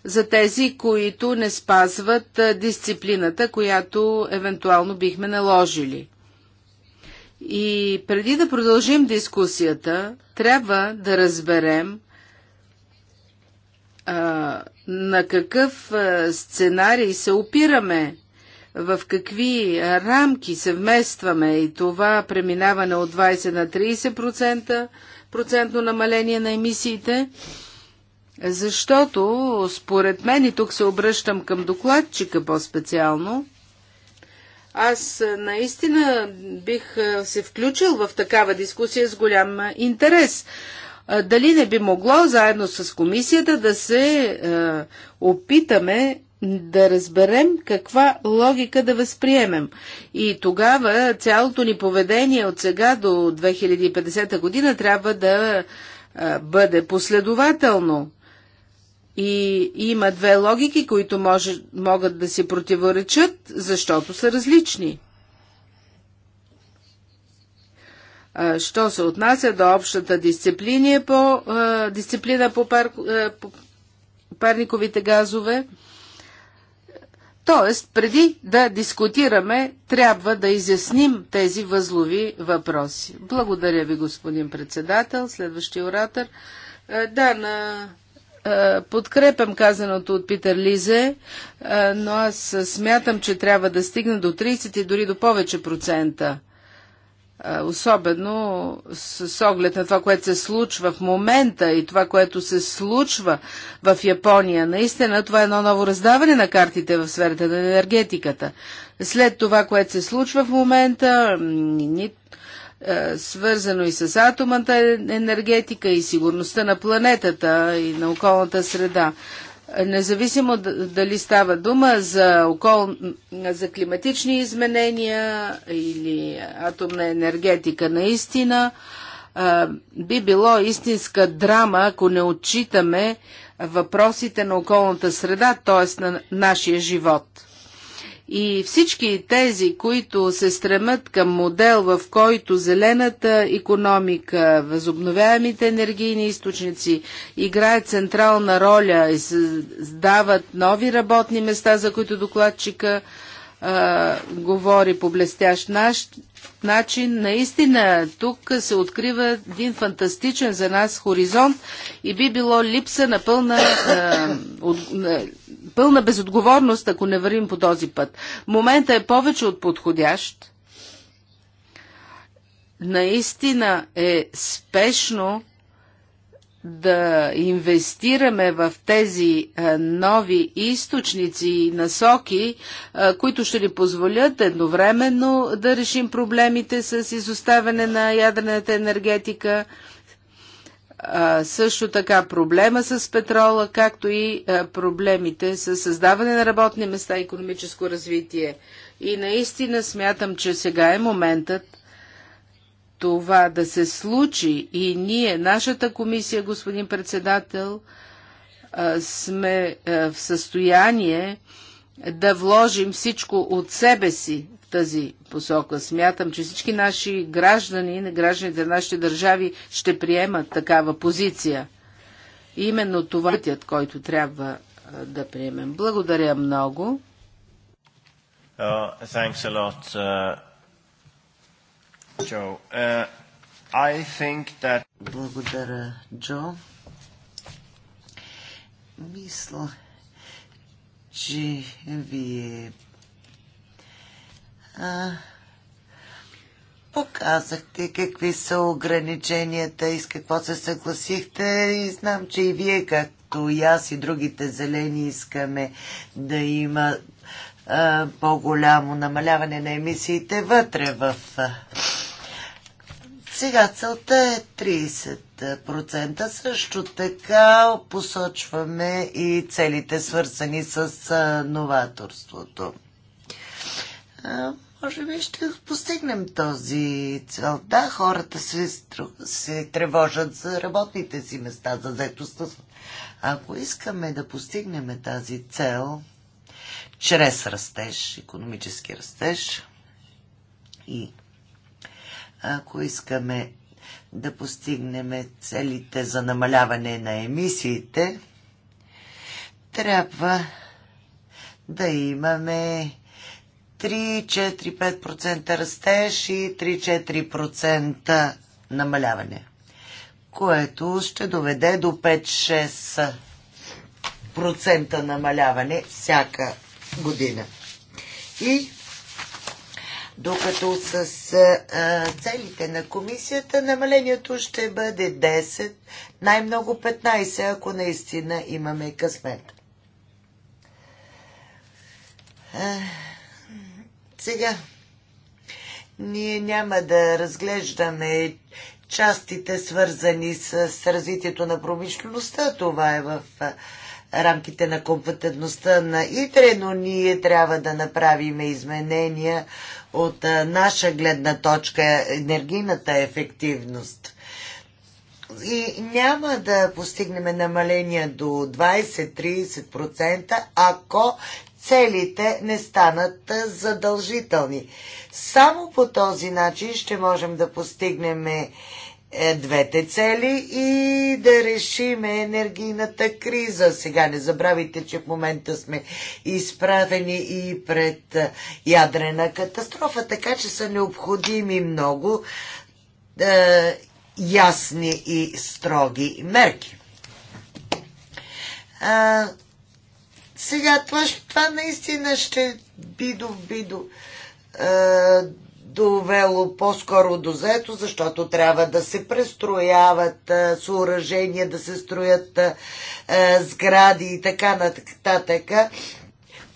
за тези, които не спазват дисциплината, която евентуално бихме наложили. И преди да продължим дискусията, трябва да разберем а, на какъв сценарий се опираме, в какви рамки се вместваме и това преминаване от 20 на 30% процентно намаление на емисиите – защото, според мен, и тук се обръщам към докладчика по-специално, аз наистина бих се включил в такава дискусия с голям интерес. Дали не би могло заедно с комисията да се е, опитаме да разберем каква логика да възприемем. И тогава цялото ни поведение от сега до 2050 година трябва да е, бъде последователно. И има две логики, които може, могат да се противоречат, защото са различни. Що се отнася до общата дисциплина по, дисциплина по, пар, по парниковите газове, Тоест, преди да дискутираме, трябва да изясним тези възлови въпроси. Благодаря ви, господин председател. Следващия оратор. Да, на е, подкрепям казаното от Питер Лизе, е, но аз смятам, че трябва да стигна до 30 и дори до повече процента. Е, особено с оглед на това, което се случва в момента и това, което се случва в Япония. Наистина, това е едно ново раздаване на картите в сферата на енергетиката. След това, което се случва в момента, е, свързано и с атомната енергетика и сигурността на планетата и на околната среда. Независимо дали става дума за, окол... за климатични изменения или атомна енергетика, наистина е, би било истинска драма, ако не отчитаме въпросите на околната среда, т.е. на нашия живот. И всички тези, които се стремят към модел, в който зелената економика, възобновяемите енергийни източници играят централна роля и създават нови работни места, за които докладчика а, говори по блестящ наш, начин. Наистина тук се открива един фантастичен за нас хоризонт и би било липса на пълна, а, от, а, пълна безотговорност, ако не вървим по този път. Момента е повече от подходящ. Наистина е спешно да инвестираме в тези нови източници и насоки, които ще ни позволят едновременно да решим проблемите с изоставяне на ядрената енергетика, също така проблема с петрола, както и проблемите с създаване на работни места и економическо развитие. И наистина смятам, че сега е моментът това да се случи и ние, нашата комисия, господин председател, сме в състояние да вложим всичко от себе си в тази посока. Смятам, че всички наши граждани, гражданите на нашите държави ще приемат такава позиция. И именно това е който трябва да приемем. Благодаря много. Uh, Uh, I think that... Благодаря, Джо. Мисля, че вие а, показахте какви са ограниченията и с какво се съгласихте. И знам, че и вие, както и аз и другите зелени, искаме да има по-голямо намаляване на емисиите вътре в сега целта е 30%. Също така посочваме и целите свързани с новаторството. Може би ще постигнем този цел. Да, хората се, се тревожат за работните си места, за заетостта. Ако искаме да постигнем тази цел, чрез растеж, економически растеж и ако искаме да постигнем целите за намаляване на емисиите, трябва да имаме 3-4-5% растеж и 3-4% намаляване, което ще доведе до 5-6% намаляване всяка година. И докато с а, целите на комисията намалението ще бъде 10, най-много 15, ако наистина имаме късмет. А, сега, ние няма да разглеждаме частите свързани с развитието на промишлеността. Това е в рамките на компетентността на ИТРЕ, но ние трябва да направим изменения от наша гледна точка енергийната ефективност. И няма да постигнем намаление до 20-30%, ако целите не станат задължителни. Само по този начин ще можем да постигнем е, двете цели и да решиме енергийната криза. Сега не забравяйте, че в момента сме изправени и пред е, ядрена катастрофа, така че са необходими много е, ясни и строги мерки. А, сега това, това наистина ще бидо бидо. е, довело по-скоро до заето, защото трябва да се престрояват съоръжения, да се строят сгради и така нататък.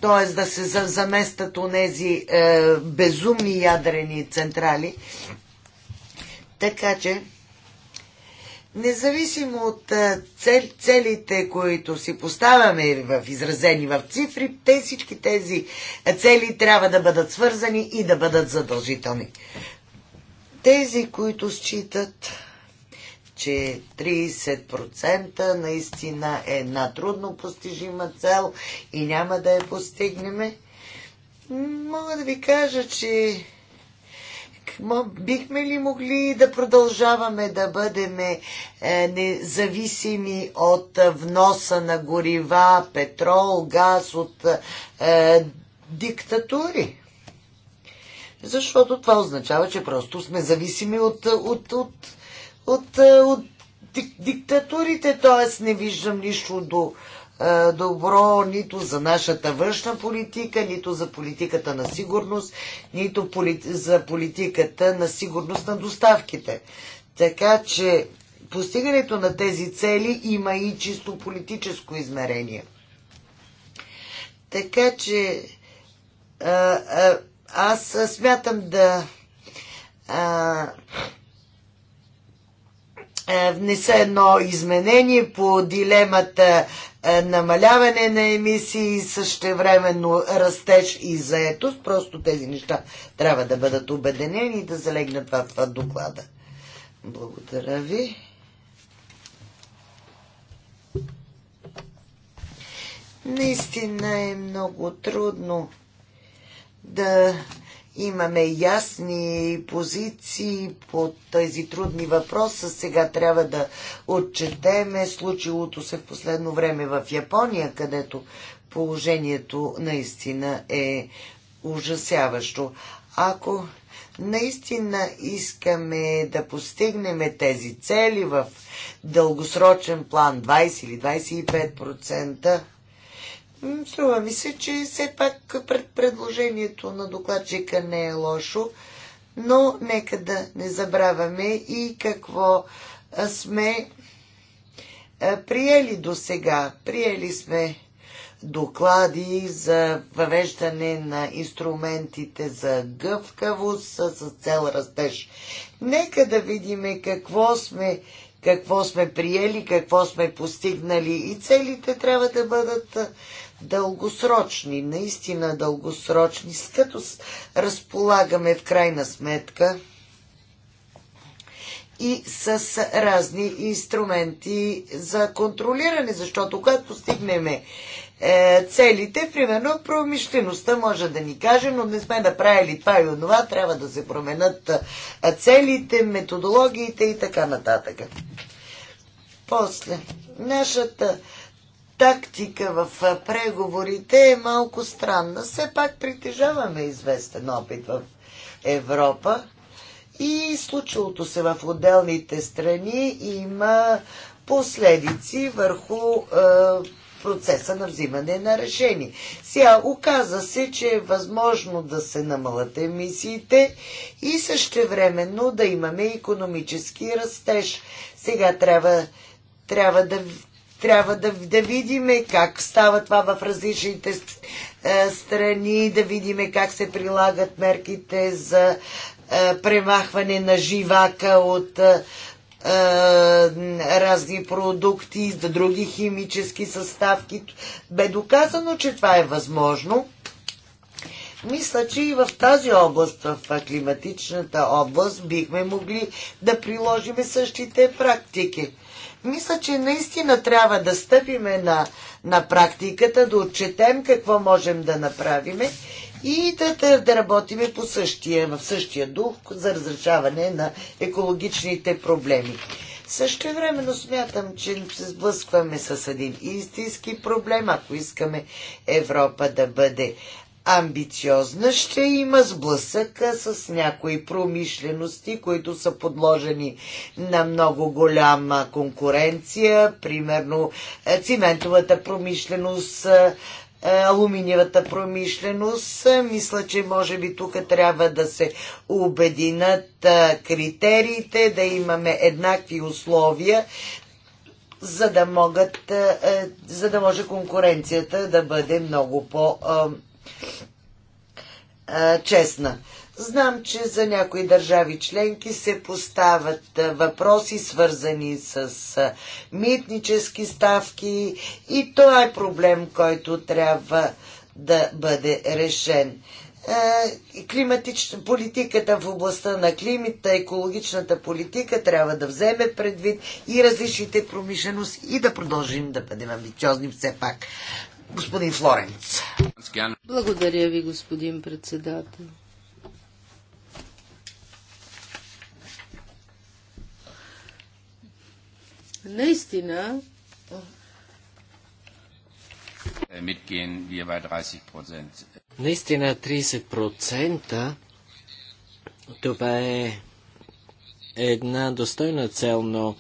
Т.е. да се заместят нези е, безумни ядрени централи. Така че Независимо от целите, които си поставяме в изразени в цифри, те всички тези цели трябва да бъдат свързани и да бъдат задължителни. Тези, които считат, че 30% наистина е една трудно постижима цел и няма да я постигнеме, мога да ви кажа, че бихме ли могли да продължаваме да бъдем е, независими от вноса на горива, петрол, газ, от е, диктатури? Защото това означава, че просто сме зависими от, от, от, от, от, от диктатурите, т.е. не виждам нищо до, е, добро нито за нашата външна политика, нито за политиката на сигурност, нито за политиката на сигурност на доставките. Така че постигането на тези цели има и чисто политическо измерение. Така че а, а, аз смятам да а, внеса едно изменение по дилемата е, намаляване на емисии, същевременно растеж и заетост. Просто тези неща трябва да бъдат обеденени и да залегнат в това доклада. Благодаря ви. Наистина е много трудно да имаме ясни позиции по тези трудни въпроса. Сега трябва да отчетеме случилото се в последно време в Япония, където положението наистина е ужасяващо. Ако наистина искаме да постигнем тези цели в дългосрочен план 20 или 25%, Струва ми се, че все пак пред предложението на докладчика не е лошо, но нека да не забравяме и какво сме приели до сега. Приели сме доклади за въвеждане на инструментите за гъвкавост с цел растеж. Нека да видим какво сме, какво сме приели, какво сме постигнали и целите трябва да бъдат дългосрочни, наистина дългосрочни, с като разполагаме в крайна сметка и с разни инструменти за контролиране, защото когато стигнеме е, целите, примерно промишлеността може да ни каже, но не сме направили това и онова, трябва да се променят е, целите, методологиите и така нататък. После, нашата тактика в преговорите е малко странна. Все пак притежаваме известен опит в Европа и случилото се в отделните страни има последици върху е, процеса на взимане на решение. Сега оказа се, че е възможно да се намалят емисиите и същевременно да имаме економически растеж. Сега трябва, трябва да трябва да, да видиме как става това в различните е, страни, да видиме как се прилагат мерките за е, премахване на живака от е, разни продукти, за други химически съставки. Бе доказано, че това е възможно. Мисля, че и в тази област, в климатичната област, бихме могли да приложим същите практики мисля, че наистина трябва да стъпиме на, на практиката, да отчетем какво можем да направиме и да, да, да работим по същия, в същия дух за разрешаване на екологичните проблеми. Също времено смятам, че се сблъскваме с един истински проблем, ако искаме Европа да бъде амбициозна, ще има сблъсъка с някои промишлености, които са подложени на много голяма конкуренция, примерно е, циментовата промишленост, е, е, алуминиевата промишленост. Мисля, че може би тук трябва да се обединат критериите, да имаме еднакви условия, за да, могат, за да може конкуренцията да бъде много по- а, честна. Знам, че за някои държави членки се поставят въпроси, свързани с митнически ставки и това е проблем, който трябва да бъде решен. Климатична политиката в областта на климата, екологичната политика трябва да вземе предвид и различните промишленост и да продължим да бъдем амбициозни все пак господин Флоренц. Благодаря ви, господин председател. Наистина, Наистина 30% това е една достойна цел, но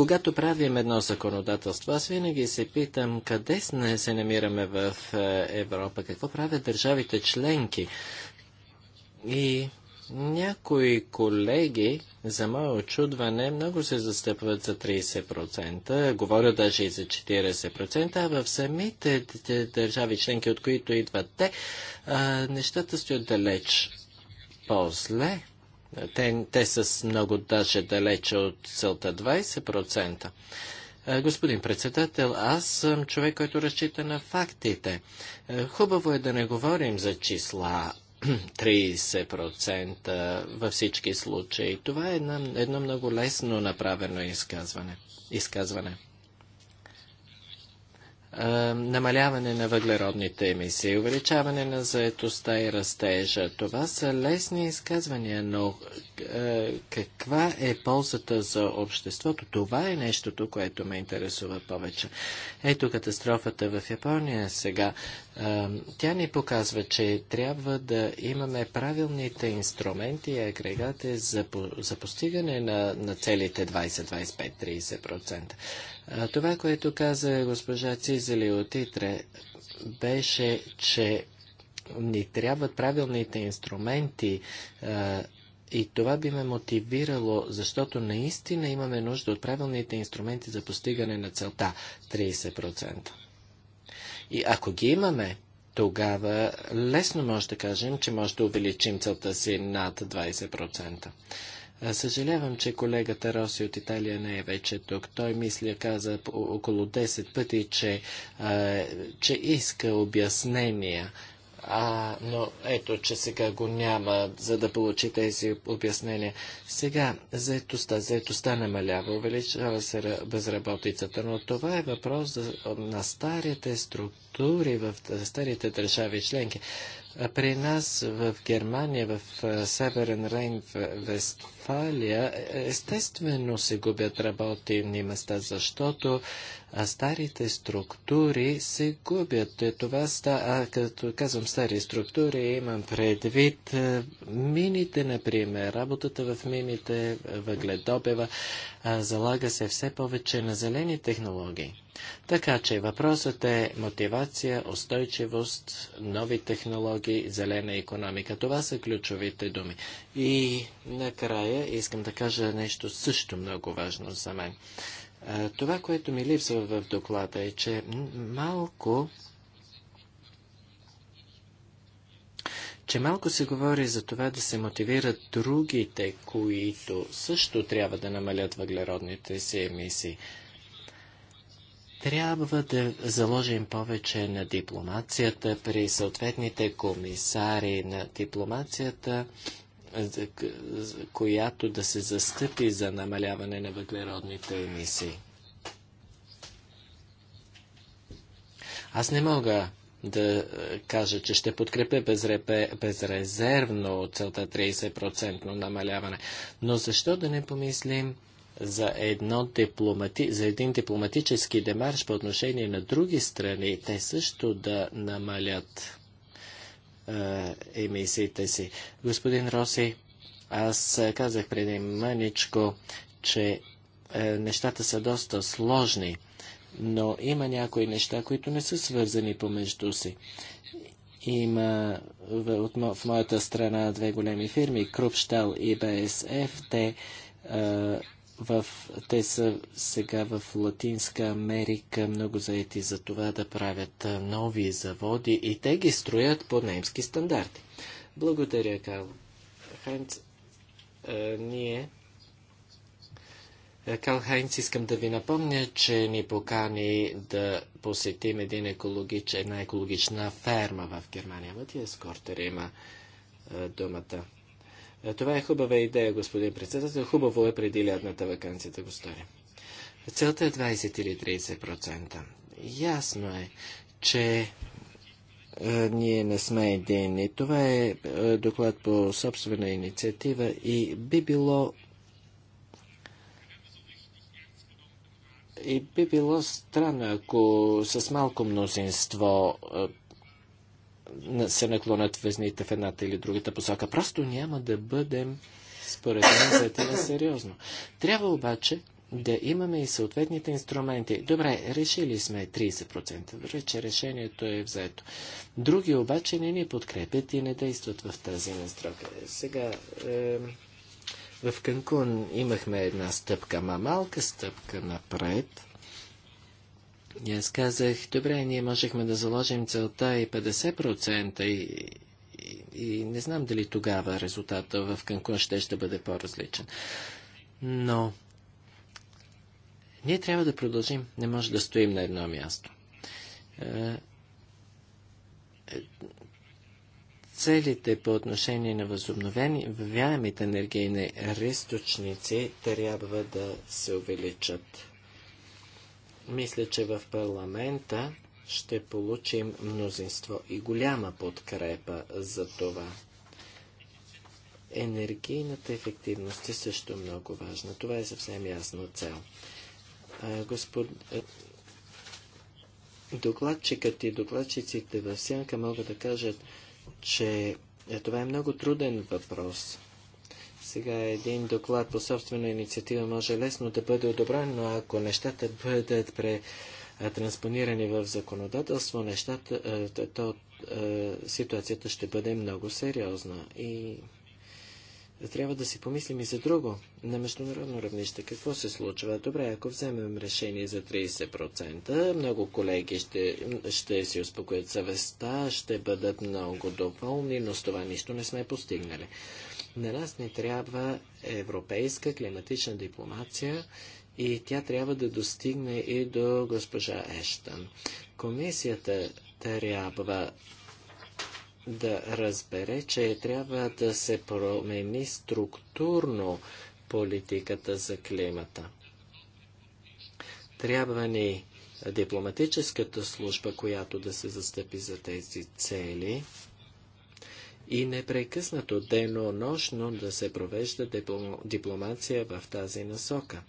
когато правим едно законодателство, аз винаги се питам къде се намираме в е, Европа, какво правят държавите членки. И някои колеги, за мое очудване, много се застъпват за 30%, говоря даже и за 40%, а в самите държави членки, от които идват те, нещата стоят далеч по-зле. Те, те са много даже далече от целта 20%. Господин председател, аз съм човек, който разчита на фактите. Хубаво е да не говорим за числа 30% във всички случаи. Това е едно, едно много лесно направено изказване. изказване е, намаляване на въглеродните емисии, увеличаване на заетостта и растежа. Това са лесни изказвания, но е, каква е ползата за обществото? Това е нещото, което ме интересува повече. Ето катастрофата в Япония сега. Тя ни показва, че трябва да имаме правилните инструменти и агрегати за, по, за постигане на, на целите 20-25-30%. Това, което каза госпожа Цизели от Итре, беше, че ни трябват правилните инструменти а, и това би ме мотивирало, защото наистина имаме нужда от правилните инструменти за постигане на целта 30%. И ако ги имаме, тогава лесно може да кажем, че може да увеличим целта си над 20%. Съжалявам, че колегата Роси от Италия не е вече тук. Той мисля, каза около 10 пъти, че, че иска обяснения а, но ето, че сега го няма, за да получи тези обяснения. Сега, заетостта, заетостта намалява, увеличава се безработицата, но това е въпрос за, на старите структури в старите държави членки. При нас в Германия, в Северен Рейн, в Вест, Вестфалия естествено се губят работни места, защото а старите структури се губят. Е, това ста, а като казвам стари структури, имам предвид е, мините, например. Работата в мините, е, въгледобива, а, залага се все повече на зелени технологии. Така че въпросът е мотивация, устойчивост, нови технологии, зелена економика. Това са ключовите думи. И накрая и искам да кажа нещо също много важно за мен. Това, което ми липсва в доклада е, че малко че малко се говори за това да се мотивират другите, които също трябва да намалят въглеродните си емисии. Трябва да заложим повече на дипломацията при съответните комисари на дипломацията която да се застъпи за намаляване на въглеродните емисии. Аз не мога да е, кажа, че ще подкрепя безрезервно целта 30% намаляване. Но защо да не помислим за, едно дипломати, за един дипломатически демарш по отношение на други страни, те също да намалят емисиите си. Господин Роси, аз казах преди маничко, че е, нещата са доста сложни, но има някои неща, които не са свързани помежду си. Има в, от, в моята страна две големи фирми, Крупштал и БСФ. Те е, в, те са сега в Латинска Америка много заети за това да правят нови заводи и те ги строят по немски стандарти. Благодаря, Карл. Хайнц, ние... Карл Хайнц, искам да ви напомня, че ни покани да посетим един екологич, една екологична ферма в Германия. Матия Скортер има думата. Е, това е хубава идея, господин председател. Хубаво е преди лятната вакансия да го сторим. Целта е 20 или 30%. Ясно е, че е, ние не сме единни. Това е, е доклад по собствена инициатива и би било и би било странно, ако с малко мнозинство се наклонят везните в едната или другата посока. Просто няма да бъдем, според мен, взети на сериозно. Трябва обаче да имаме и съответните инструменти. Добре, решили сме 30%. Добре, че решението е взето. Други обаче не ни подкрепят и не действат в тази настройка. Сега, е, в Канкун имахме една стъпка, ма малка стъпка напред – и аз казах, добре, ние можехме да заложим целта и 50% и, и, и не знам дали тогава резултата в Канкун ще, ще бъде по-различен. Но ние трябва да продължим. Не може да стоим на едно място. Е, е, целите по отношение на въвяемите енергийни източници трябва да се увеличат. Мисля, че в парламента ще получим мнозинство и голяма подкрепа за това. Енергийната ефективност е също много важна. Това е съвсем ясна цел. Господ... Докладчикът и докладчиците в сянка могат да кажат, че е, това е много труден въпрос. Сега един доклад по собствена инициатива може лесно да бъде одобрен, но ако нещата бъдат пре транспонирани в законодателство, нещата, е, то е, ситуацията ще бъде много сериозна. И трябва да си помислим и за друго. На международно равнище какво се случва? Добре, ако вземем решение за 30%, много колеги ще, ще си успокоят съвестта, ще бъдат много доволни, но с това нищо не сме постигнали. На нас не трябва европейска климатична дипломация и тя трябва да достигне и до госпожа Ештън. Комисията трябва да разбере, че трябва да се промени структурно политиката за климата. Трябва ни дипломатическата служба, която да се застъпи за тези цели и непрекъснато денонощно да се провежда дипломация в тази насока.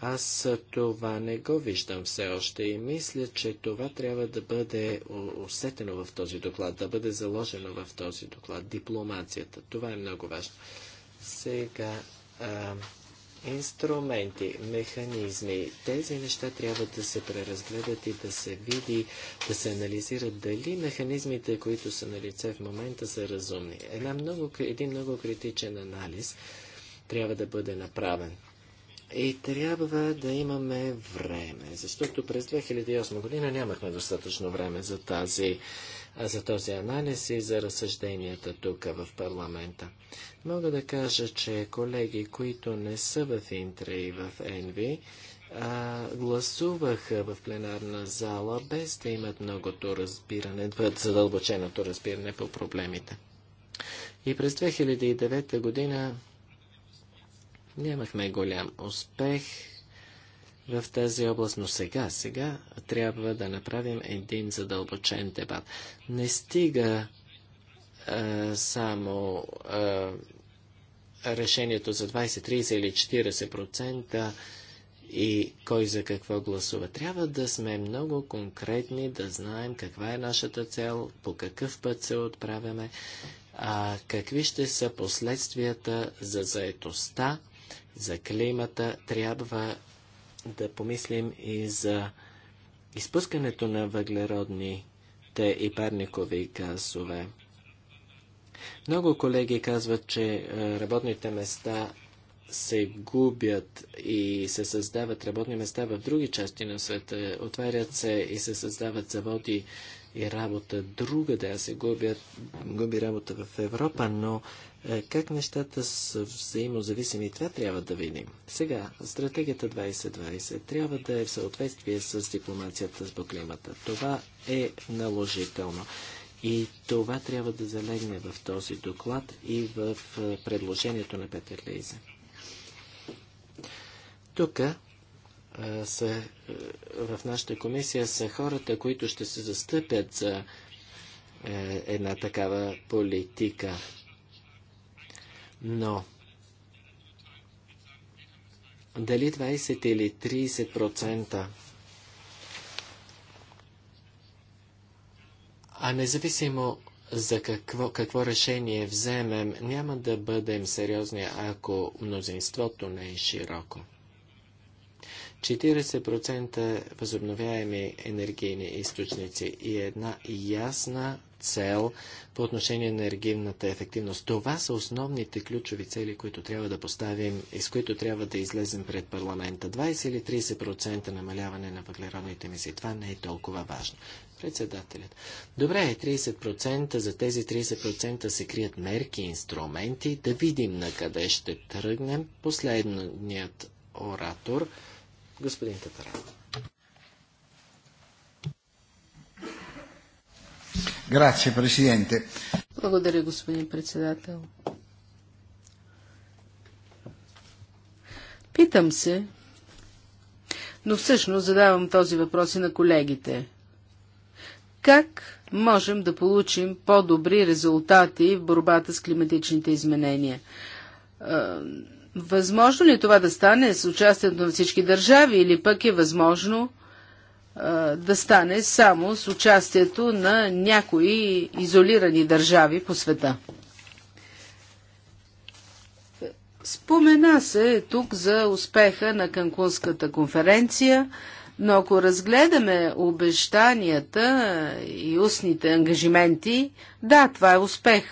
Аз това не го виждам все още и мисля, че това трябва да бъде усетено в този доклад, да бъде заложено в този доклад. Дипломацията. Това е много важно. Сега а, инструменти, механизми. Тези неща трябва да се преразгледат и да се види, да се анализират дали механизмите, които са на лице в момента, са разумни. Една много, един много критичен анализ трябва да бъде направен. И трябва да имаме време, защото през 2008 година нямахме достатъчно време за, тази, за този анализ и за разсъжденията тук в парламента. Мога да кажа, че колеги, които не са в интри и в Енви, а, гласуваха в пленарна зала без да имат многото разбиране, задълбоченото разбиране по проблемите. И през 2009 година нямахме голям успех в тази област, но сега, сега трябва да направим един задълбочен дебат. Не стига а, само а, решението за 20, 30 или 40% и кой за какво гласува. Трябва да сме много конкретни, да знаем каква е нашата цел, по какъв път се отправяме, а какви ще са последствията за заетостта, за климата. Трябва да помислим и за изпускането на въглеродните и парникови газове. Много колеги казват, че е, работните места се губят и се създават работни места в други части на света, отварят се и се създават заводи и работа другаде, а се губят, губи работа в Европа, но е, как нещата са взаимозависими, това трябва да видим. Сега, стратегията 2020 трябва да е в съответствие с дипломацията с климата. Това е наложително. И това трябва да залегне в този доклад и в е, предложението на Петър Лейзе. Тук е, е, в нашата комисия са хората, които ще се застъпят за една такава политика. Но дали 20 или 30 процента А независимо за какво, какво решение вземем, няма да бъдем сериозни, ако мнозинството не е широко. 40% възобновяеми енергийни източници и една ясна цел по отношение на енергийната ефективност. Това са основните ключови цели, които трябва да поставим и с които трябва да излезем пред парламента. 20 или 30% намаляване на въглеродните емисии. Това не е толкова важно. Председателят. Добре, 30%, за тези 30% се крият мерки, инструменти. Да видим на къде ще тръгнем. Последният оратор, господин Татаран. Грация, президенте. Благодаря, господин председател. Питам се, но всъщност задавам този въпрос и на колегите. Как можем да получим по-добри резултати в борбата с климатичните изменения? Възможно ли е това да стане с участието на всички държави или пък е възможно да стане само с участието на някои изолирани държави по света? Спомена се тук за успеха на Канкунската конференция – но ако разгледаме обещанията и устните ангажименти, да, това е успех.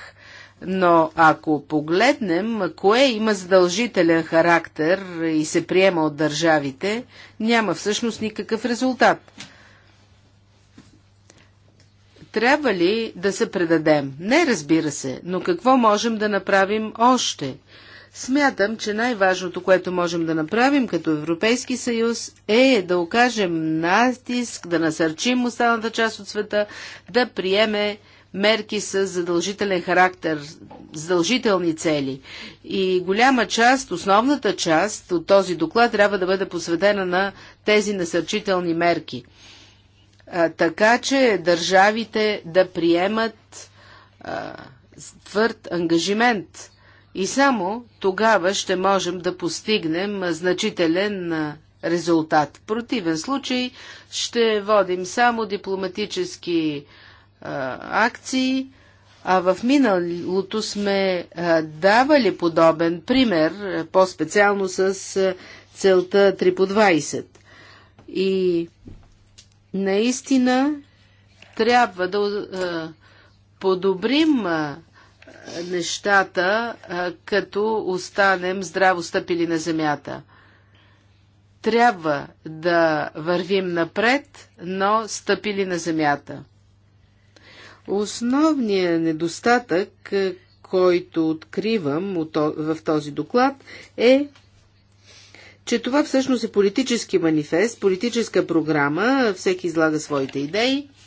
Но ако погледнем кое има задължителен характер и се приема от държавите, няма всъщност никакъв резултат. Трябва ли да се предадем? Не, разбира се, но какво можем да направим още? Смятам, че най-важното, което можем да направим като Европейски съюз е да окажем натиск, да насърчим останалата част от света да приеме мерки с задължителен характер, задължителни цели. И голяма част, основната част от този доклад трябва да бъде посветена на тези насърчителни мерки. А, така че държавите да приемат а, твърд ангажимент и само тогава ще можем да постигнем значителен резултат. В противен случай ще водим само дипломатически а, акции, а в миналото сме а, давали подобен пример, по-специално с а, целта 3 по 20. И наистина трябва да а, подобрим а, нещата, като останем здраво стъпили на земята. Трябва да вървим напред, но стъпили на земята. Основният недостатък, който откривам в този доклад, е, че това всъщност е политически манифест, политическа програма, всеки излага своите идеи –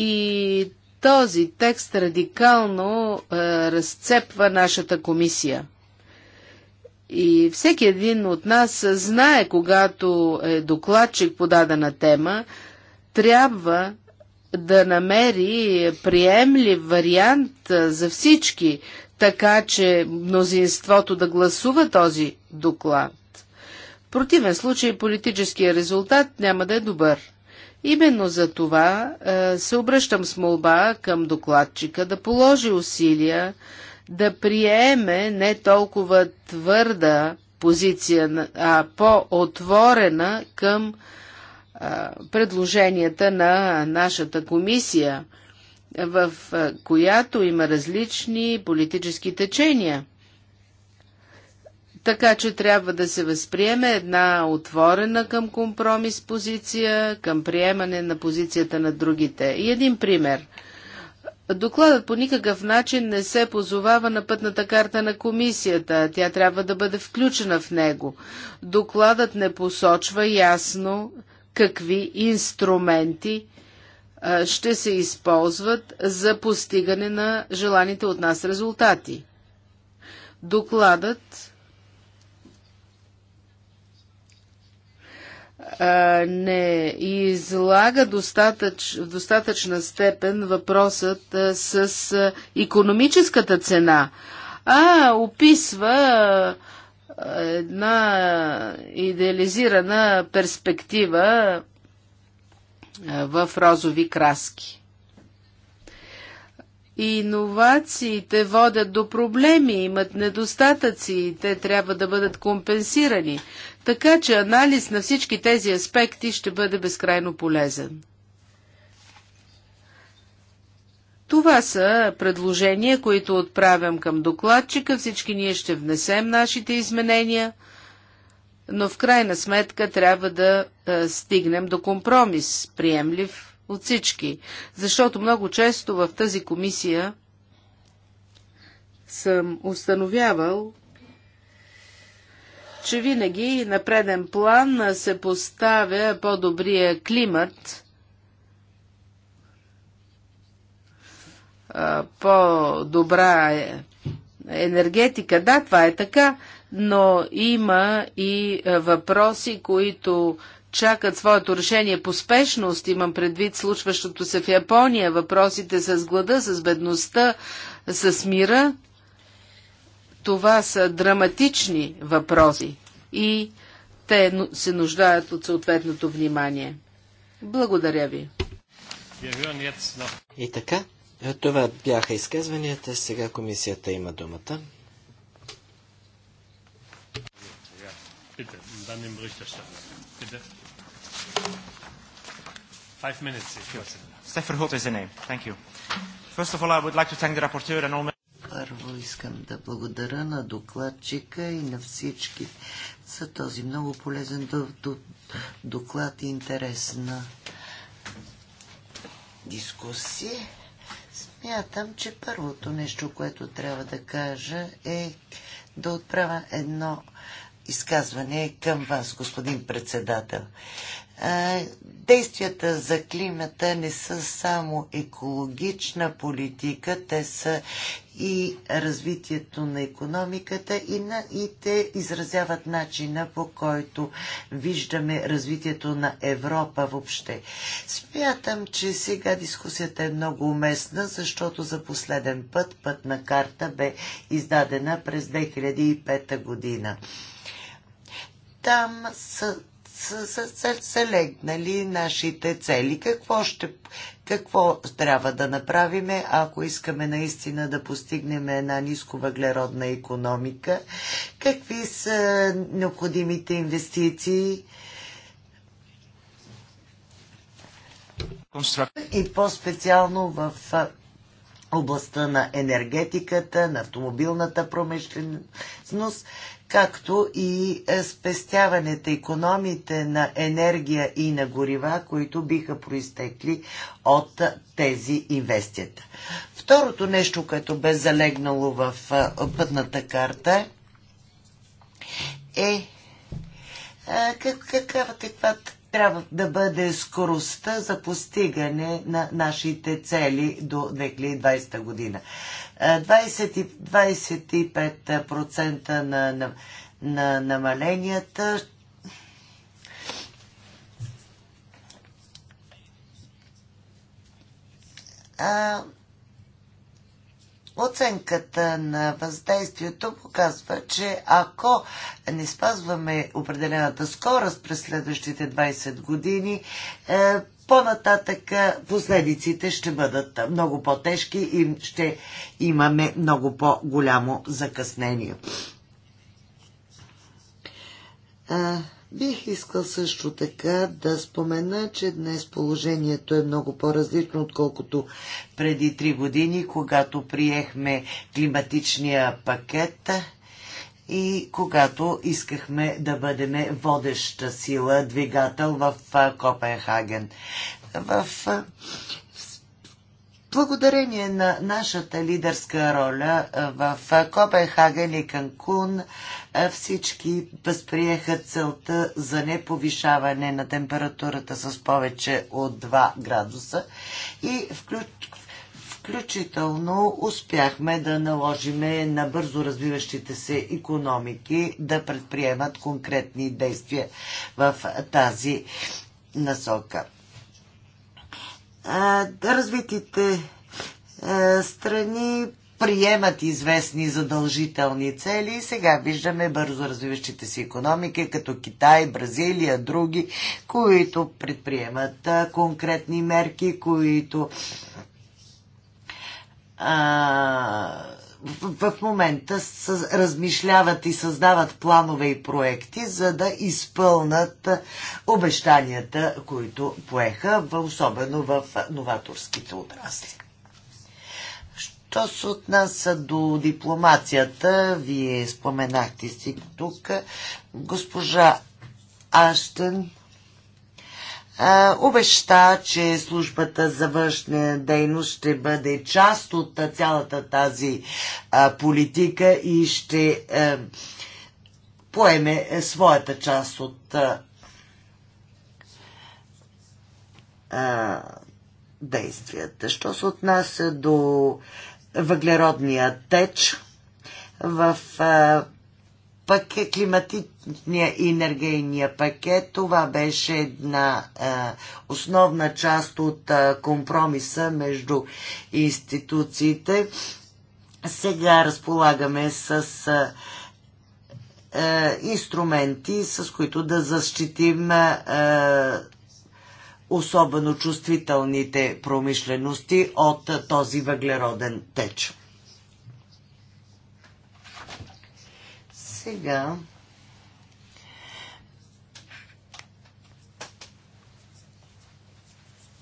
И този текст радикално е, разцепва нашата комисия. И всеки един от нас знае, когато е докладчик по дадена тема, трябва да намери приемлив вариант е, за всички, така че мнозинството да гласува този доклад. В противен случай политическия резултат няма да е добър. Именно за това е, се обръщам с молба към докладчика да положи усилия да приеме не толкова твърда позиция, а по-отворена към е, предложенията на нашата комисия, в е, която има различни политически течения – така че трябва да се възприеме една отворена към компромис позиция, към приемане на позицията на другите. И един пример. Докладът по никакъв начин не се позовава на пътната карта на комисията. Тя трябва да бъде включена в него. Докладът не посочва ясно какви инструменти ще се използват за постигане на желаните от нас резултати. Докладът не излага достатъч, в достатъчна степен въпросът с економическата цена, а описва една идеализирана перспектива в розови краски. И иновациите водят до проблеми, имат недостатъци и те трябва да бъдат компенсирани. Така че анализ на всички тези аспекти ще бъде безкрайно полезен. Това са предложения, които отправям към докладчика. Всички ние ще внесем нашите изменения, но в крайна сметка трябва да е, стигнем до компромис, приемлив от всички. Защото много често в тази комисия съм установявал, че винаги на преден план се поставя по-добрия климат, по-добра е енергетика. Да, това е така, но има и въпроси, които чакат своето решение по спешност, имам предвид случващото се в Япония, въпросите с глада, с бедността, с мира, това са драматични въпроси и те се нуждаят от съответното внимание. Благодаря ви. И така, това бяха изказванията. Сега комисията има думата. Bitte, dann den Berichterstatter. Питер. Five minutes, if you want. Stefan Хут is the name. Thank you. First of all, I would like to thank the rapporteur and all първо искам да благодаря на докладчика и на всички за този много полезен доклад и интересна дискусия. Смятам, че първото нещо, което трябва да кажа е да отправя едно изказване към вас, господин председател. Действията за климата не са само екологична политика, те са и развитието на економиката и, на, и те изразяват начина по който виждаме развитието на Европа въобще. Смятам, че сега дискусията е много уместна, защото за последен път пътна карта бе издадена през 2005 година. Там са са, са, са, са легнали нашите цели. Какво, ще, какво трябва да направиме, ако искаме наистина да постигнем една нисковъглеродна економика? Какви са необходимите инвестиции? И по-специално в областта на енергетиката, на автомобилната промишленост, както и е, спестяването, економите на енергия и на горива, които биха проистекли от е, тези инвестията. Второто нещо, което бе залегнало в е, пътната карта е каква, каква, трябва да бъде скоростта за постигане на нашите цели до 2020 година. 20, 25% на, на, на намаленията а, Оценката на въздействието показва, че ако не спазваме определената скорост през следващите 20 години, е, по-нататък е, последиците ще бъдат много по-тежки и ще имаме много по-голямо закъснение. Е, Бих искал също така да спомена, че днес положението е много по-различно, отколкото преди три години, когато приехме климатичния пакет и когато искахме да бъдем водеща сила, двигател в Копенхаген. В Благодарение на нашата лидерска роля в Копенхаген и Канкун всички възприеха целта за неповишаване на температурата с повече от 2 градуса и включително успяхме да наложиме на бързо развиващите се економики да предприемат конкретни действия в тази насока развитите страни приемат известни задължителни цели и сега виждаме бързо развиващите си економики, като Китай, Бразилия, други, които предприемат конкретни мерки, които а, в момента размишляват и създават планове и проекти, за да изпълнат обещанията, които поеха, особено в новаторските отрасли. Що се отнася до дипломацията, вие споменахте си тук, госпожа Аштен обеща, че службата за външна дейност ще бъде част от цялата тази политика и ще поеме своята част от действията. Що се отнася до въглеродния теч в е климатичния и енергийния пакет. Това беше една а, е, основна част от а, е, компромиса между институциите. Сега разполагаме с а, е, а, инструменти, с които да защитим а, особено чувствителните промишлености от а, този въглероден теч. Сега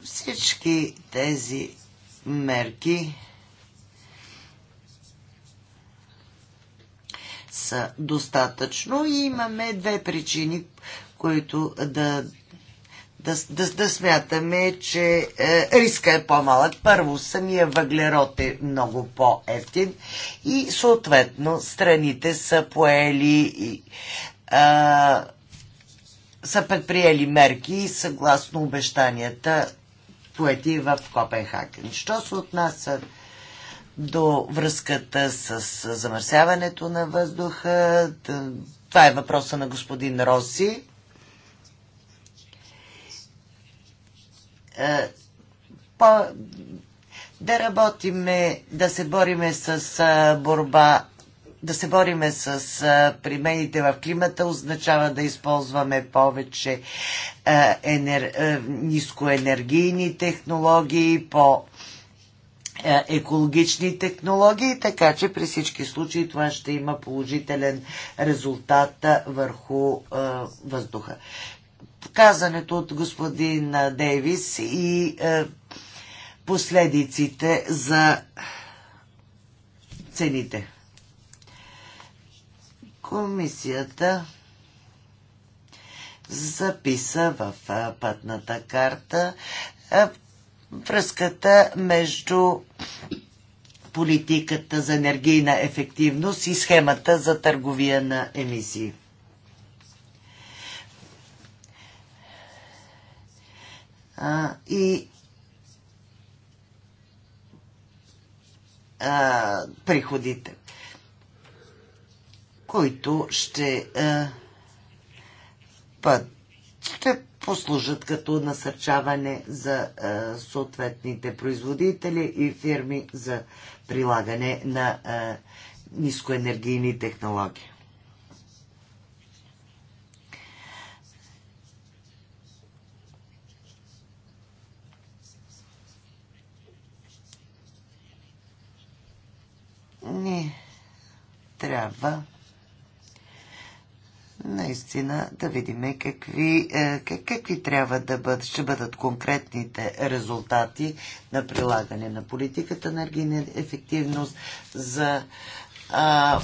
всички тези мерки са достатъчно и имаме две причини, които да да, да, да смятаме, че е, риска е по-малък. Първо, самия въглерод е много по-ефтин и съответно страните са поели и е, са предприели мерки съгласно обещанията поети в Копенхаген. Що се отнася до връзката с замърсяването на въздуха, това е въпроса на господин Роси. Е, по, да работиме, да се бориме с е, борба да се бориме с е, примените в климата означава да използваме повече енер... нискоенергийни технологии, по екологични технологии, така че при всички случаи това ще има положителен резултат върху въздуха казането от господин Дейвис и последиците за цените. Комисията записа в пътната карта връзката между политиката за енергийна ефективност и схемата за търговия на емисии. А, и а, приходите, които ще а, път, ще послужат като насърчаване за а, съответните производители и фирми за прилагане на а, нискоенергийни технологии. не трябва наистина да видим какви, е, как, какви трябва да бъдат, ще бъдат конкретните резултати на прилагане на политиката на енергийна ефективност за а,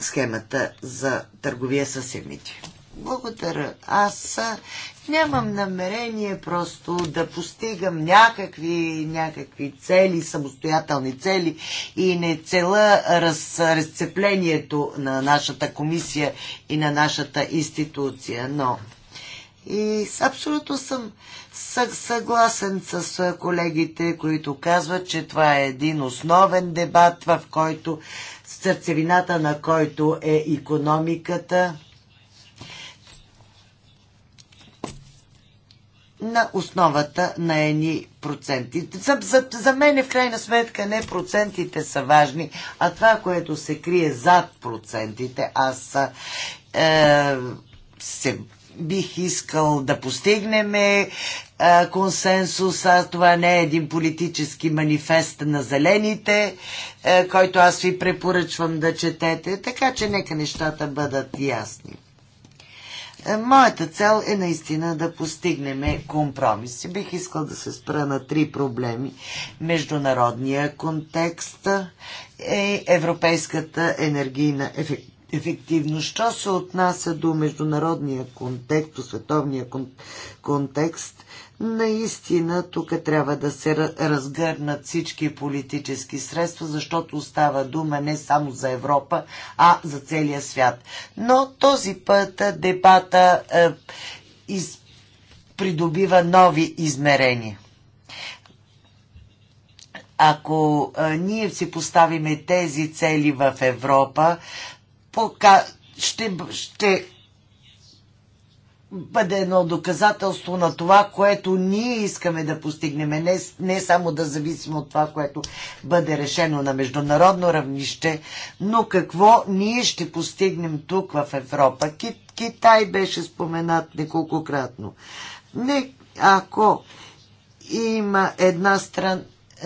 схемата за търговия с емити. Благодаря. Аз нямам намерение просто да постигам някакви, някакви цели, самостоятелни цели и не цела раз, разцеплението на нашата комисия и на нашата институция, но и абсолютно съм съгласен с колегите, които казват, че това е един основен дебат, в който сърцевината на който е економиката, на основата на едни проценти. За, за, за мен в крайна сметка не процентите са важни, а това, което се крие зад процентите, аз е, се бих искал да постигнем е, е консенсус. А това не е един политически манифест на зелените, е, който аз ви препоръчвам да четете, така че нека нещата бъдат ясни. Моята цел е наистина да постигнем компромиси. Бих искал да се спра на три проблеми. Международния контекст и е европейската енергийна ефективност ефективно. Що се отнася до международния контекст, до световния контекст, Наистина тук трябва да се разгърнат всички политически средства, защото става дума не само за Европа, а за целия свят. Но този път дебата е, из, придобива нови измерения ако е, ние си поставиме тези цели в Европа, пока ще, ще бъде едно доказателство на това, което ние искаме да постигнем, не, не само да зависим от това, което бъде решено на международно равнище, но какво ние ще постигнем тук в Европа. Китай беше споменат неколкократно. Не, ако има една страна,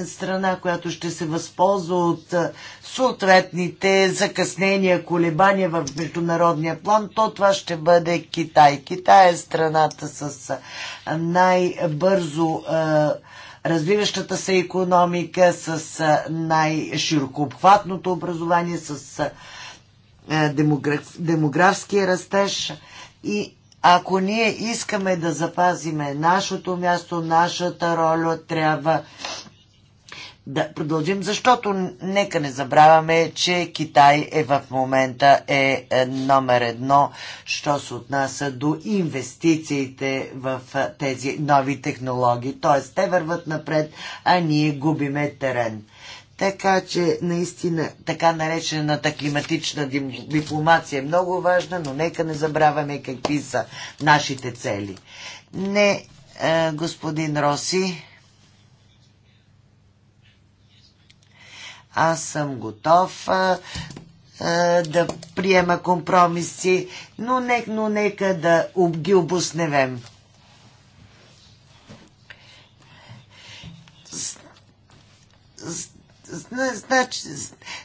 страна, която ще се възползва от съответните закъснения, колебания в международния план, то това ще бъде Китай. Китай е страната с най-бързо развиващата се економика, с най широкообхватното образование, с демографския растеж и ако ние искаме да запазиме нашето място, нашата роля, трябва да продължим, защото нека не забравяме, че Китай е в момента е, е номер едно, що се отнася до инвестициите в е, тези нови технологии. Тоест, те върват напред, а ние губиме терен. Така че наистина така наречената климатична дипломация е много важна, но нека не забравяме какви са нашите цели. Не, е, господин Роси. Аз съм готов а, а, да приема компромиси, но, не, но нека да ги обосневем. С, с, Значи,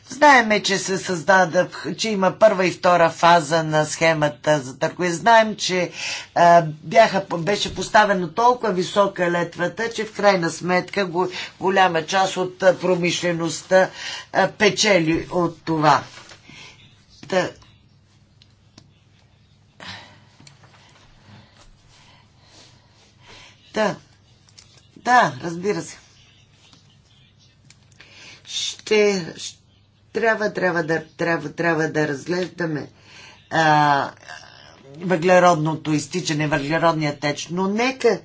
знаеме, че се създада, че има първа и втора фаза на схемата за търгове. Знаем, че а, бяха, беше поставено толкова висока летвата, че в крайна сметка го, голяма част от промишлеността а, печели от това. Та, Та... да, разбира се ще, трябва, трябва да, трябва, трябва да разглеждаме а, въглеродното изтичане, въглеродния теч. Но нека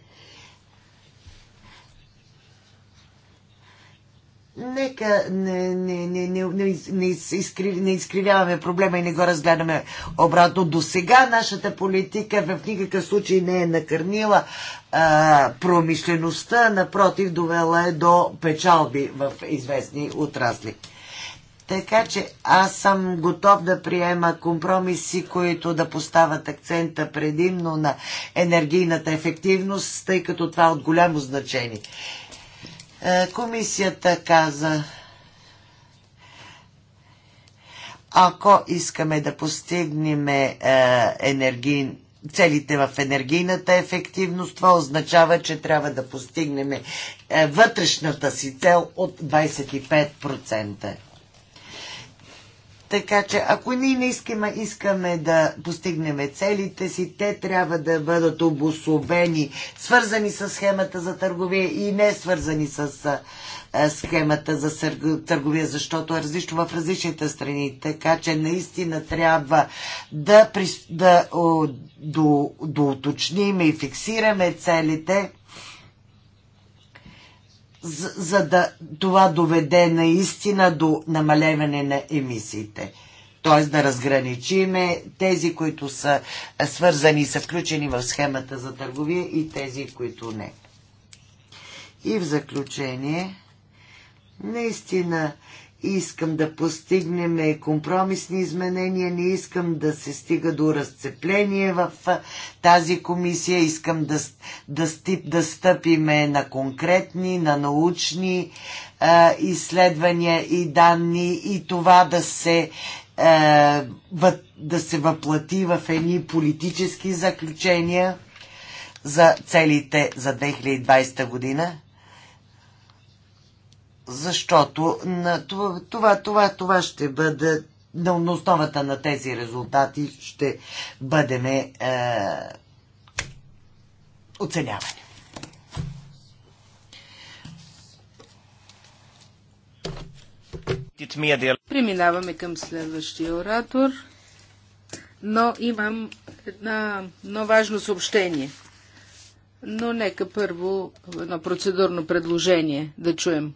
Нека не, не, не, не, не, не, изкрив, не изкривяваме проблема и не го разгледаме обратно. До сега нашата политика в никакъв случай не е накърнила а, промишлеността, напротив, довела е до печалби в известни отрасли. Така че аз съм готов да приема компромиси, които да поставят акцента предимно на енергийната ефективност, тъй като това е от голямо значение. Е, комисията каза, ако искаме да постигнем е, енергиен целите в енергийната ефективност. Това означава, че трябва да постигнем е, вътрешната си цел от 25%. Така че ако ние не искаме, искаме да постигнем целите си, те трябва да бъдат обособени, свързани с схемата за търговия и не свързани с схемата за търговия, защото е различно в различните страни. Така че наистина трябва да, да, да, да уточним и фиксираме целите за, за да това доведе наистина до намаляване на емисиите. Т.е. да разграничиме тези, които са свързани и са включени в схемата за търговия и тези, които не. И в заключение, наистина искам да постигнем компромисни изменения, не искам да се стига до разцепление в тази комисия, искам да, да, стип, да стъпиме на конкретни, на научни а, изследвания и данни и това да се да се въплати в едни политически заключения за целите за 2020 година защото на това, това, това, това ще бъде на, основата на тези резултати ще бъдеме е, оценявани. Преминаваме към следващия оратор, но имам една, едно важно съобщение. Но нека първо едно процедурно предложение да чуем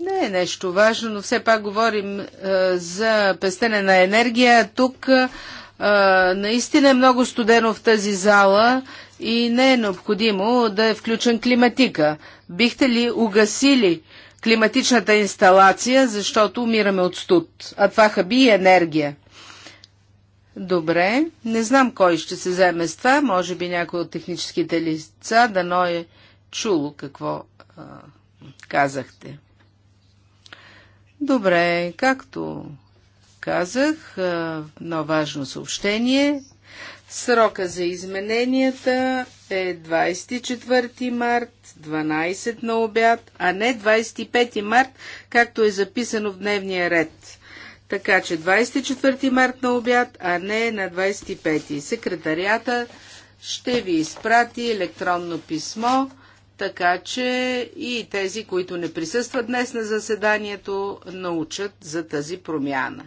не е нещо важно, но все пак говорим а, е, за пестене на енергия. Тук а, е, е, наистина е много студено в тази зала и не е необходимо да е включен климатика. Бихте ли угасили климатичната инсталация, защото умираме от студ, а това хаби и енергия? Добре, не знам кой ще се вземе с това, може би някой от техническите лица, дано е чуло какво а, казахте. Добре, както казах, едно важно съобщение. Срока за измененията е 24 март, 12 на обяд, а не 25 март, както е записано в дневния ред. Така че 24 март на обяд, а не на 25. Секретарията ще ви изпрати електронно писмо така че и тези, които не присъстват днес на заседанието, научат за тази промяна.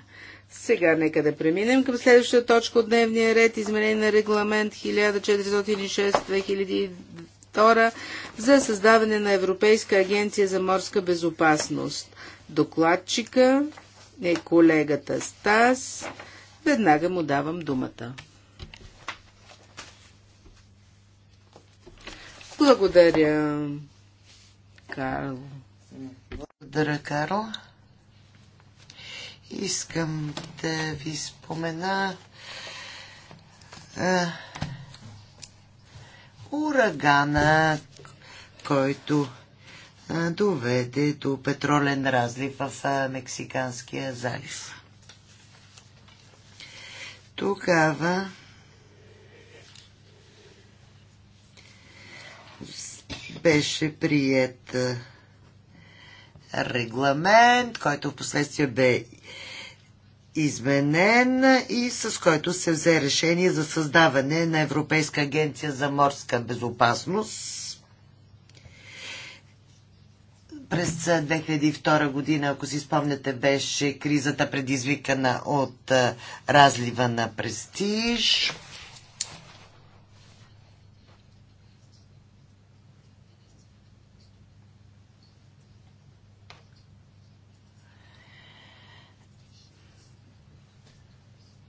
Сега нека да преминем към следващата точка от дневния ред, изменение на регламент 1406-2002 за създаване на Европейска агенция за морска безопасност. Докладчика е колегата Стас. Веднага му давам думата. Благодаря, Карл. Благодаря, Карл. Искам да ви спомена а, урагана, който а, доведе до петролен разлив в а, Мексиканския залив. Тогава беше прият регламент, който в последствие бе изменен и с който се взе решение за създаване на Европейска агенция за морска безопасност. През 2002 година, ако си спомняте, беше кризата предизвикана от разлива на престиж.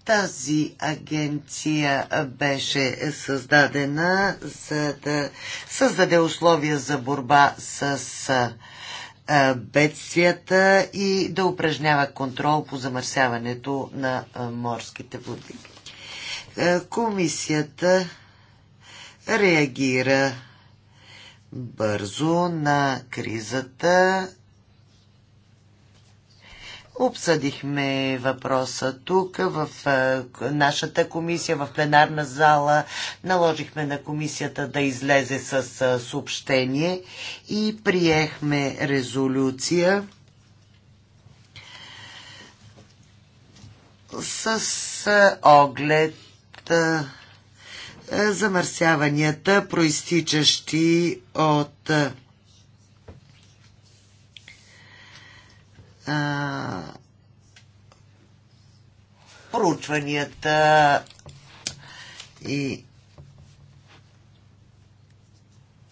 Тази агенция беше създадена за да създаде условия за борба с бедствията и да упражнява контрол по замърсяването на морските води. Комисията реагира бързо на кризата Обсъдихме въпроса тук, в нашата комисия, в пленарна зала. Наложихме на комисията да излезе с съобщение и приехме резолюция с оглед замърсяванията, проистичащи от проучванията и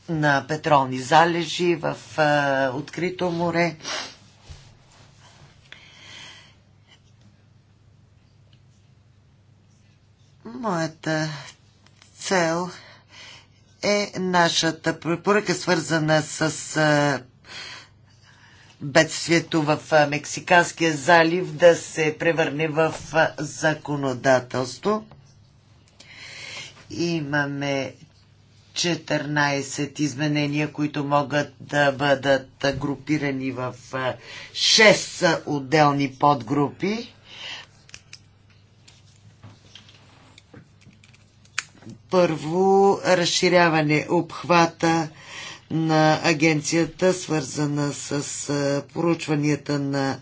на петролни залежи в а, открито море. Моята цел е нашата препоръка, свързана с а, бедствието в Мексиканския залив да се превърне в законодателство. Имаме 14 изменения, които могат да бъдат групирани в 6 отделни подгрупи. Първо, разширяване обхвата на агенцията, свързана с поручванията на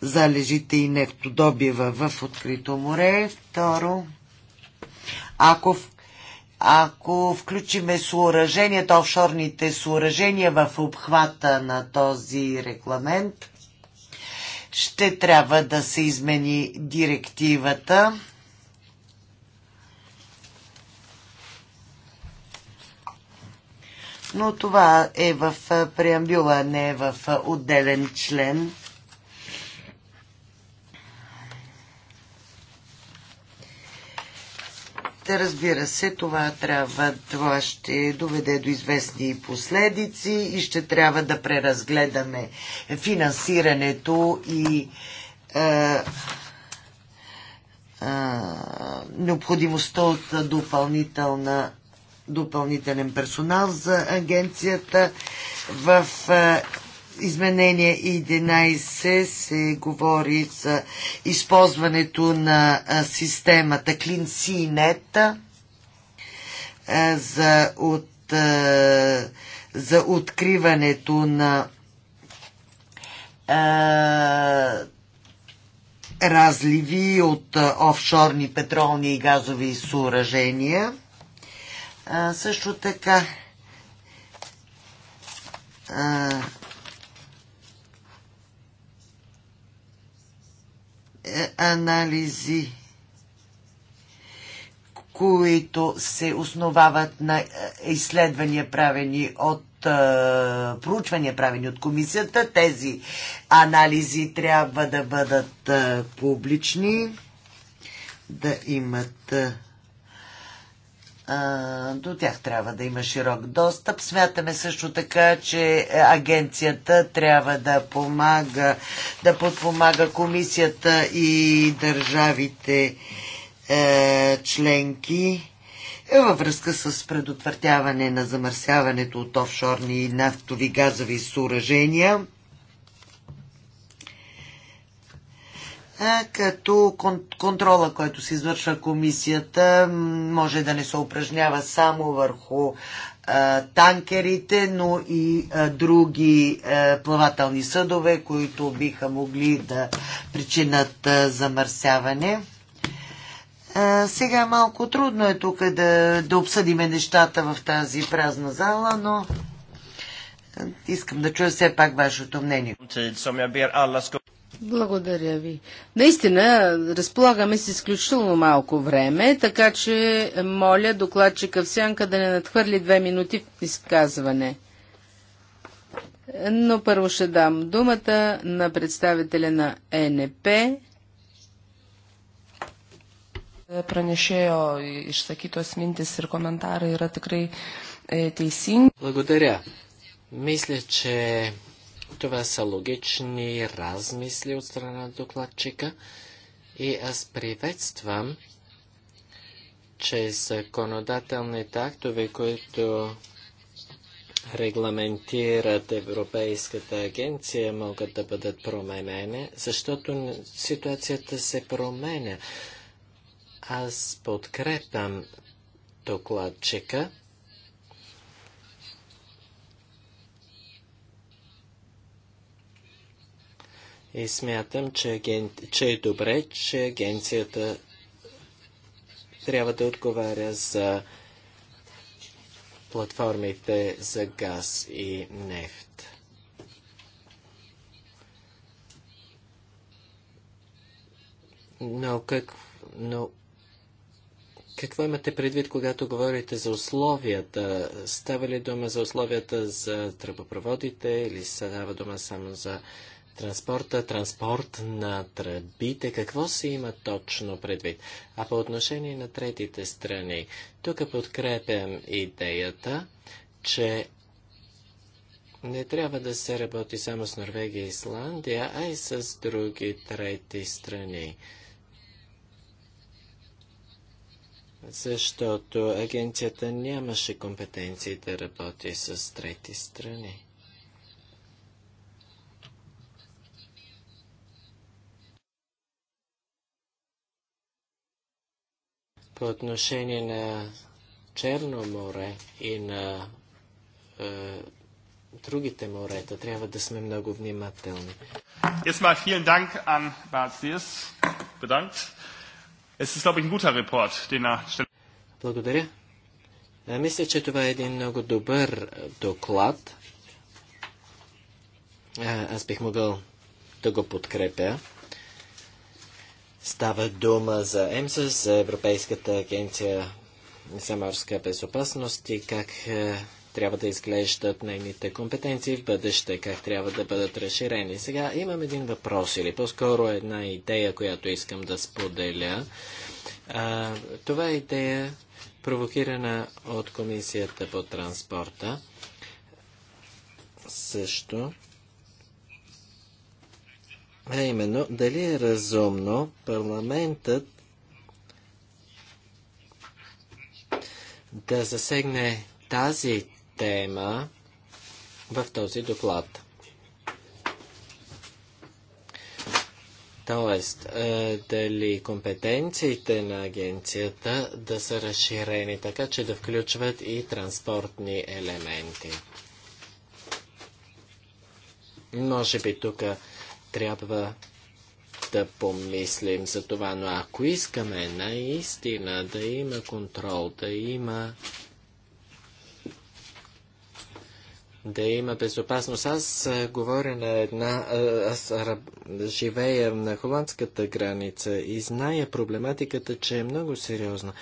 залежите и нефтодобива в открито море. Второ, ако, ако включиме съоръженията, офшорните съоръжения в обхвата на този регламент, ще трябва да се измени директивата но това е в преамбюла, не е в отделен член. Да разбира се, това трябва, това ще доведе до известни последици и ще трябва да преразгледаме финансирането и е, е, необходимостта от допълнителна допълнителен персонал за агенцията. В изменение 11 се говори за използването на системата Clean CNET за, от, за откриването на разливи от офшорни петролни и газови съоръжения също така е, анализи, които се основават на е, изследвания правени от е, проучвания правени от комисията. Тези анализи трябва да бъдат публични, да имат до тях трябва да има широк достъп. Смятаме също така, че агенцията трябва да помага, да подпомага комисията и държавите е, членки е във връзка с предотвратяване на замърсяването от офшорни нафтови газови съоръжения като контрола, който се извършва комисията, може да не се упражнява само върху танкерите, но и други плавателни съдове, които биха могли да причинат замърсяване. Сега малко трудно е тук да, да обсъдиме нещата в тази празна зала, но искам да чуя все пак вашето мнение. Благодаря ви. Наистина, разполагаме с изключително малко време, така че моля докладчика в сянка да не надхвърли две минути в изказване. Но първо ще дам думата на представителя на ЕНП. Pranešėjo išsakytos mintis ir komentarai yra tikrai Благодаря. Мисля, че това са логични размисли от страна на докладчика и аз приветствам, че законодателните актове, които регламентират Европейската агенция, могат да бъдат променени, защото ситуацията се променя. Аз подкрепям докладчика И смятам, че, аген... че е добре, че агенцията трябва да отговаря за платформите за газ и нефт. Но, как, но какво имате предвид, когато говорите за условията? Става ли дума за условията за тръбопроводите или става дума само за транспорта, транспорт на тръбите, какво се има точно предвид? А по отношение на третите страни, тук подкрепям идеята, че не трябва да се работи само с Норвегия и Исландия, а и с други трети страни. Защото агенцията нямаше компетенции да работи с трети страни. По отношение на Черно море и на е, другите морета трябва да сме много внимателни. Erstmal vielen Dank an Bart Sears. Bedankt. Es ist, glaube ich, ein guter Report, den er Благодаря. Е, мисля, че това е един много добър е, доклад. А, е, Аз бих могъл да го подкрепя. Става дума за ЕМСАС, за Европейската агенция за морска безопасност и как е, трябва да изглеждат нейните компетенции в бъдеще, как трябва да бъдат разширени. Сега имам един въпрос или по-скоро една идея, която искам да споделя. А, това е идея провокирана от Комисията по транспорта. Също а именно, дали е разумно парламентът да засегне тази тема в този доклад. Тоест, дали компетенциите на агенцията да са разширени, така че да включват и транспортни елементи. Може би тук трябва да помислим за това, но ако искаме наистина да има контрол, да има да има безопасност. Аз говоря на една... Аз живея на холандската граница и зная проблематиката, че е много сериозна.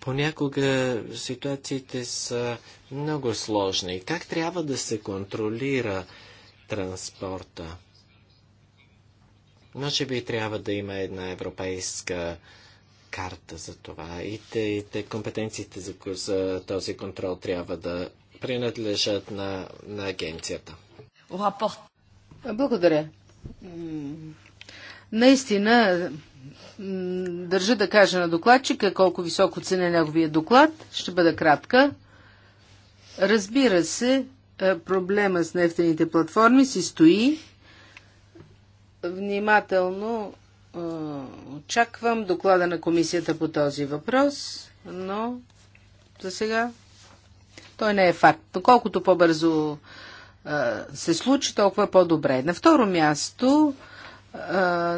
Понякога ситуациите са много сложни. Как трябва да се контролира транспорта? Може би трябва да има една европейска карта за това и те, и те компетенциите за, за този контрол трябва да принадлежат на, на агенцията. Благодаря. Наистина, държа да кажа на докладчика колко високо ценя неговия доклад. Ще бъда кратка. Разбира се, е, проблема с нефтените платформи си стои Внимателно очаквам доклада на комисията по този въпрос, но за сега той не е факт. Колкото по-бързо се случи, толкова по-добре. На второ място,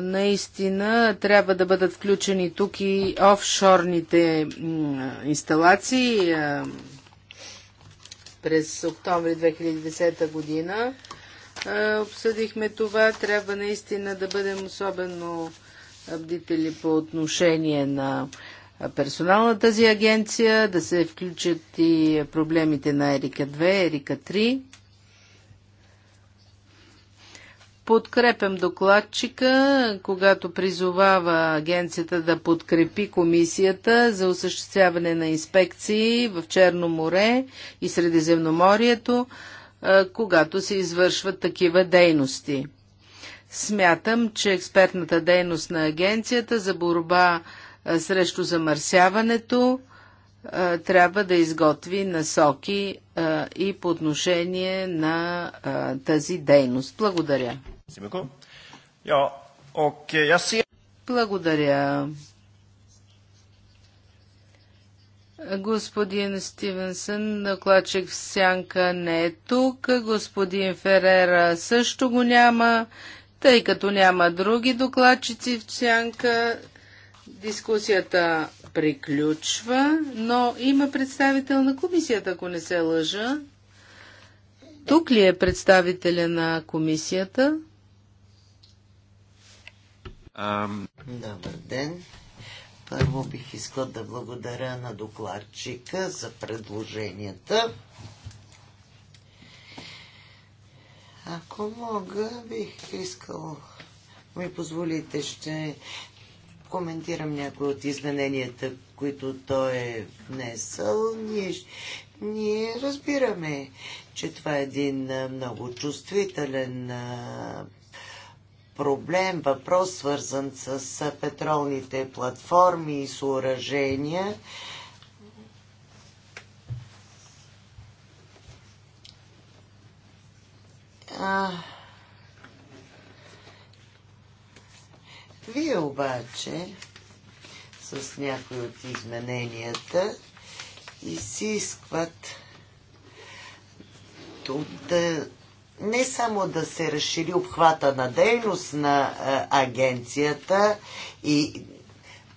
наистина трябва да бъдат включени тук и офшорните инсталации. през октомври 2010 година обсъдихме това. Трябва наистина да бъдем особено бдители по отношение на персонал на тази агенция, да се включат и проблемите на Ерика 2, Ерика 3. Подкрепям докладчика, когато призовава агенцията да подкрепи комисията за осъществяване на инспекции в Черно море и Средиземноморието когато се извършват такива дейности. Смятам, че експертната дейност на Агенцията за борба срещу замърсяването трябва да изготви насоки и по отношение на тази дейност. Благодаря. Благодаря. Господин Стивенсън, докладчик в сянка не е тук. Господин Ферера също го няма. Тъй като няма други докладчици в сянка, дискусията приключва, но има представител на комисията, ако не се лъжа. Тук ли е представителя на комисията? Um... Добър ден. Първо бих искал да благодаря на докладчика за предложенията. Ако мога, бих искал, ми позволите, ще коментирам някои от измененията, които той е внесъл. Ние, ние разбираме, че това е един много чувствителен проблем, въпрос свързан с петролните платформи и съоръжения. Вие обаче с някои от измененията изискват да не само да се разшири обхвата на дейност на е, агенцията и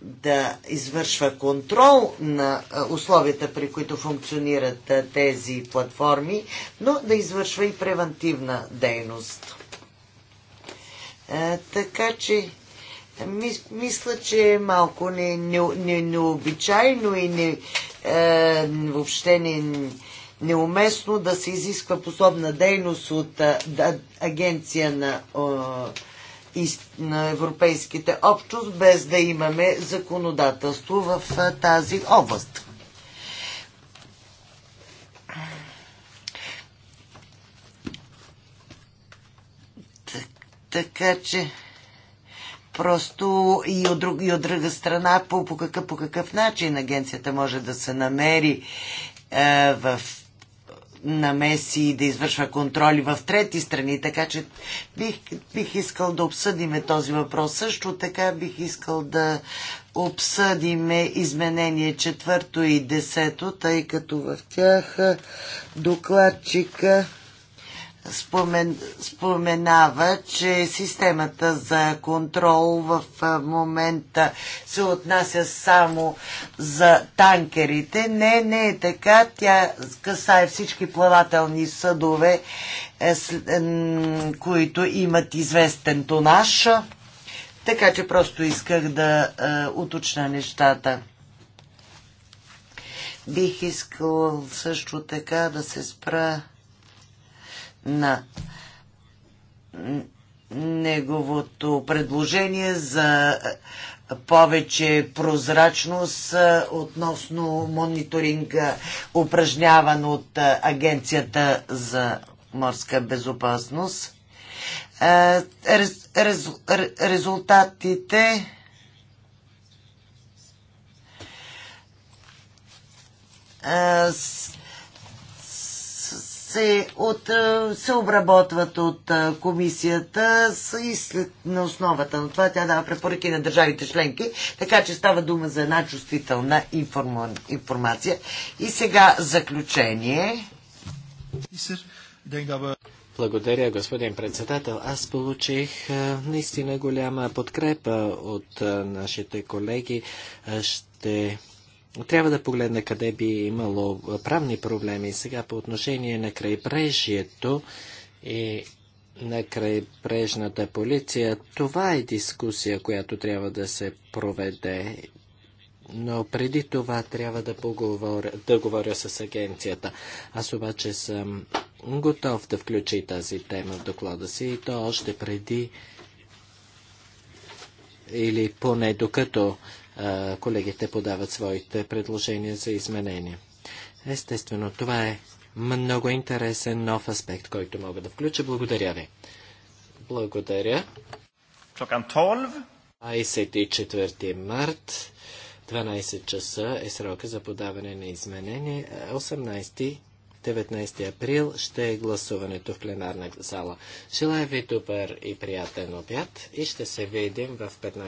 да извършва контрол на е, условията, при които функционират е, тези платформи, но да извършва и превентивна дейност. Така че мисля, че е малко не, не, не, необичайно и не, е, въобще не, неуместно да се изисква пособна дейност от агенция на, на Европейските общност, без да имаме законодателство в тази област. Така че просто и от, друг, и от друга страна по, по, какъв, по какъв начин агенцията може да се намери е, в намеси и да извършва контроли в трети страни, така че бих, бих искал да обсъдиме този въпрос. Също така бих искал да обсъдиме изменение четвърто и десето, тъй като в тях докладчика спомен, споменава, че системата за контрол в момента се отнася само за танкерите. Не, не е така. Тя касае всички плавателни съдове, е, които имат известен тонаж. Така че просто исках да е, уточна нещата. Бих искал също така да се спра на неговото предложение за повече прозрачност относно мониторинга, упражняван от Агенцията за морска безопасност. Рез, рез, резултатите с се, от, е, се обработват от е, комисията и след, на основата на това тя дава препоръки на държавите членки, така че става дума за една чувствителна информа, информация. И сега заключение. Благодаря, господин председател. Аз получих е, наистина голяма подкрепа от нашите колеги. Ще трябва да погледна къде би имало правни проблеми. Сега по отношение на крайбрежието и на крайбрежната полиция, това е дискусия, която трябва да се проведе. Но преди това трябва да, поговоря, да говоря с агенцията. Аз обаче съм готов да включи тази тема в доклада си и то още преди или поне докато колегите подават своите предложения за изменения. Естествено, това е много интересен нов аспект, който мога да включа. Благодаря ви. Благодаря. Клокан 12. 24 март, 12 часа е срока за подаване на изменение. 18-19 април ще е гласуването в пленарна зала. Желая ви добър и приятен обяд и ще се видим в 15.